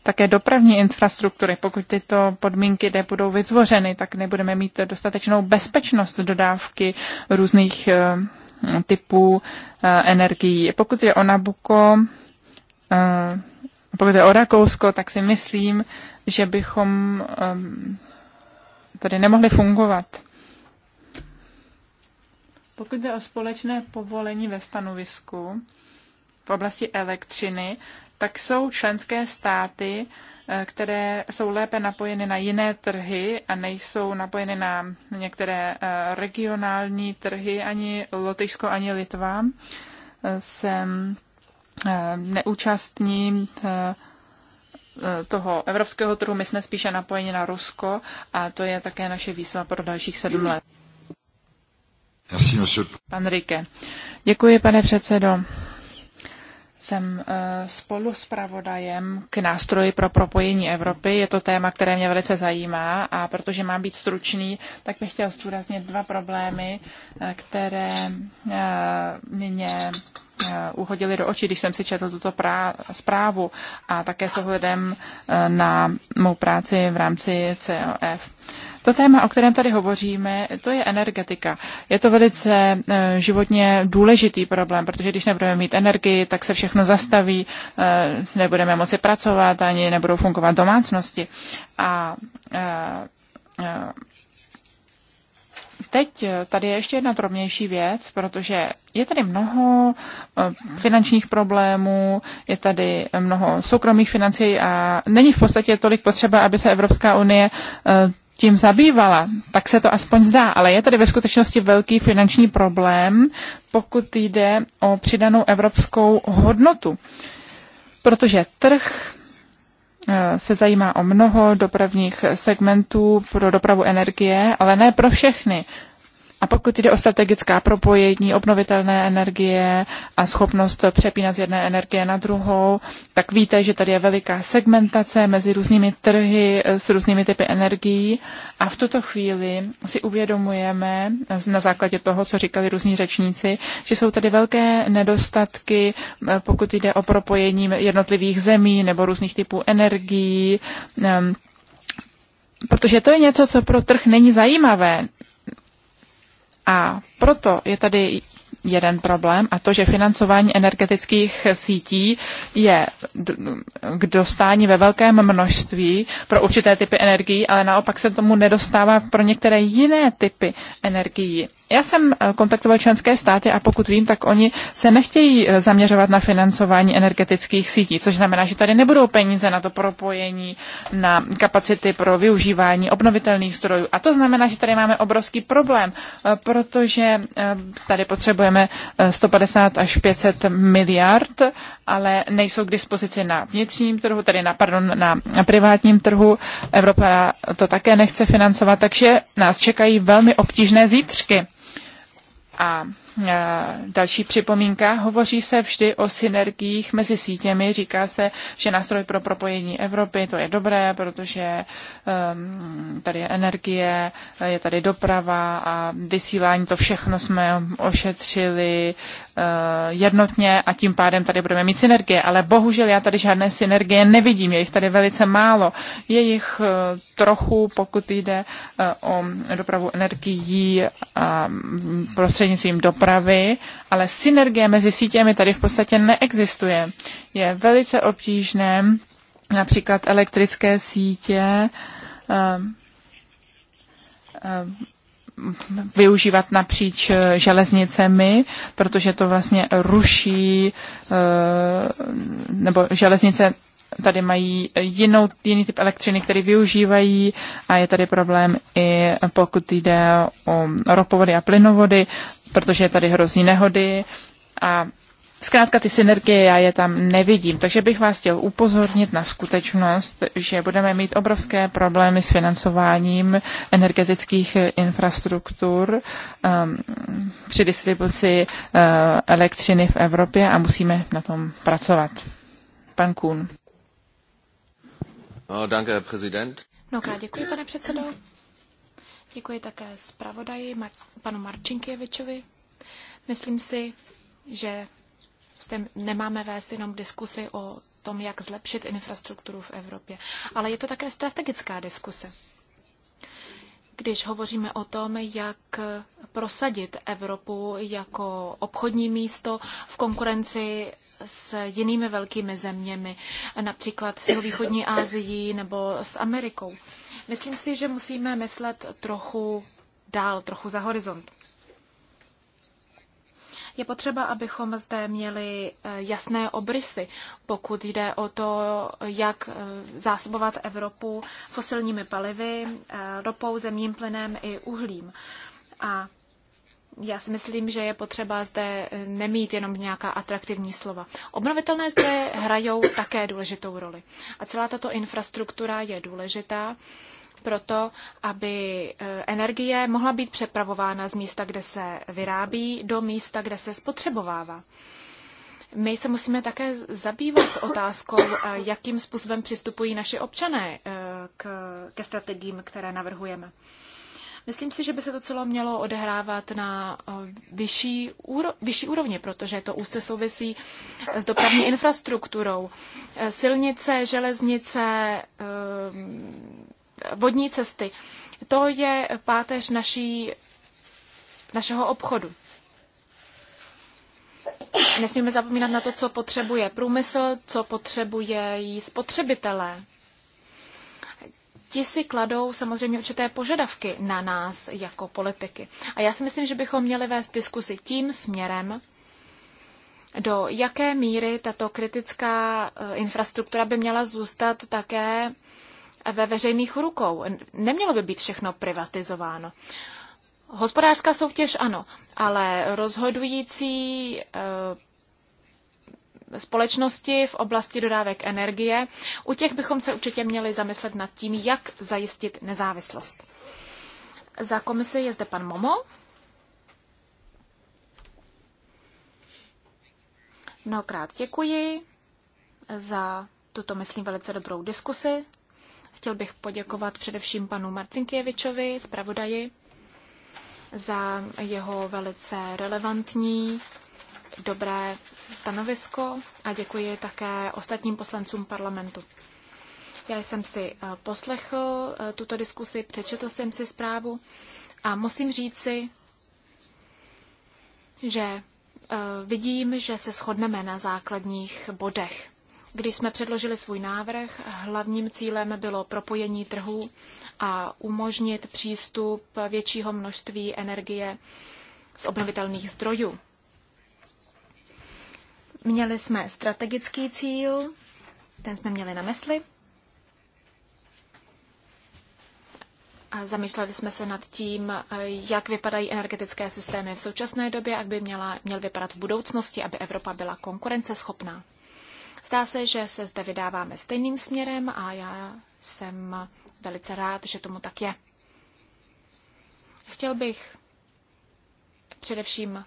také dopravní infrastruktury. Pokud tyto podmínky nebudou vytvořeny, tak nebudeme mít dostatečnou bezpečnost dodávky různých eh, typů eh, energií. Pokud je o Nabuko, pokud je o Rakousko, tak si myslím, že bychom tady nemohli fungovat. Pokud jde o společné povolení ve stanovisku v oblasti elektřiny, tak jsou členské státy, eh, které jsou lépe napojeny na jiné trhy a nejsou napojeny na některé eh, regionální trhy, ani Lotyšsko, ani Litva, eh, se neúčastní toho evropského trhu. My jsme spíše napojeni na Rusko a to je také naše výzva pro dalších sedm let. Pan Rike. Děkuji, pane předsedo. Jsem eh, spolu s pravodajem k nástroji pro propojení Evropy. Je to téma, které mě velice zajímá a protože mám být stručný, tak bych chtěl zdůraznit dva problémy, eh, které eh, mě uhodily do očí, když jsem si četl tuto prá- zprávu a také s ohledem na mou práci v rámci COF. To téma, o kterém tady hovoříme, to je energetika. Je to velice eh, životně důležitý problém, protože když nebudeme mít energii, tak se všechno zastaví, eh, nebudeme moci pracovat, ani nebudou fungovat domácnosti. A eh, teď tady je ještě jedna drobnější věc, protože je tady mnoho finančních problémů, je tady mnoho soukromých financí a není v podstatě tolik potřeba, aby se Evropská unie tím zabývala, tak se to aspoň zdá, ale je tady ve skutečnosti velký finanční problém, pokud jde o přidanou evropskou hodnotu. Protože trh eh, se zajímá o mnoho dopravních segmentů pro dopravu energie, ale ne pro všechny. A pokud jde o strategická propojení obnovitelné energie a schopnost přepínat z jedné energie na druhou, tak víte, že tady je veliká segmentace mezi různými trhy eh, s různými typy energií. A v tuto chvíli si uvědomujeme, eh, na základě toho, co říkali různí řečníci, že jsou tady velké nedostatky, eh, pokud jde o propojení jednotlivých zemí nebo různých typů energií. Ehm, protože to je něco, co pro trh není zajímavé. A proto je tady jeden problém a to, že financování energetických sítí je k dostání ve velkém množství pro určité typy energií, ale naopak se tomu nedostává pro některé jiné typy energií. Já jsem eh, kontaktoval členské státy a pokud vím, tak oni se nechtějí eh, zaměřovat na financování energetických sítí, což znamená, že tady nebudou peníze na to propojení, na kapacity pro využívání obnovitelných strojů. A to znamená, že tady máme obrovský problém, eh, protože tady potřebujeme 150 až 500 miliard, ale nejsou k dispozici na vnitřním trhu, tedy na, pardon, na privátním trhu. Evropa to také nechce financovat, takže nás čekají velmi obtížné zítřky a Eh, další připomínka. Hovoří se vždy o synergiích mezi sítěmi. Říká se, že nástroj pro propojení Evropy, to je dobré, protože ehm, tady je energie, je tady doprava a vysílání, to všechno jsme ošetřili eh, jednotně a tím pádem tady budeme mít synergie. Ale bohužel já tady žádné synergie nevidím, je jich tady velice málo. Je jich eh, trochu, pokud jde o dopravu energií a mm, prostřednictvím dopravy dopravy, ale synergie mezi sítěmi tady v podstatě neexistuje. Je velice obtížné například elektrické sítě ehm, ehm, využívat napříč eh, železnicemi, protože to vlastně ruší, eh, nebo železnice tady mají jinou, jiný typ elektřiny, který využívají a je tady problém i pokud jde o ropovody a plynovody, protože tady hrozí nehody a Zkrátka ty synergie já je tam nevidím, takže bych vás chtěl upozornit na skutečnost, že budeme mít obrovské problémy s financováním energetických infrastruktur um, při distribuci uh, elektřiny v Evropě a musíme na tom pracovat. Pan Kuhn. No, prezident. děkuji, pane předsedo. Děkuji také zpravodaji Mar- panu Marčinkěvičovi. Myslím si, že zde nemáme vést jenom diskusy o tom, jak zlepšit infrastrukturu v Evropě, ale je to také strategická diskuse. Když hovoříme o tom, jak prosadit Evropu jako obchodní místo v konkurenci s jinými velkými zeměmi, například s jihovýchodní Asií nebo s Amerikou. Myslím si, že musíme myslet trochu dál, trochu za horizont. Je potřeba, abychom zde měli eh, jasné obrysy, pokud jde o to, jak eh, zásobovat Evropu fosilními palivy, eh, ropou, zemním plynem i uhlím. A já si myslím, že je potřeba zde nemít jenom nějaká atraktivní slova. Obnovitelné zdroje hrajou také důležitou roli. A celá tato infrastruktura je důležitá proto, aby eh, energie mohla být přepravována z místa, kde se vyrábí, do místa, kde se spotřebovává. My se musíme také zabývat otázkou, eh, jakým způsobem přistupují naši občané eh, k, ke strategiím, které navrhujeme. Myslím si, že by se to celo mělo odehrávat na vyšší, úro, vyšší úrovni, protože to úzce souvisí s dopravní infrastrukturou. Silnice, železnice, vodní cesty. To je páteř naší, našeho obchodu. Nesmíme zapomínat na to, co potřebuje průmysl, co potřebuje jí spotřebitelé. Ti si kladou samozřejmě určité požadavky na nás jako politiky. A já si myslím, že bychom měli vést diskusi tím směrem, do jaké míry tato kritická eh, infrastruktura by měla zůstat také ve veřejných rukou. Nemělo by být všechno privatizováno. Hospodářská soutěž ano, ale rozhodující eh, společnosti v oblasti dodávek energie. U těch bychom se určitě měli zamyslet nad tím, jak zajistit nezávislost. Za komisi je zde pan Momo. Mnohokrát děkuji za tuto, myslím, velice dobrou diskusi. Chtěl bych poděkovat především panu Marcinkěvičovi, zpravodaji, za jeho velice relevantní, dobré stanovisko a děkuji také ostatním poslancům parlamentu. Já jsem si eh, poslechl eh, tuto diskusi, přečetl jsem si zprávu a musím říci, že eh, vidím, že se shodneme na základních bodech. Když jsme předložili svůj návrh, hlavním cílem bylo propojení trhu a umožnit přístup většího množství energie z obnovitelných zdrojů. Měli jsme strategický cíl, ten jsme měli na mysli. A zamýšleli jsme se nad tím, jak vypadají energetické systémy v současné době, jak by měla, měl vypadat v budoucnosti, aby Evropa byla konkurenceschopná. Zdá se, že se zde vydáváme stejným směrem a já jsem velice rád, že tomu tak je. Chtěl bych především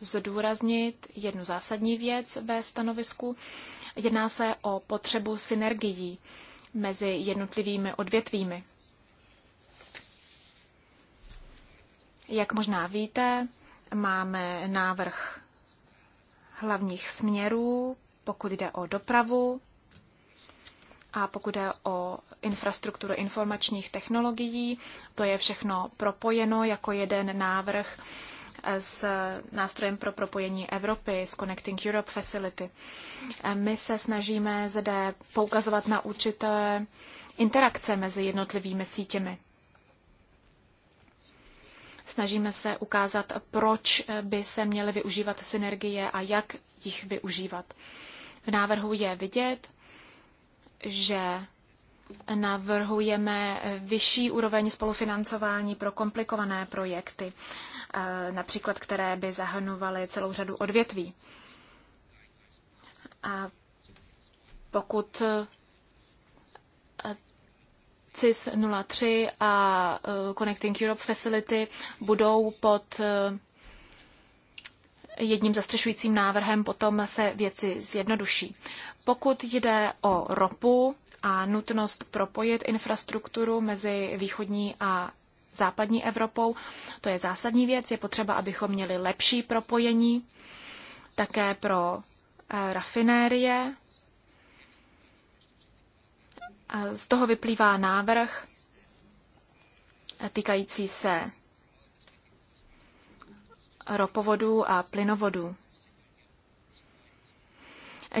zdůraznit jednu zásadní věc ve stanovisku. Jedná se o potřebu synergií mezi jednotlivými odvětvími. Jak možná víte, máme návrh hlavních směrů pokud jde o dopravu a pokud jde o infrastrukturu informačních technologií. To je všechno propojeno jako jeden návrh eh, s nástrojem pro propojení Evropy, s Connecting Europe Facility. Eh, my se snažíme zde poukazovat na určité interakce mezi jednotlivými sítěmi. Snažíme se ukázat, proč by se měly využívat synergie a jak jich využívat. V návrhu je vidět, že navrhujeme vyšší úroveň spolufinancování pro komplikované projekty, eh, například které by zahrnovaly celou řadu odvětví. A pokud eh, CIS 03 a eh, Connecting Europe Facility budou pod jedním zastřešujícím návrhem potom se věci zjednoduší. Pokud jde o ropu a nutnost propojit infrastrukturu mezi východní a západní Evropou, to je zásadní věc. Je potřeba, abychom měli lepší propojení také pro eh, rafinérie. Z toho vyplývá návrh týkající se ropovodů a plynovodů.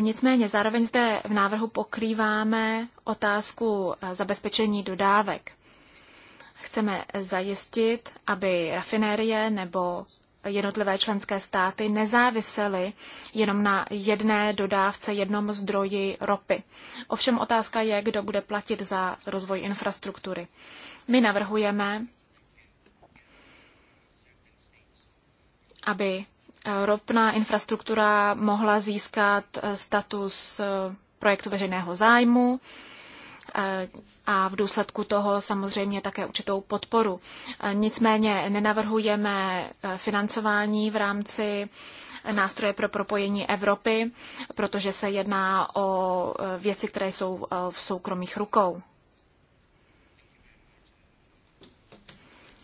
Nicméně zároveň zde v návrhu pokrýváme otázku eh, zabezpečení dodávek. Chceme zajistit, aby rafinérie nebo jednotlivé členské státy nezávisely jenom na jedné dodávce, jednom zdroji ropy. Ovšem otázka je, kdo bude platit za rozvoj infrastruktury. My navrhujeme, aby eh, ropná infrastruktura mohla získat eh, status eh, projektu veřejného zájmu a v důsledku toho samozřejmě také určitou podporu. Nicméně nenavrhujeme financování v rámci nástroje pro propojení Evropy, protože se jedná o věci, které jsou v soukromých rukou.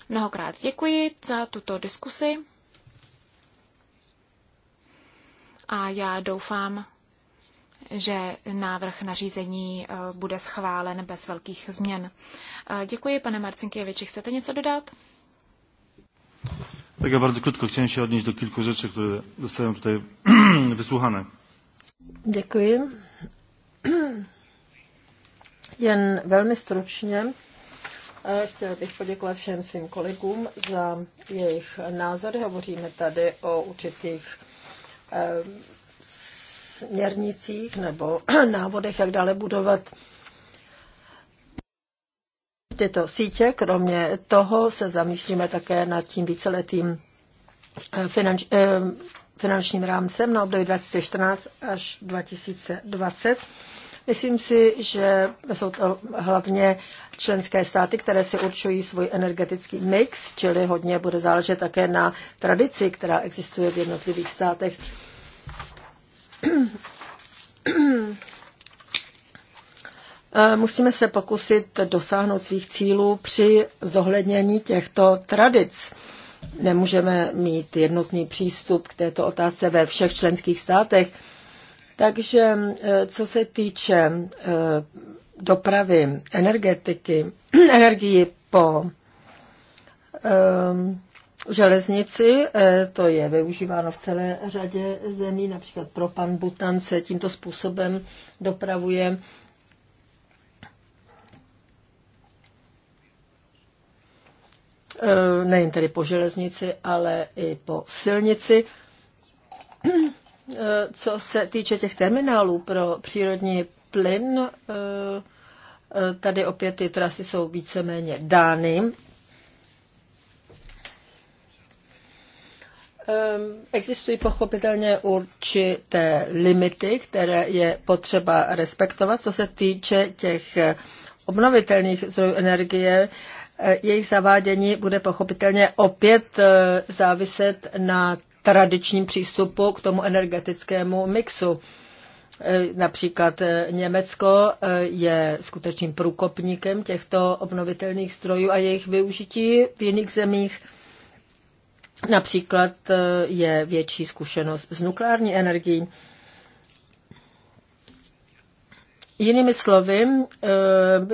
Mnohokrát děkuji za tuto diskusi. a já doufám, že návrh nařízení eh, bude schválen bez velkých změn. Eh, děkuji, pane Marcinkěviči. Chcete něco dodat? Tak já bardzo krótko chtěl się odnít do kilku řeči, které zostały tady wysłuchane. Děkuji. Jen velmi stručně eh, chtěl bych poděkovat všem svým kolegům za jejich názory. Hovoříme tady o určitých směrnicích nebo návodech, jak dále budovat tyto sítě. Kromě toho se zamýšlíme také nad tím víceletým eh, finanč, eh, finančním rámcem na období 2014 až 2020 Myslím si, že jsou to hlavně členské státy, které si určují svůj energetický mix, čili hodně bude záležet také na tradici, která existuje v jednotlivých státech. Musíme se pokusit dosáhnout svých cílů při zohlednění těchto tradic. Nemůžeme mít jednotný přístup k této otázce ve všech členských státech. Takže eh, co se týče eh, dopravy, energetiky, energii po ehm, železnici, eh, to je využíváno v celé řadě zemí, například pro pan Butan se tímto způsobem dopravuje nejen tedy po železnici, ale i po silnici. Eh, co se týče těch terminálů pro přírodní plyn, eh, eh, tady opět ty trasy jsou víceméně dány. Ehm, existují pochopitelně určité limity, které je potřeba respektovat, co se týče těch obnovitelných zdrojů energie. Jejich zavádění bude pochopitelně opět záviset na tradičním přístupu k tomu energetickému mixu. E, například e, Německo e, je skutečným průkopníkem těchto obnovitelných strojů a jejich využití v jiných zemích. Například je větší zkušenost s nukleární energií. Jinými slovy, eh,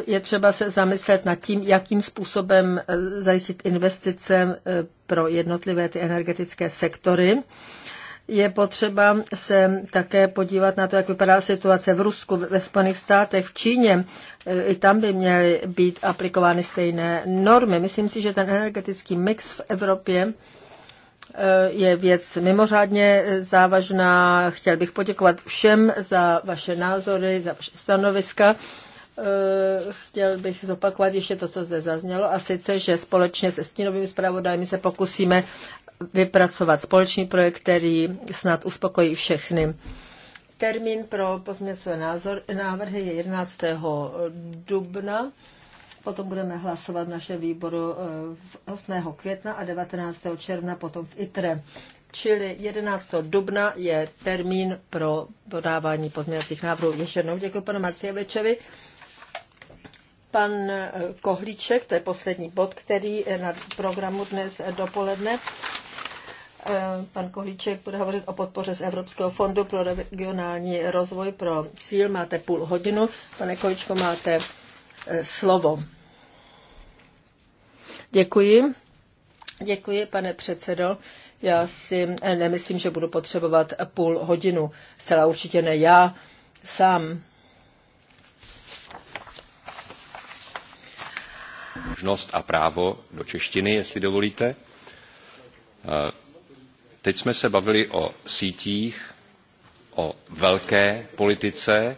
je třeba se zamyslet nad tím, jakým způsobem eh, zajistit investice eh, pro jednotlivé ty energetické sektory. Je potřeba se také podívat na to, jak vypadá situace v Rusku, ve Spojených státech, v Číně. I tam by měly být aplikovány stejné normy. Myslím si, že ten energetický mix v Evropě Eh, je věc mimořádně eh, závažná. Chtěl bych poděkovat všem za vaše názory, za vaše stanoviska. Eh, chtěl bych zopakovat ještě to, co zde zaznělo, a sice, že společně se stínovými zpravodajmi se pokusíme vypracovat společný projekt, který snad uspokojí všechny. Termín pro pozměňovací návrhy je 11. dubna. Potom budeme hlasovat v našem výboru 8. Eh, května a 19. června potom v ITRE. Čili 11. dubna je termín pro podávání pozměňovacích návrhů. Ještě jednou děkuji panu Macievičovi. Pan eh, Kohlíček, to je poslední bod, který je na programu dnes dopoledne. Eh, pan Kohlíček bude hovořit o podpoře z Evropského fondu pro regionální rozvoj pro cíl. Máte půl hodinu. Pane Kohlíčko, máte slovo. Děkuji. Děkuji, pane předsedo. Já si eh, nemyslím, že budu potřebovat půl hodinu. Zcela určitě ne já sám. Možnost a právo do češtiny, jestli dovolíte. Eh, teď jsme se bavili o sítích, o velké politice.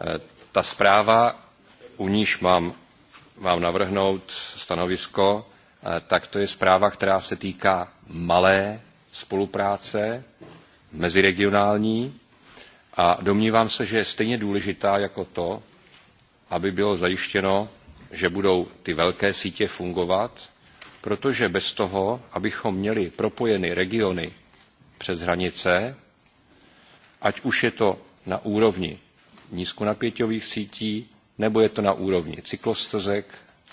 Eh, ta zpráva, u níž mám vám navrhnout stanovisko, eh, tak to je zpráva, která se týká malé spolupráce, meziregionální, a domnívám se, že je stejně důležitá jako to, aby bylo zajištěno, že budou ty velké sítě fungovat, protože bez toho, abychom měli propojeny regiony přes hranice, ať už je to na úrovni nízkonapěťových sítí nebo je to na úrovni cyklostezek,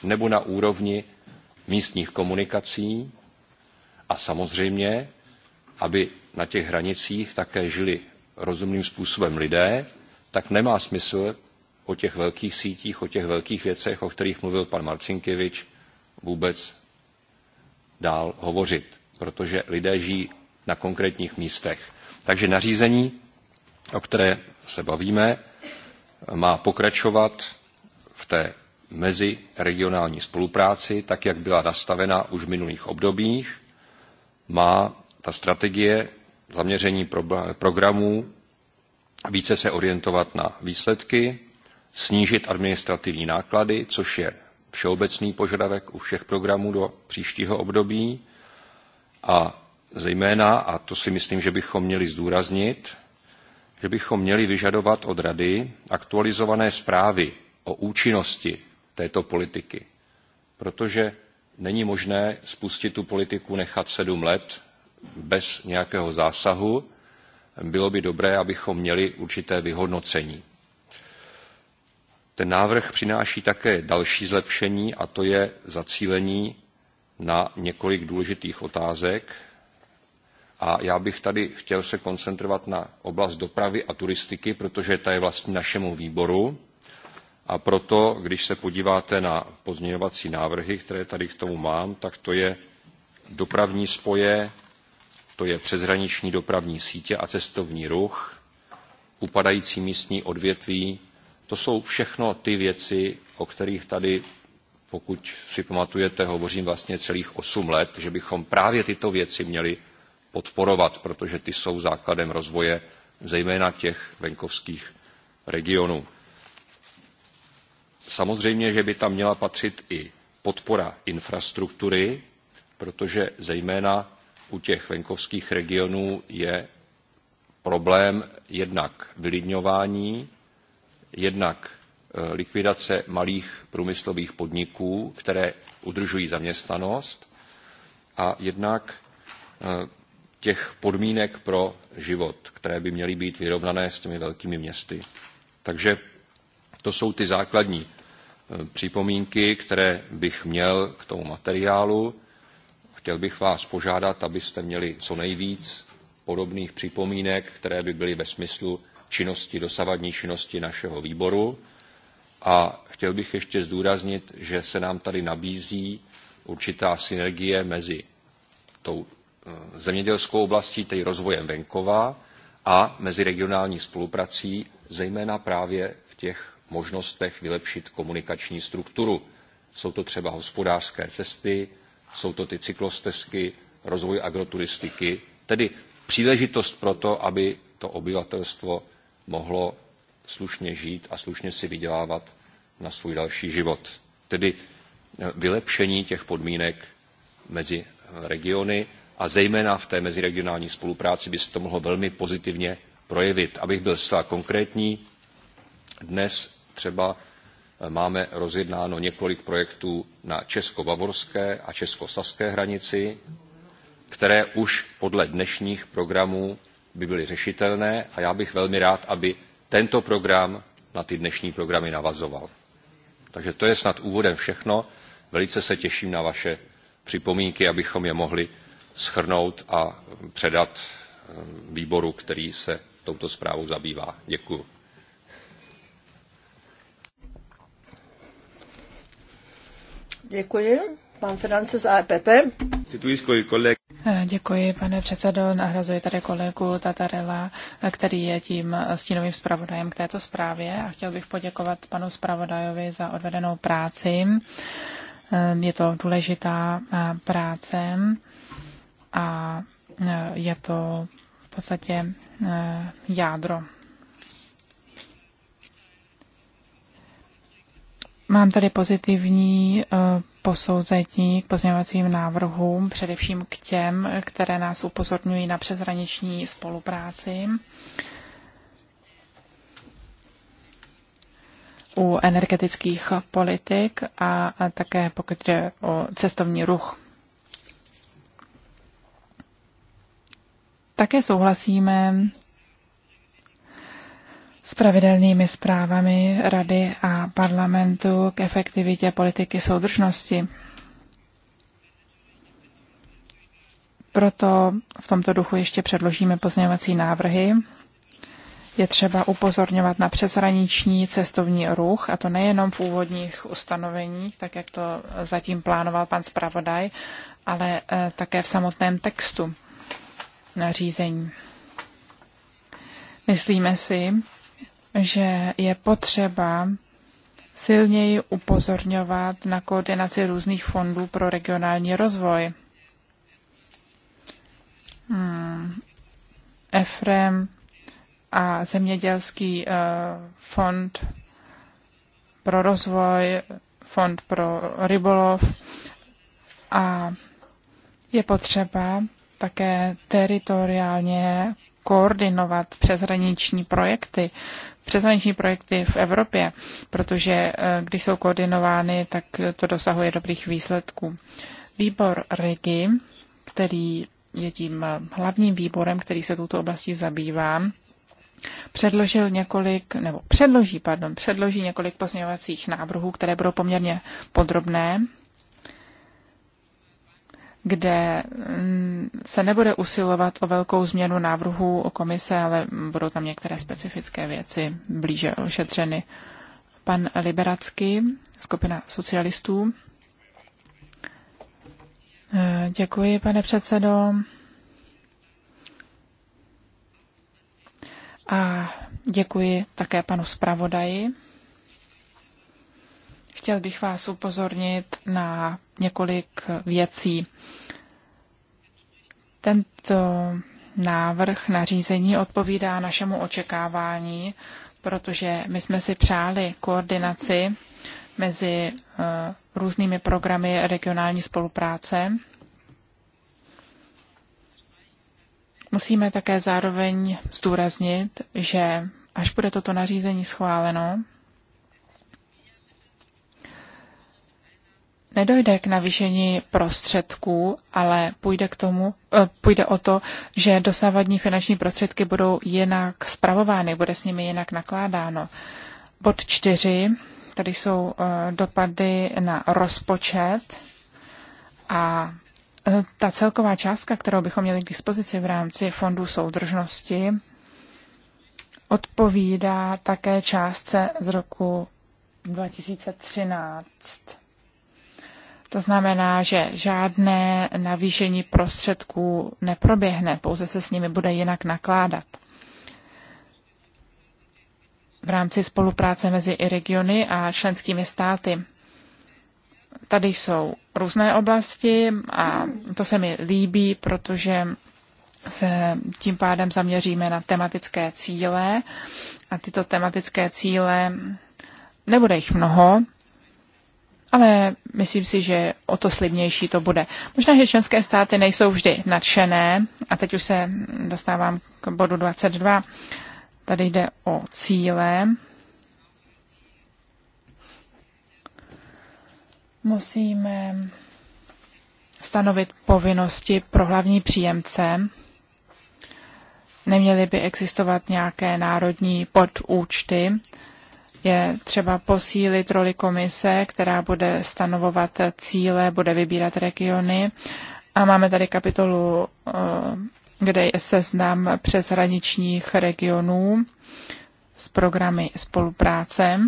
nebo na úrovni místních komunikací a samozřejmě, aby na těch hranicích také žili rozumným způsobem lidé, tak nemá smysl o těch velkých sítích, o těch velkých věcech, o kterých mluvil pan Marcinkevič, vůbec dál hovořit, protože lidé žijí na konkrétních místech. Takže nařízení, o které se bavíme, má pokračovat v té meziregionální spolupráci, tak jak byla nastavena už v minulých obdobích. Má ta strategie zaměření programů více se orientovat na výsledky, snížit administrativní náklady, což je všeobecný požadavek u všech programů do příštího období a zejména, a to si myslím, že bychom měli zdůraznit, že bychom měli vyžadovat od Rady aktualizované zprávy o účinnosti této politiky, protože není možné spustit tu politiku nechat sedm let bez nějakého zásahu. Bylo by dobré, abychom měli určité vyhodnocení. Ten návrh přináší také další zlepšení a to je zacílení na několik důležitých otázek, a já bych tady chtěl se koncentrovat na oblast dopravy a turistiky, protože ta je vlastně našemu výboru. A proto, když se podíváte na pozměňovací návrhy, které tady k tomu mám, tak to je dopravní spoje, to je přeshraniční dopravní sítě a cestovní ruch, upadající místní odvětví. To jsou všechno ty věci, o kterých tady, pokud si pamatujete, hovořím vlastně celých osm let, že bychom právě tyto věci měli podporovat, protože ty jsou základem rozvoje zejména těch venkovských regionů. Samozřejmě, že by tam měla patřit i podpora infrastruktury, protože zejména u těch venkovských regionů je problém jednak vylidňování, jednak e, likvidace malých průmyslových podniků, které udržují zaměstnanost, a jednak e, těch podmínek pro život, které by měly být vyrovnané s těmi velkými městy. Takže to jsou ty základní eh, připomínky, které bych měl k tomu materiálu. Chtěl bych vás požádat, abyste měli co nejvíc podobných připomínek, které by byly ve smyslu činnosti, dosavadní činnosti našeho výboru. A chtěl bych ještě zdůraznit, že se nám tady nabízí určitá synergie mezi tou Eh, zemědělskou oblastí, tedy rozvojem venkova a meziregionální spoluprací, zejména právě v těch možnostech vylepšit komunikační strukturu. Jsou to třeba hospodářské cesty, jsou to ty cyklostezky, rozvoj agroturistiky, tedy příležitost pro to, aby to obyvatelstvo mohlo slušně žít a slušně si vydělávat na svůj další život. Tedy eh, vylepšení těch podmínek mezi regiony a zejména v té meziregionální spolupráci by se to mohlo velmi pozitivně projevit. Abych byl zcela konkrétní, dnes třeba eh, máme rozjednáno několik projektů na česko-bavorské a česko-saské hranici, které už podle dnešních programů by byly řešitelné a já bych velmi rád, aby tento program na ty dnešní programy navazoval. Takže to je snad úvodem všechno. Velice se těším na vaše připomínky, abychom je mohli schrnout a předat eh, výboru, který se touto zprávou zabývá. Děkuji. Děkuji. Pan Finance za EPP. Eh, děkuji, pane předsedo. Nahrazuji tady kolegu Tatarela, eh, který je tím stínovým zpravodajem k této zprávě a chtěl bych poděkovat panu zpravodajovi za odvedenou práci. Je to důležitá práce a e, je to v podstatě e, jádro. Mám tady pozitivní e, posouzení k pozměňovacím návrhům, především k těm, které nás upozorňují na přeshraniční spolupráci. u energetických politik a také pokud jde o cestovní ruch. Také souhlasíme s pravidelnými zprávami Rady a parlamentu k efektivitě politiky soudržnosti. Proto v tomto duchu ještě předložíme pozměňovací návrhy. Je třeba upozorňovat na přeshraniční cestovní ruch, a to nejenom v úvodních ustanoveních, tak jak to zatím plánoval pan zpravodaj, ale eh, také v samotném textu nařízení. Myslíme si, že je potřeba silněji upozorňovat na koordinaci různých fondů pro regionální rozvoj. Hmm. EFREM a Zemědělský uh, fond pro rozvoj, fond pro rybolov a je potřeba také teritoriálně koordinovat přeshraniční projekty, přeshraniční projekty v Evropě, protože eh, když jsou koordinovány, tak to dosahuje dobrých výsledků. Výbor RIGI, který je tím eh, hlavním výborem, který se tuto oblastí zabývá, předložil několik, nebo předloží, pardon, předloží několik pozměňovacích návrhů, které budou poměrně podrobné kde mm, se nebude usilovat o velkou změnu návrhu o komise, ale budou tam některé specifické věci blíže ošetřeny. Pan Liberacký, skupina socialistů. Eh, děkuji, pane předsedo. A děkuji také panu zpravodaji. Chtěl bych vás upozornit na několik věcí. Tento návrh nařízení odpovídá našemu očekávání, protože my jsme si přáli koordinaci mezi eh, různými programy regionální spolupráce. Musíme také zároveň zdůraznit, že až bude toto nařízení schváleno, nedojde k navýšení prostředků, ale půjde, k tomu, eh, půjde o to, že dosávadní finanční prostředky budou jinak spravovány, bude s nimi jinak nakládáno. Bod čtyři, tady jsou eh, dopady na rozpočet a eh, ta celková částka, kterou bychom měli k dispozici v rámci fondů soudržnosti, odpovídá také částce z roku 2013. To znamená, že žádné navýšení prostředků neproběhne, pouze se s nimi bude jinak nakládat. V rámci spolupráce mezi i regiony a členskými státy. Tady jsou různé oblasti a to se mi líbí, protože se tím pádem zaměříme na tematické cíle a tyto tematické cíle nebude jich mnoho, ale myslím si, že o to slibnější to bude. Možná, že členské státy nejsou vždy nadšené, a teď už se dostávám k bodu 22. Tady jde o cíle. Musíme stanovit povinnosti pro hlavní příjemce. Neměly by existovat nějaké národní podúčty, je třeba posílit roli komise, která bude stanovovat cíle, bude vybírat regiony. A máme tady kapitolu, eh, kde je seznam přeshraničních regionů s programy spolupráce.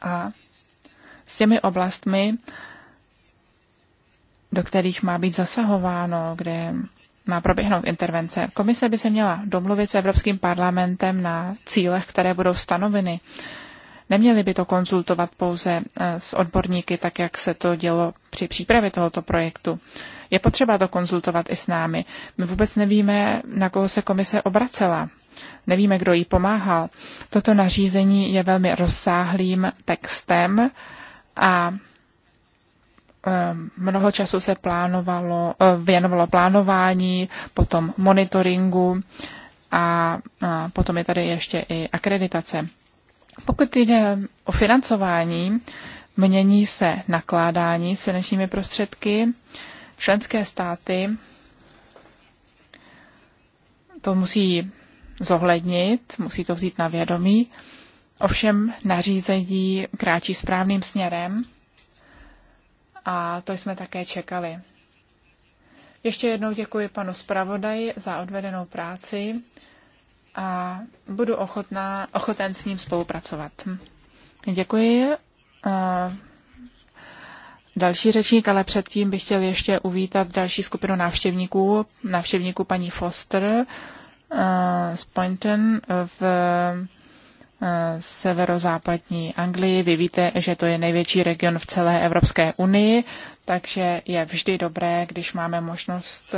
A s těmi oblastmi, do kterých má být zasahováno, kde má proběhnout intervence. Komise by se měla domluvit s Evropským parlamentem na cílech, které budou stanoveny. Neměli by to konzultovat pouze eh, s odborníky, tak jak se to dělo při přípravě tohoto projektu. Je potřeba to konzultovat i s námi. My vůbec nevíme, na koho se komise obracela. Nevíme, kdo jí pomáhal. Toto nařízení je velmi rozsáhlým textem a Ehm, mnoho času se plánovalo, eh, věnovalo plánování, potom monitoringu a potom je tady ještě i akreditace. Pokud jde o financování, mění se nakládání s finančními prostředky. Členské státy to musí zohlednit, musí to vzít na vědomí. Ovšem nařízení kráčí správným směrem a to jsme také čekali. Ještě jednou děkuji panu zpravodaji za odvedenou práci a budu ochotná, ochoten s ním spolupracovat. Děkuji. A další řečník, ale předtím bych chtěl ještě uvítat další skupinu návštěvníků, návštěvníků paní Foster z Pointon v severozápadní Anglii. Vy víte, že to je největší region v celé Evropské unii, takže je vždy dobré, když máme možnost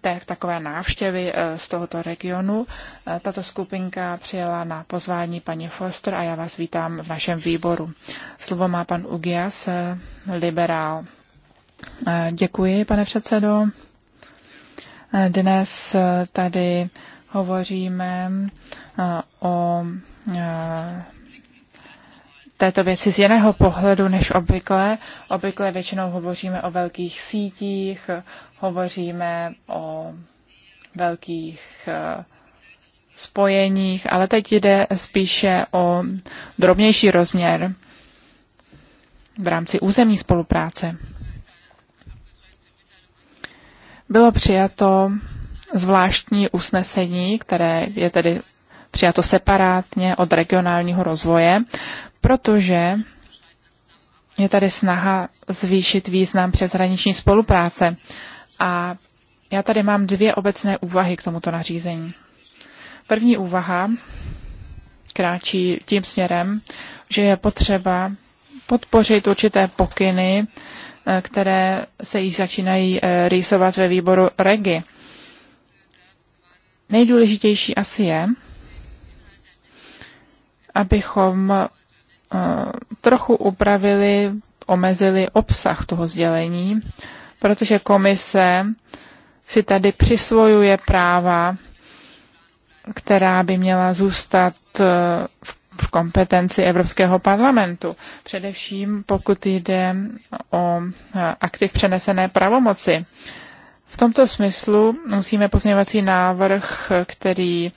té takové návštěvy eh, z tohoto regionu. Eh, tato skupinka přijela na pozvání paní Foster a já vás vítám v našem výboru. Slovo má pan Ugias, eh, liberál. Děkuji, pane předsedo. Dnes tady hovoříme eh, o eh, této věci z jiného pohledu než obvykle. Obvykle většinou hovoříme o velkých sítích, hovoříme o velkých eh, spojeních, ale teď jde spíše o drobnější rozměr v rámci územní spolupráce. Bylo přijato zvláštní usnesení, které je tedy přijato separátně od regionálního rozvoje, protože je tady snaha zvýšit význam přeshraniční spolupráce. A já tady mám dvě obecné úvahy k tomuto nařízení. První úvaha kráčí tím směrem, že je potřeba podpořit určité pokyny, eh, které se již začínají eh, rýsovat ve výboru REGI. Nejdůležitější asi je, abychom eh, trochu upravili, omezili obsah toho sdělení, protože komise si tady přisvojuje práva, která by měla zůstat eh, v kompetenci Evropského parlamentu. Především pokud jde o eh, aktiv přenesené pravomoci. V tomto smyslu musíme pozměňovací návrh, který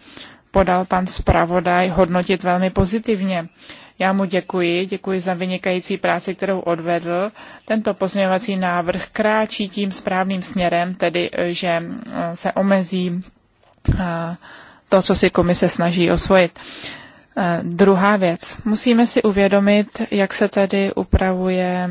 podal pan zpravodaj, hodnotit velmi pozitivně. Já mu děkuji, děkuji za vynikající práci, kterou odvedl. Tento pozměňovací návrh kráčí tím správným směrem, tedy eh, že eh, se omezí eh, to, co si komise snaží osvojit. Druhá věc. Musíme si uvědomit, jak se tedy upravuje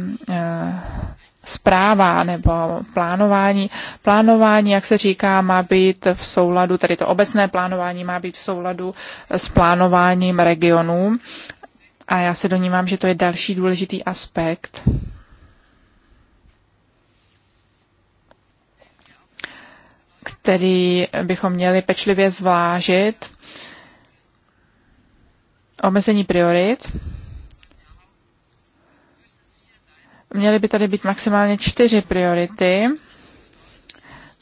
zpráva nebo plánování. Plánování, jak se říká, má být v souladu, tedy to obecné plánování má být v souladu s plánováním regionů. A já se donímám, že to je další důležitý aspekt. který bychom měli pečlivě zvážit. Omezení priorit Měly by tady být maximálně čtyři priority,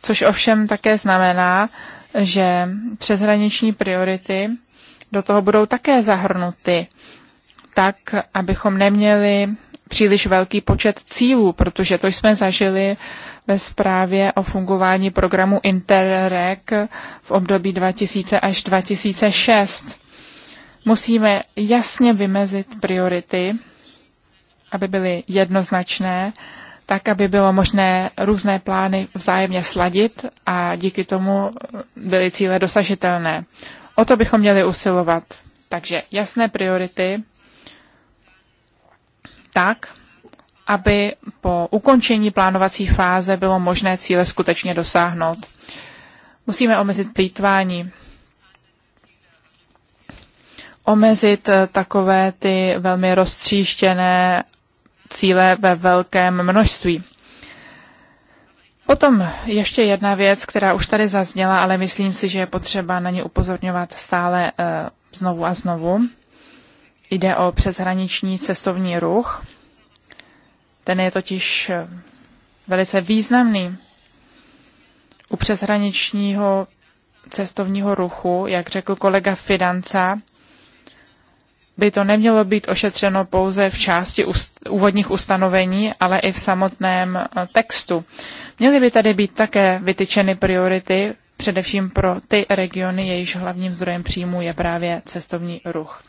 což ovšem také znamená, že přeshraniční priority do toho budou také zahrnuty, tak, abychom neměli příliš velký počet cílů, protože to jsme zažili ve zprávě o fungování programu Interreg v období 2000 až 2006. Musíme jasně vymezit priority aby byly jednoznačné, tak, aby bylo možné různé plány vzájemně sladit a díky tomu byly cíle dosažitelné. O to bychom měli usilovat. Takže jasné priority tak, aby po ukončení plánovací fáze bylo možné cíle skutečně dosáhnout. Musíme omezit plítvání, omezit eh, takové ty velmi roztříštěné cíle ve velkém množství. Potom ještě jedna věc, která už tady zazněla, ale myslím si, že je potřeba na ně upozorňovat stále e, znovu a znovu. Jde o přeshraniční cestovní ruch. Ten je totiž eh, velice významný. U přeshraničního cestovního ruchu, jak řekl kolega Fidanca, by to nemělo být ošetřeno pouze v části úvodních ustanovení, ale i v samotném eh, textu. Měly by tady být také vytyčeny priority, především pro ty regiony, jejichž hlavním zdrojem příjmu je právě cestovní ruch.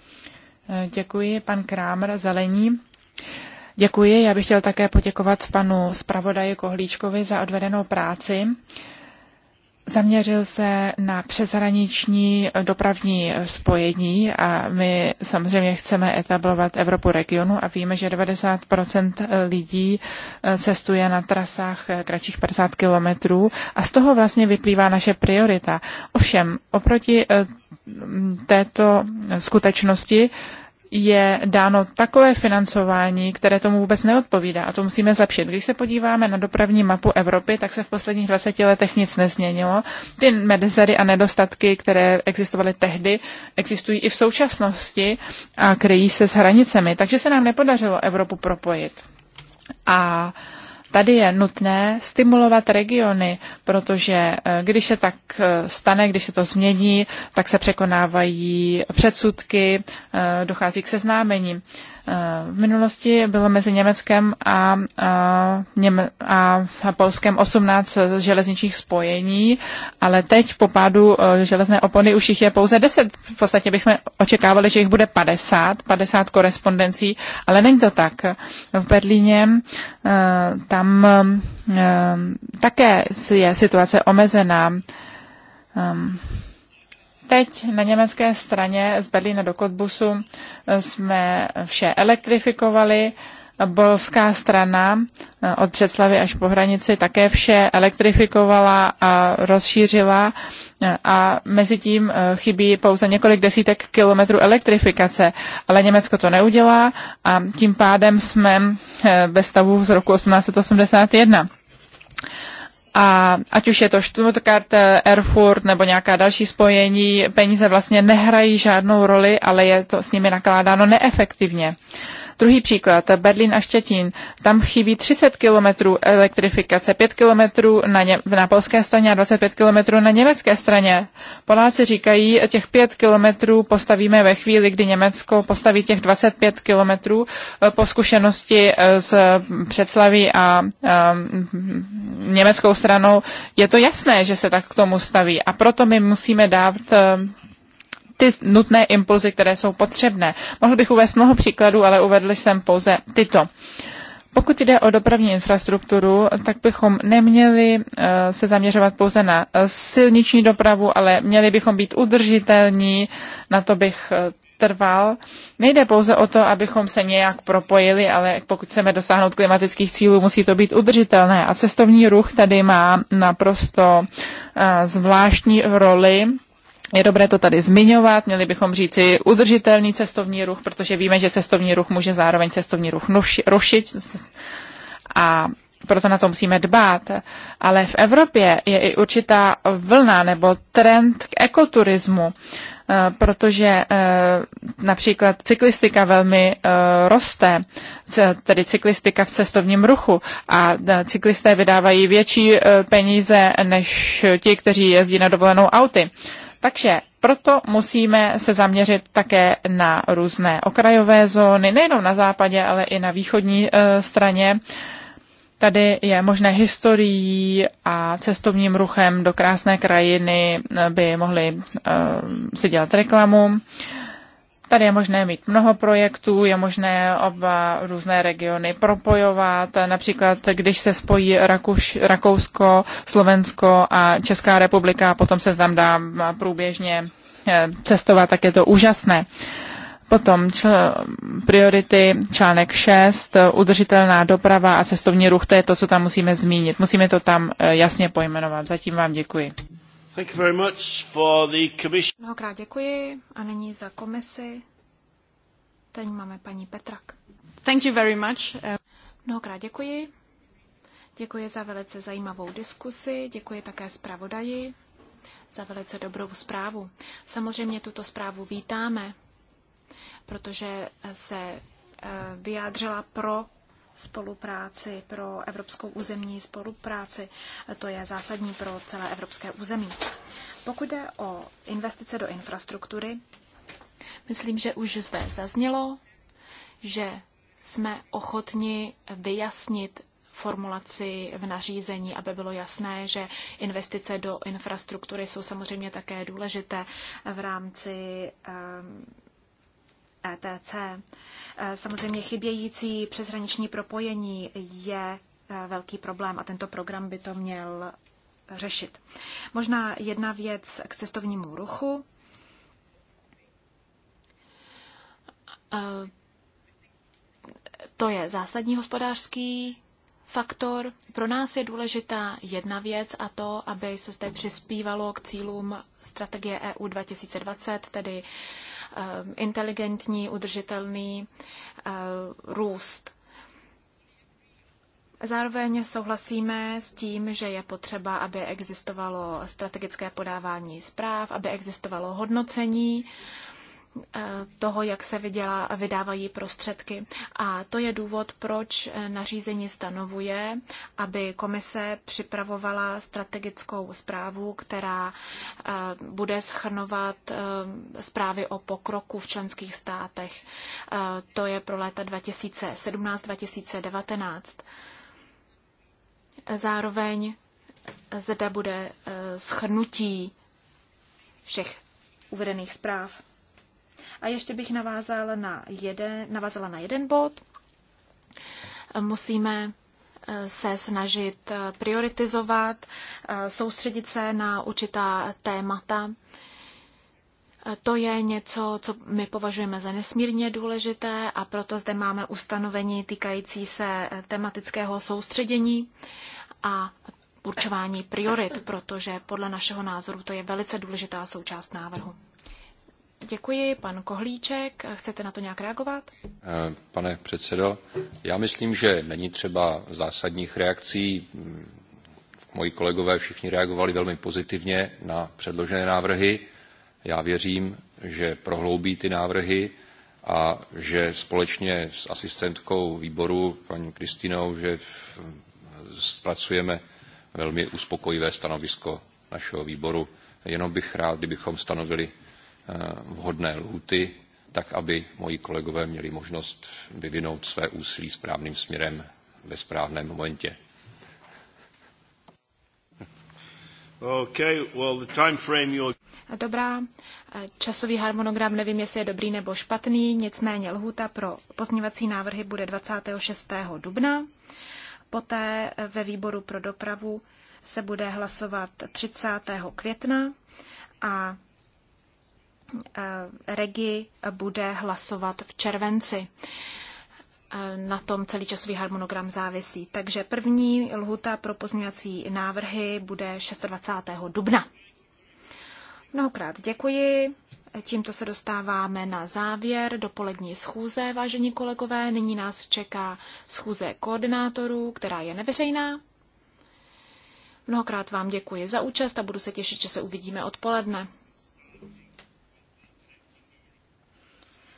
Eh, děkuji, pan Krámer, zelení. Děkuji, já bych chtěl také poděkovat panu zpravodaji Kohlíčkovi za odvedenou práci. Zaměřil se na přeshraniční dopravní spojení a my samozřejmě chceme etablovat Evropu regionu a víme, že 90 lidí eh, cestuje na trasách eh, kratších 50 kilometrů a z toho vlastně vyplývá naše priorita. Ovšem, oproti eh, této skutečnosti je dáno takové financování, které tomu vůbec neodpovídá a to musíme zlepšit. Když se podíváme na dopravní mapu Evropy, tak se v posledních 20 letech nic nezměnilo. Ty medzery a nedostatky, které existovaly tehdy, existují i v současnosti a kryjí se s hranicemi, takže se nám nepodařilo Evropu propojit. A uh, Tady je nutné stimulovat regiony, protože eh, když se tak eh, stane, když se to změní, tak se překonávají předsudky, eh, dochází k seznámení. V minulosti bylo mezi Německem a, a, a, a Polskem 18 železničních spojení, ale teď po pádu e, železné opony už jich je pouze 10. V podstatě bychom očekávali, že jich bude 50, 50 korespondencí, ale není to tak. V Berlíně e, tam e, také je situace omezená. Ehm, Teď na německé straně z Berlína do Kotbusu jsme vše elektrifikovali. Bolská strana eh, od Břeclavy až po hranici také vše elektrifikovala a rozšířila eh, a mezi tím eh, chybí pouze několik desítek kilometrů elektrifikace, ale Německo to neudělá a tím pádem jsme ve stavu z roku 1881 a ať už je to Stuttgart, eh, Erfurt nebo nějaká další spojení, peníze vlastně nehrají žádnou roli, ale je to s nimi nakládáno neefektivně. Uh, Druhý příklad, Berlín a Štětín. Tam chybí 30 kilometrů elektrifikace, 5 kilometrů na, ně, na polské straně a 25 kilometrů na německé straně. Poláci říkají, těch 5 kilometrů postavíme ve chvíli, kdy Německo postaví těch 25 kilometrů eh, po zkušenosti z eh, předslaví a eh, německou stranou. Je to jasné, že se tak k tomu staví a proto my musíme dát ty nutné impulzy, které jsou potřebné. Mohl bych uvést mnoho příkladů, ale uvedl jsem pouze tyto. Pokud jde o dopravní infrastrukturu, tak bychom neměli eh, se zaměřovat pouze na eh, silniční dopravu, ale měli bychom být udržitelní, na to bych eh, trval. Nejde pouze o to, abychom se nějak propojili, ale pokud chceme dosáhnout klimatických cílů, musí to být udržitelné. A cestovní ruch tady má naprosto zvláštní roli je dobré to tady zmiňovat, měli bychom říci udržitelný cestovní ruch, protože víme, že cestovní ruch může zároveň cestovní ruch rušit a proto na to musíme dbát. Ale v Evropě je i určitá vlna nebo trend k ekoturismu, eh, protože eh, například cyklistika velmi eh, roste, tedy cyklistika v cestovním ruchu a cyklisté vydávají větší peníze než ti, kteří jezdí na dovolenou auty. Takže proto musíme se zaměřit také na různé okrajové zóny, nejenom na západě, ale i na východní e, straně. Tady je možné historií a cestovním ruchem do krásné krajiny e, by mohli uh, si dělat reklamu. Tady je možné mít mnoho projektů, je možné oba různé regiony propojovat. Například, když se spojí Rakuš, Rakousko, Slovensko a Česká republika, potom se tam dá průběžně eh, cestovat, tak je to úžasné. Potom čl- priority, článek 6, udržitelná doprava a cestovní ruch, to je to, co tam musíme zmínit. Musíme to tam eh, jasně pojmenovat. Zatím vám děkuji. Thank you very much for the commission. Mnohokrát děkuji a nyní za komisi. Teď máme paní Petrak. Thank you very much. Mnohokrát děkuji. Děkuji za velice zajímavou diskusi, děkuji také zpravodaji za velice dobrou zprávu. Samozřejmě tuto zprávu vítáme, protože se eh, vyjádřila pro spolupráci, pro evropskou územní spolupráci. To je zásadní pro celé evropské území. Pokud jde o investice do infrastruktury, myslím, že už zde zaznělo, že jsme ochotni vyjasnit formulaci v nařízení, aby bylo jasné, že investice do infrastruktury jsou samozřejmě také důležité v rámci ehm, ETC. E, samozřejmě chybějící přeshraniční propojení je e, velký problém a tento program by to měl řešit. Možná jedna věc k cestovnímu ruchu. E, to je zásadní hospodářský faktor. Pro nás je důležitá jedna věc a to, aby se zde přispívalo k cílům strategie EU 2020, tedy ehm, inteligentní, udržitelný eh, růst. Zároveň souhlasíme s tím, že je potřeba, aby existovalo strategické podávání zpráv, aby existovalo hodnocení, Eh, toho, jak se vydělá, vydávají prostředky. A to je důvod, proč eh, nařízení stanovuje, aby komise připravovala strategickou zprávu, která eh, bude schrnovat zprávy o pokroku v členských státech. To je pro léta 2017-2019. Zároveň zde bude schrnutí všech uvedených zpráv. A ještě bych navázala na jeden, navázala na jeden bod. Musíme eh, se snažit eh, prioritizovat, eh, soustředit se na určitá témata. To je něco, co my považujeme za nesmírně důležité a proto zde máme ustanovení týkající se tematického soustředění a určování priorit, protože podle našeho názoru to je velice důležitá součást návrhu. Děkuji, pan Kohlíček. Chcete na to nějak reagovat? Eh, pane předsedo, já myslím, že není třeba zásadních reakcí. Mm, moji kolegové všichni reagovali velmi pozitivně na předložené návrhy. Já věřím, že prohloubí ty návrhy a že společně s asistentkou výboru, paní Kristinou, že zpracujeme velmi uspokojivé stanovisko našeho výboru. Jenom bych rád, kdybychom stanovili Eh, vhodné lhuty, tak aby moji kolegové měli možnost vyvinout své úsilí správným směrem ve správném momentě. Okay, well, the time frame Dobrá, časový harmonogram nevím, jestli je dobrý nebo špatný, nicméně lhůta pro pozměňovací návrhy bude 26. dubna. Poté ve výboru pro dopravu se bude hlasovat 30. května a Regi bude hlasovat v červenci. Na tom celý časový harmonogram závisí. Takže první lhuta pro pozměňovací návrhy bude 26. dubna. Mnohokrát děkuji. Tímto se dostáváme na závěr dopolední schůze, vážení kolegové. Nyní nás čeká schůze koordinátorů, která je neveřejná. Mnohokrát vám děkuji za účast a budu se těšit, že se uvidíme odpoledne.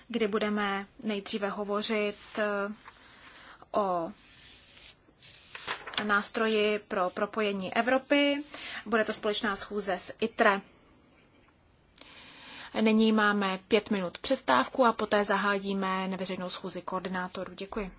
kdy budeme nejdříve hovořit eh, o nástroji pro propojení Evropy. Bude to společná schůze s ITRE. Nyní máme pět minut přestávku a poté zahájíme neveřejnou schůzi koordinátorů. Děkuji.